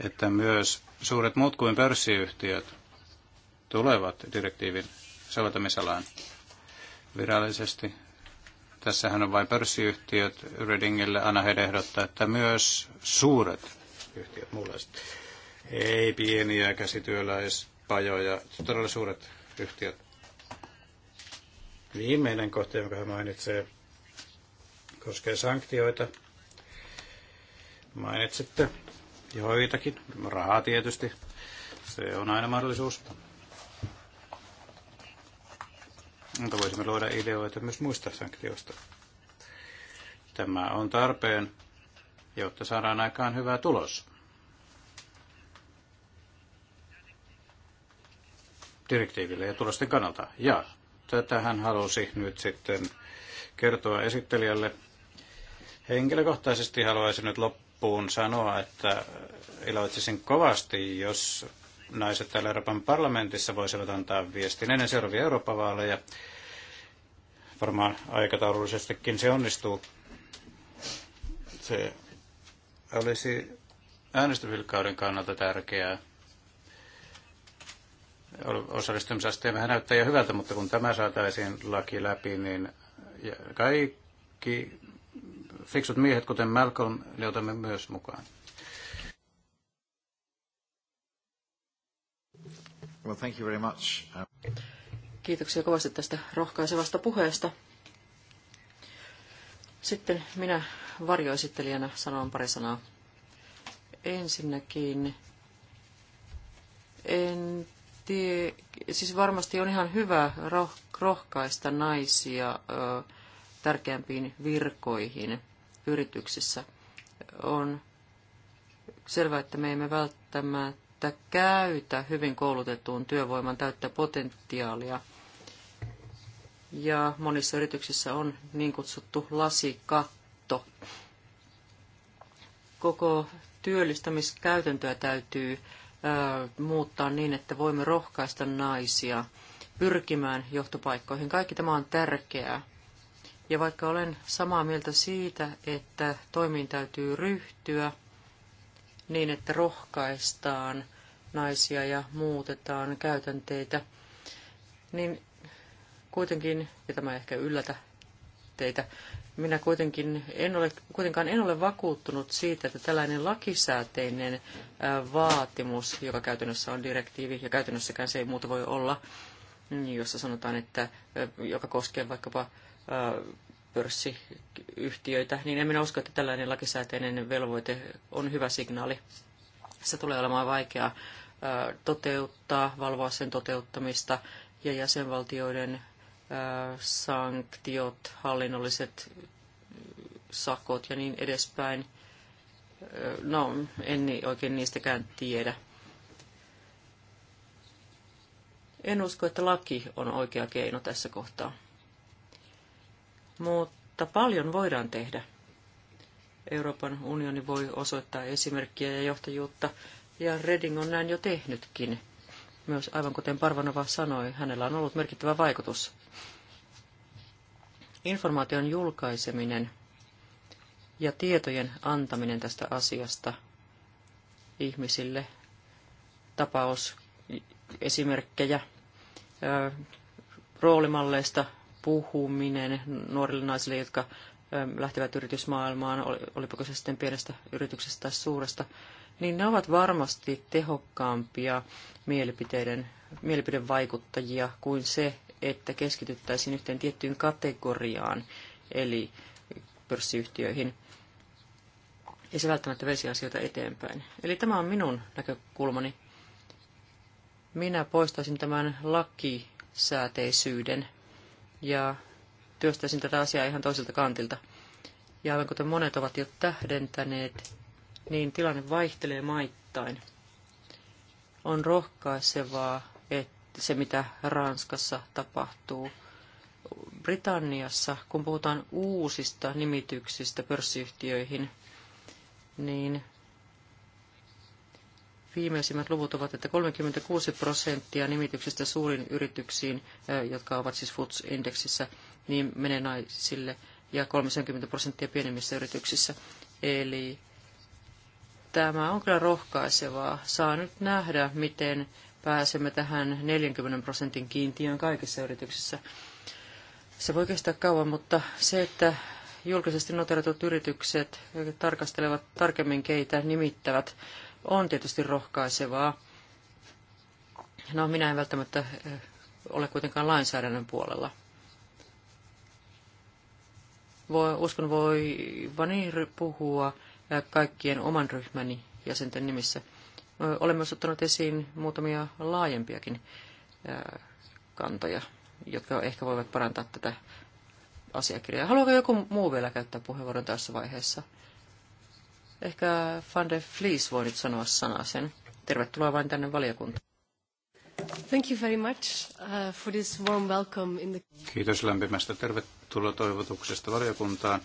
että myös suuret muut kuin pörssiyhtiöt tulevat direktiivin soveltamisalaan virallisesti Tässähän on vain pörssiyhtiöt Redingille. aina heidän ehdottaa, että myös suuret yhtiöt muunlaiset. Ei pieniä käsityöläispajoja, todella suuret yhtiöt. Viimeinen kohta, jonka hän mainitsee, koskee sanktioita. Mainitsitte joitakin, rahaa tietysti, se on aina mahdollisuus. mutta voisimme luoda ideoita myös muista sanktioista. Tämä on tarpeen, jotta saadaan aikaan hyvä tulos. direktiiville ja tulosten kannalta. Ja tätä hän halusi nyt sitten kertoa esittelijälle. Henkilökohtaisesti haluaisin nyt loppuun sanoa, että iloitsisin kovasti, jos naiset täällä Euroopan parlamentissa voisivat antaa viestin ennen seuraavia Eurooppa-vaaleja. Varmaan aikataulullisestikin se onnistuu. Se olisi äänestysvilkauden kannalta tärkeää. Osallistumisasteemme näyttää jo hyvältä, mutta kun tämä saataisiin laki läpi, niin kaikki fiksut miehet, kuten Malcolm, ne niin otamme myös mukaan. Well, thank you very much. Kiitoksia kovasti tästä rohkaisevasta puheesta. Sitten minä varjoesittelijänä sanon pari sanaa. Ensinnäkin en tie, siis varmasti on ihan hyvä roh, rohkaista naisia ö, tärkeämpiin virkoihin yrityksissä. On selvää, että me emme välttämättä että käytä hyvin koulutettuun työvoiman täyttä potentiaalia. Ja monissa yrityksissä on niin kutsuttu lasikatto. Koko työllistämiskäytäntöä täytyy muuttaa niin, että voimme rohkaista naisia pyrkimään johtopaikkoihin. Kaikki tämä on tärkeää. Ja vaikka olen samaa mieltä siitä, että toimiin täytyy ryhtyä niin, että rohkaistaan naisia ja muutetaan käytänteitä, niin kuitenkin, ja tämä ei ehkä yllätä teitä, minä kuitenkin en ole, kuitenkaan en ole vakuuttunut siitä, että tällainen lakisääteinen vaatimus, joka käytännössä on direktiivi, ja käytännössäkään se ei muuta voi olla, jossa sanotaan, että joka koskee vaikkapa pörssiyhtiöitä, niin en minä usko, että tällainen lakisääteinen velvoite on hyvä signaali. Se tulee olemaan vaikeaa toteuttaa, valvoa sen toteuttamista ja jäsenvaltioiden sanktiot, hallinnolliset sakot ja niin edespäin. No, en oikein niistäkään tiedä. En usko, että laki on oikea keino tässä kohtaa. Mutta paljon voidaan tehdä. Euroopan unioni voi osoittaa esimerkkiä ja johtajuutta ja Redding on näin jo tehnytkin. Myös aivan kuten Parvanova sanoi, hänellä on ollut merkittävä vaikutus. Informaation julkaiseminen ja tietojen antaminen tästä asiasta ihmisille, tapaus, esimerkkejä, roolimalleista puhuminen nuorille naisille, jotka lähtevät yritysmaailmaan, olipa se sitten pienestä yrityksestä tai suuresta, niin ne ovat varmasti tehokkaampia mielipiteiden, mielipidevaikuttajia kuin se, että keskityttäisiin yhteen tiettyyn kategoriaan, eli pörssiyhtiöihin. Ei se välttämättä veisi asioita eteenpäin. Eli tämä on minun näkökulmani. Minä poistaisin tämän lakisääteisyyden ja työstäisin tätä asiaa ihan toiselta kantilta. Ja aivan kuten monet ovat jo tähdentäneet, niin tilanne vaihtelee maittain. On rohkaisevaa, että se mitä Ranskassa tapahtuu. Britanniassa, kun puhutaan uusista nimityksistä pörssiyhtiöihin, niin viimeisimmät luvut ovat, että 36 prosenttia nimityksistä suurin yrityksiin, jotka ovat siis FUTS-indeksissä, niin menee naisille ja 30 prosenttia pienemmissä yrityksissä. Eli Tämä on kyllä rohkaisevaa. Saa nyt nähdä, miten pääsemme tähän 40 prosentin kiintiön kaikissa yrityksissä. Se voi kestää kauan, mutta se, että julkisesti noteratut yritykset tarkastelevat tarkemmin, keitä nimittävät, on tietysti rohkaisevaa. No, minä en välttämättä eh, ole kuitenkaan lainsäädännön puolella. Voi, uskon puhua kaikkien oman ryhmäni jäsenten nimissä. Olen myös ottanut esiin muutamia laajempiakin kantoja, jotka ehkä voivat parantaa tätä asiakirjaa. Haluaako joku muu vielä käyttää puheenvuoron tässä vaiheessa? Ehkä Van de Vlies voi nyt sanoa sanaa sen. Tervetuloa vain tänne valiokuntaan. Thank you very much uh, for this warm welcome in the... Kiitos lämpimästä tervetuloa toivotuksesta valiokuntaan.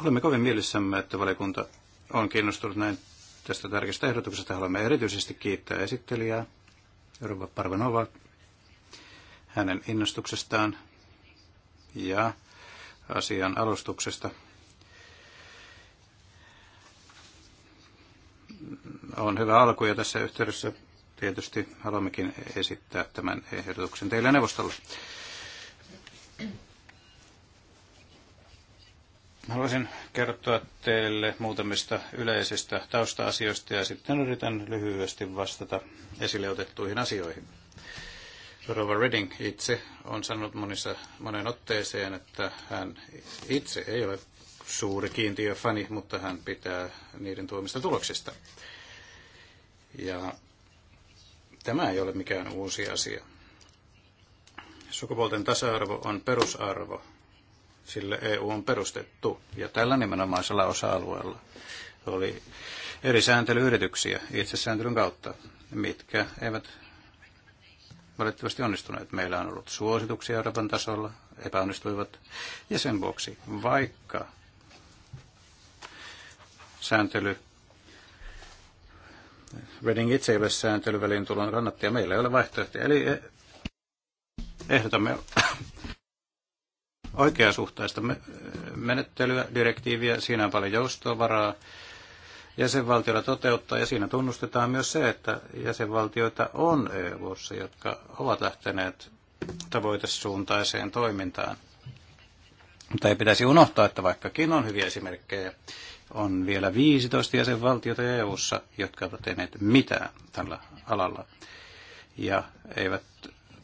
Olemme kovin mielissämme, että valiokunta on kiinnostunut näin tästä tärkeästä ehdotuksesta. Haluamme erityisesti kiittää esittelijää, Rova Parvanova, hänen innostuksestaan ja asian alustuksesta. On hyvä alku ja tässä yhteydessä tietysti haluammekin esittää tämän ehdotuksen teille neuvostolle. Haluaisin kertoa teille muutamista yleisistä tausta-asioista ja sitten yritän lyhyesti vastata esille otettuihin asioihin. Rova Redding itse on sanonut monissa, monen otteeseen, että hän itse ei ole suuri kiintiöfani, mutta hän pitää niiden tuomista tuloksista. Ja tämä ei ole mikään uusi asia. Sukupuolten tasa-arvo on perusarvo sille EU on perustettu. Ja tällä nimenomaisella osa-alueella oli eri sääntelyyrityksiä itsesääntelyn kautta, mitkä eivät valitettavasti onnistuneet. Meillä on ollut suosituksia Euroopan tasolla, epäonnistuivat. Ja sen vuoksi, vaikka sääntely Reading itse ei ole sääntelyväliin tulon kannattaja. Meillä ei ole vaihtoehtoja. Eli eh, ehdotamme oikeasuhtaista menettelyä, direktiiviä, siinä on paljon joustovaraa jäsenvaltioilla toteuttaa, ja siinä tunnustetaan myös se, että jäsenvaltioita on eu jotka ovat lähteneet tavoitesuuntaiseen toimintaan. Mutta ei pitäisi unohtaa, että vaikkakin on hyviä esimerkkejä, on vielä 15 jäsenvaltiota eu jotka ovat tehneet mitään tällä alalla ja eivät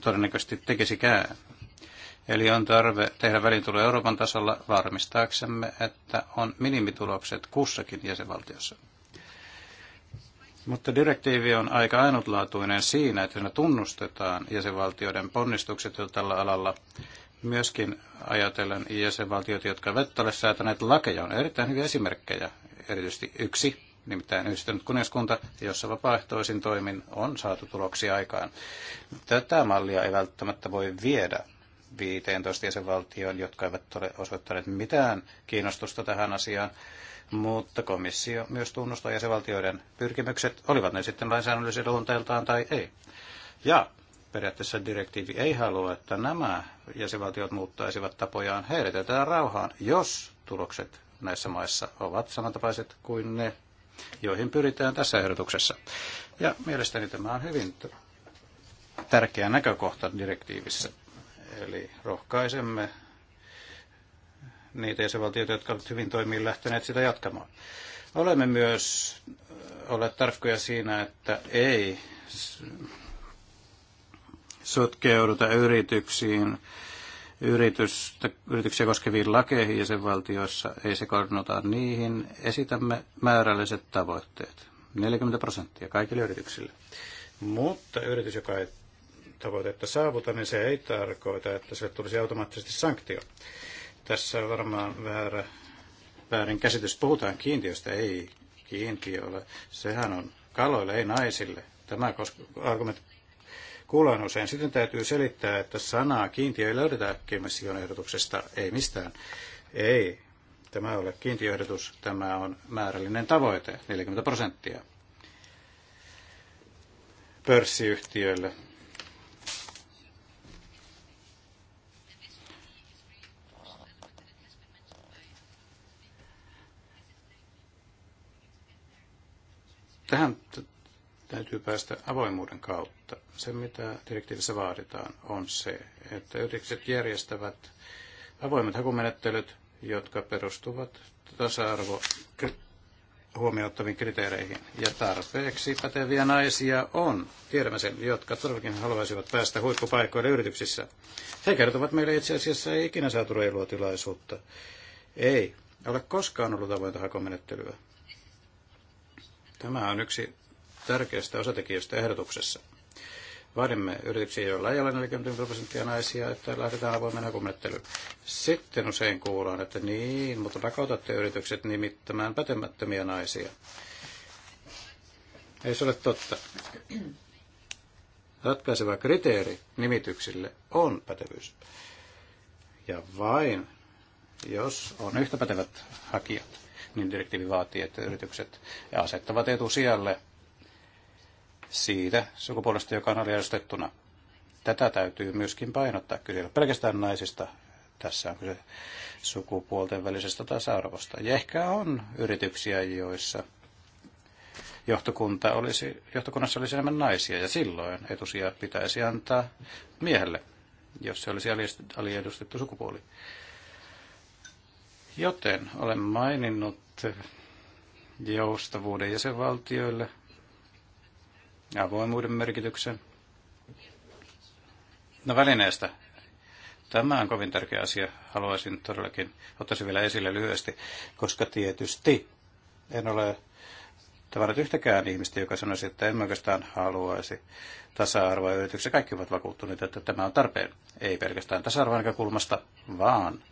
todennäköisesti tekisikään. Eli on tarve tehdä välitulo Euroopan tasolla varmistaaksemme, että on minimitulokset kussakin jäsenvaltiossa. Mutta direktiivi on aika ainutlaatuinen siinä, että siinä tunnustetaan jäsenvaltioiden ponnistukset jo tällä alalla. Myöskin ajatellen jäsenvaltiot, jotka eivät ole säätäneet lakeja, on erittäin hyviä esimerkkejä. Erityisesti yksi, nimittäin yhdistynyt kuningaskunta, jossa vapaaehtoisin toimin on saatu tuloksia aikaan. Tätä mallia ei välttämättä voi viedä 15 jäsenvaltioon, jotka eivät ole osoittaneet mitään kiinnostusta tähän asiaan, mutta komissio myös tunnustaa jäsenvaltioiden pyrkimykset, olivat ne sitten lainsäädännöllisiä luonteeltaan tai ei. Ja periaatteessa direktiivi ei halua, että nämä jäsenvaltiot muuttaisivat tapojaan. Heidetetään rauhaan, jos tulokset näissä maissa ovat samantapaiset kuin ne, joihin pyritään tässä ehdotuksessa. Ja mielestäni tämä on hyvin tärkeä näkökohta direktiivissä. Eli rohkaisemme niitä jäsenvaltioita, jotka ovat hyvin toimiin lähteneet sitä jatkamaan. Olemme myös olleet tarkkoja siinä, että ei sotkeuduta yrityksiin, yritystä, yrityksiä koskeviin lakeihin jäsenvaltioissa, ei se koordinoita niihin. Esitämme määrälliset tavoitteet, 40 prosenttia kaikille yrityksille. Mutta yritys, joka ei tavoitetta saavuta, niin se ei tarkoita, että sille tulisi automaattisesti sanktio. Tässä on varmaan väärä väärin käsitys. Puhutaan kiintiöstä, ei kiintiöllä. Sehän on kaloille, ei naisille. Tämä argumentti kuullaan usein. Sitten täytyy selittää, että sanaa kiintiö ei löydetä kemission ehdotuksesta, ei mistään. Ei, tämä ei ole kiintiöehdotus, tämä on määrällinen tavoite, 40 prosenttia pörssiyhtiöille Tähän täytyy päästä avoimuuden kautta. Se, mitä direktiivissä vaaditaan, on se, että yritykset järjestävät avoimet hakumenettelyt, jotka perustuvat tasa-arvo huomioittaviin kriteereihin. Ja tarpeeksi päteviä naisia on, tiedämme sen, jotka todellakin haluaisivat päästä huippupaikoille yrityksissä. He kertovat meille itse asiassa ei ikinä saatu reilua tilaisuutta. Ei ole koskaan ollut avointa hakomenettelyä. Tämä on yksi tärkeistä osatekijöistä ehdotuksessa. Vaadimme yrityksiä, joilla ei ole 40 prosenttia naisia, että lähdetään avoimen hakumenettelyyn. Sitten usein kuullaan, että niin, mutta pakotatte yritykset nimittämään pätemättömiä naisia. Ei se ole totta. Ratkaiseva kriteeri nimityksille on pätevyys. Ja vain, jos on yhtä pätevät hakijat niin direktiivi vaatii, että yritykset asettavat etusijalle siitä sukupuolesta, joka on aliedustettuna. Tätä täytyy myöskin painottaa. Kyse pelkästään naisista. Tässä on kyse sukupuolten välisestä tasa-arvosta. Ja ehkä on yrityksiä, joissa johtokunta olisi, johtokunnassa olisi enemmän naisia, ja silloin etusia pitäisi antaa miehelle, jos se olisi aliedustettu sukupuoli. Joten olen maininnut joustavuuden jäsenvaltioille, avoimuuden merkityksen. No välineestä. Tämä on kovin tärkeä asia. Haluaisin todellakin ottaa vielä esille lyhyesti, koska tietysti en ole tavannut yhtäkään ihmistä, joka sanoisi, että en oikeastaan haluaisi tasa-arvoa yrityksessä. Kaikki ovat vakuuttuneet, että tämä on tarpeen. Ei pelkästään tasa-arvon näkökulmasta, vaan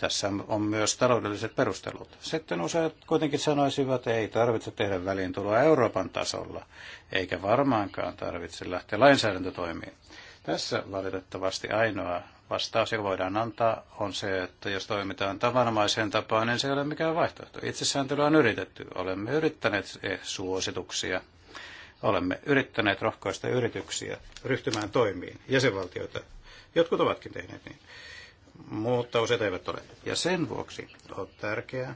tässä on myös taloudelliset perustelut. Sitten useat kuitenkin sanoisivat, että ei tarvitse tehdä väliintuloa Euroopan tasolla, eikä varmaankaan tarvitse lähteä lainsäädäntötoimiin. Tässä valitettavasti ainoa vastaus, joka voidaan antaa, on se, että jos toimitaan tavanomaiseen tapaan, niin se ei ole mikään vaihtoehto. Itsesääntelyä on yritetty. Olemme yrittäneet e- suosituksia. Olemme yrittäneet rohkaista yrityksiä ryhtymään toimiin, jäsenvaltioita. Jotkut ovatkin tehneet niin mutta useat eivät ole. Ja sen vuoksi on tärkeää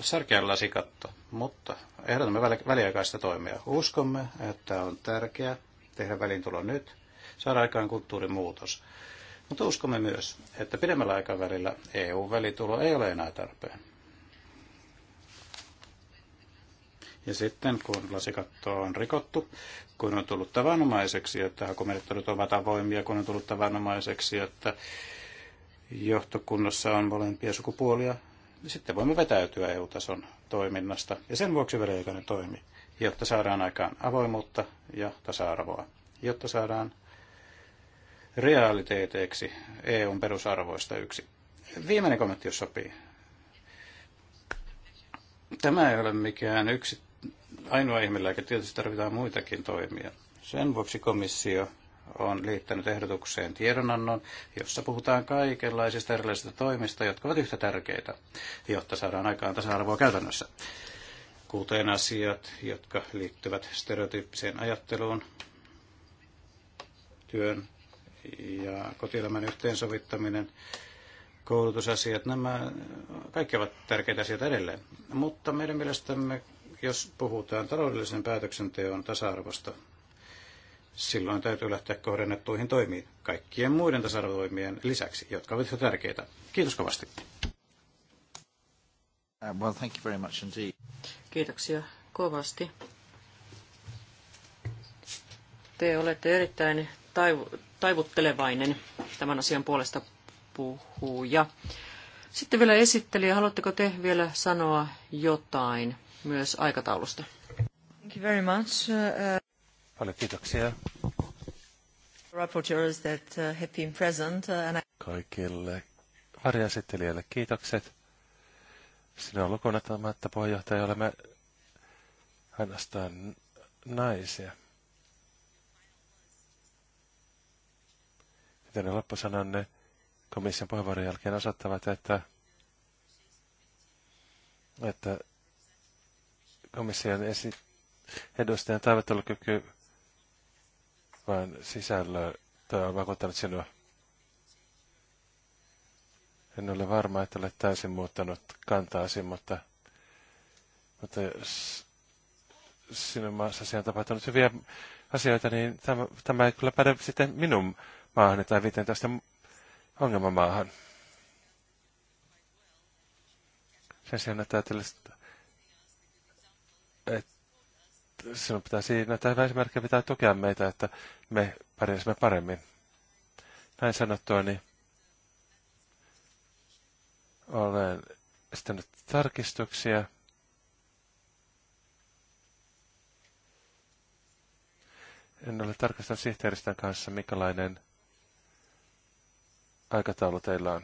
särkeä lasikatto, mutta ehdotamme väliaikaista toimia. Uskomme, että on tärkeää tehdä välintulo nyt, saada aikaan kulttuurimuutos. Mutta uskomme myös, että pidemmällä aikavälillä EU-välitulo ei ole enää tarpeen. Ja sitten kun lasikatto on rikottu, kun on tullut tavanomaiseksi, että hakumenettelyt ovat avoimia, kun on tullut tavanomaiseksi, että johtokunnassa on molempia sukupuolia, niin sitten voimme vetäytyä EU-tason toiminnasta. Ja sen vuoksi väliaikainen toimi, jotta saadaan aikaan avoimuutta ja tasa-arvoa, jotta saadaan realiteeteiksi EUn perusarvoista yksi. Viimeinen kommentti, jos sopii. Tämä ei ole mikään yksi ainoa ihmelääke. Tietysti tarvitaan muitakin toimia. Sen vuoksi komissio on liittänyt ehdotukseen tiedonannon, jossa puhutaan kaikenlaisista erilaisista toimista, jotka ovat yhtä tärkeitä, jotta saadaan aikaan tasa-arvoa käytännössä. Kuten asiat, jotka liittyvät stereotyyppiseen ajatteluun, työn ja kotielämän yhteensovittaminen, koulutusasiat, nämä kaikki ovat tärkeitä asioita edelleen. Mutta meidän mielestämme jos puhutaan taloudellisen päätöksenteon tasa-arvosta, silloin täytyy lähteä kohdennettuihin toimiin kaikkien muiden tasa arvotoimien lisäksi, jotka ovat jo tärkeitä. Kiitos kovasti. Uh, well, thank you very much indeed. Kiitoksia kovasti. Te olette erittäin taiv- taivuttelevainen tämän asian puolesta puhuja. Sitten vielä esittelijä, haluatteko te vielä sanoa jotain? myös aikataulusta. Thank you very much. Uh, uh, Paljon kiitoksia. Rapporteurs that uh, have been present. And I... Kaikille varjaesittelijälle kiitokset. Sinä lukuna tämä, että puheenjohtaja olemme ainoastaan naisia. Teidän loppusananne komission puheenvuoron jälkeen osoittavat, että, että komission esi- edustajan taivattelukyky, vaan sisällö on vakuuttanut sinua. En ole varma, että olet täysin muuttanut kantaasi, mutta, mutta jos sinun maassasi on tapahtunut hyviä asioita, niin tämä, tämä ei kyllä päde sitten minun maahan tai tästä ongelmamaahan. Sen sijaan, että ajattelee että sinun pitää siinä, tämä hyvä esimerkki pitää tukea meitä, että me pärjäisimme paremmin. Näin sanottua, niin olen estänyt tarkistuksia. En ole tarkastanut sihteeristön kanssa, minkälainen aikataulu teillä on.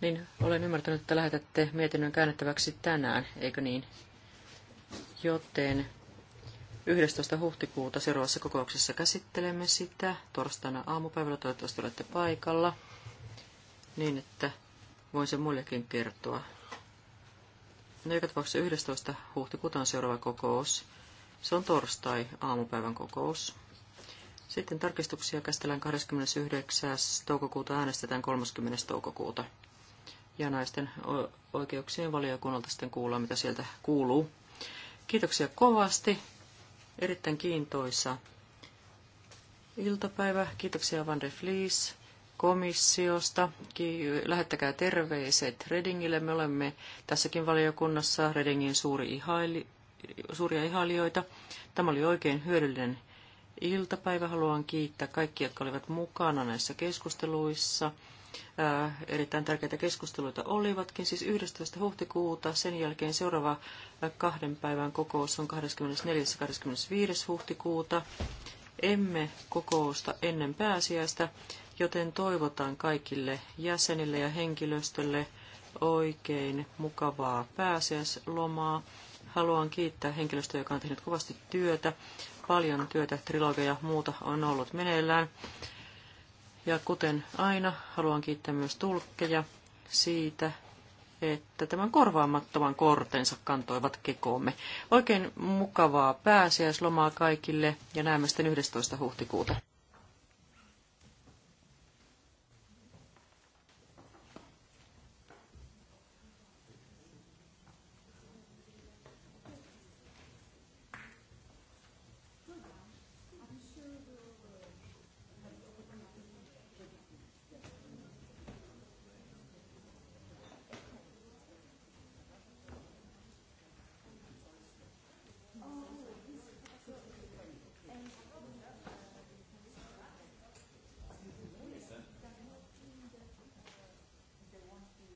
Niin, olen ymmärtänyt, että lähetätte mietinnön käännettäväksi tänään, eikö niin? Joten 11. huhtikuuta seuraavassa kokouksessa käsittelemme sitä. Torstaina aamupäivällä toivottavasti olette paikalla, niin että voin sen muillekin kertoa. No, joka tapauksessa 11. huhtikuuta on seuraava kokous. Se on torstai aamupäivän kokous. Sitten tarkistuksia käsitellään 29. toukokuuta äänestetään 30. toukokuuta ja naisten oikeuksien valiokunnalta sitten kuulla, mitä sieltä kuuluu. Kiitoksia kovasti. Erittäin kiintoisa iltapäivä. Kiitoksia Van de Vlies komissiosta. Lähettäkää terveiset Redingille. Me olemme tässäkin valiokunnassa Redingin suuri ihaili, suuria ihailijoita. Tämä oli oikein hyödyllinen iltapäivä. Haluan kiittää kaikkia, jotka olivat mukana näissä keskusteluissa. Erittäin tärkeitä keskusteluita olivatkin. Siis 11. huhtikuuta, sen jälkeen seuraava kahden päivän kokous on 24. ja 25. huhtikuuta. Emme kokousta ennen pääsiäistä, joten toivotan kaikille jäsenille ja henkilöstölle oikein mukavaa pääsiäislomaa. Haluan kiittää henkilöstöä, joka on tehnyt kovasti työtä. Paljon työtä, trilogeja ja muuta on ollut meneillään. Ja kuten aina, haluan kiittää myös tulkkeja siitä, että tämän korvaamattoman kortensa kantoivat kekoomme. Oikein mukavaa pääsiäislomaa kaikille ja näemme sitten 11. huhtikuuta.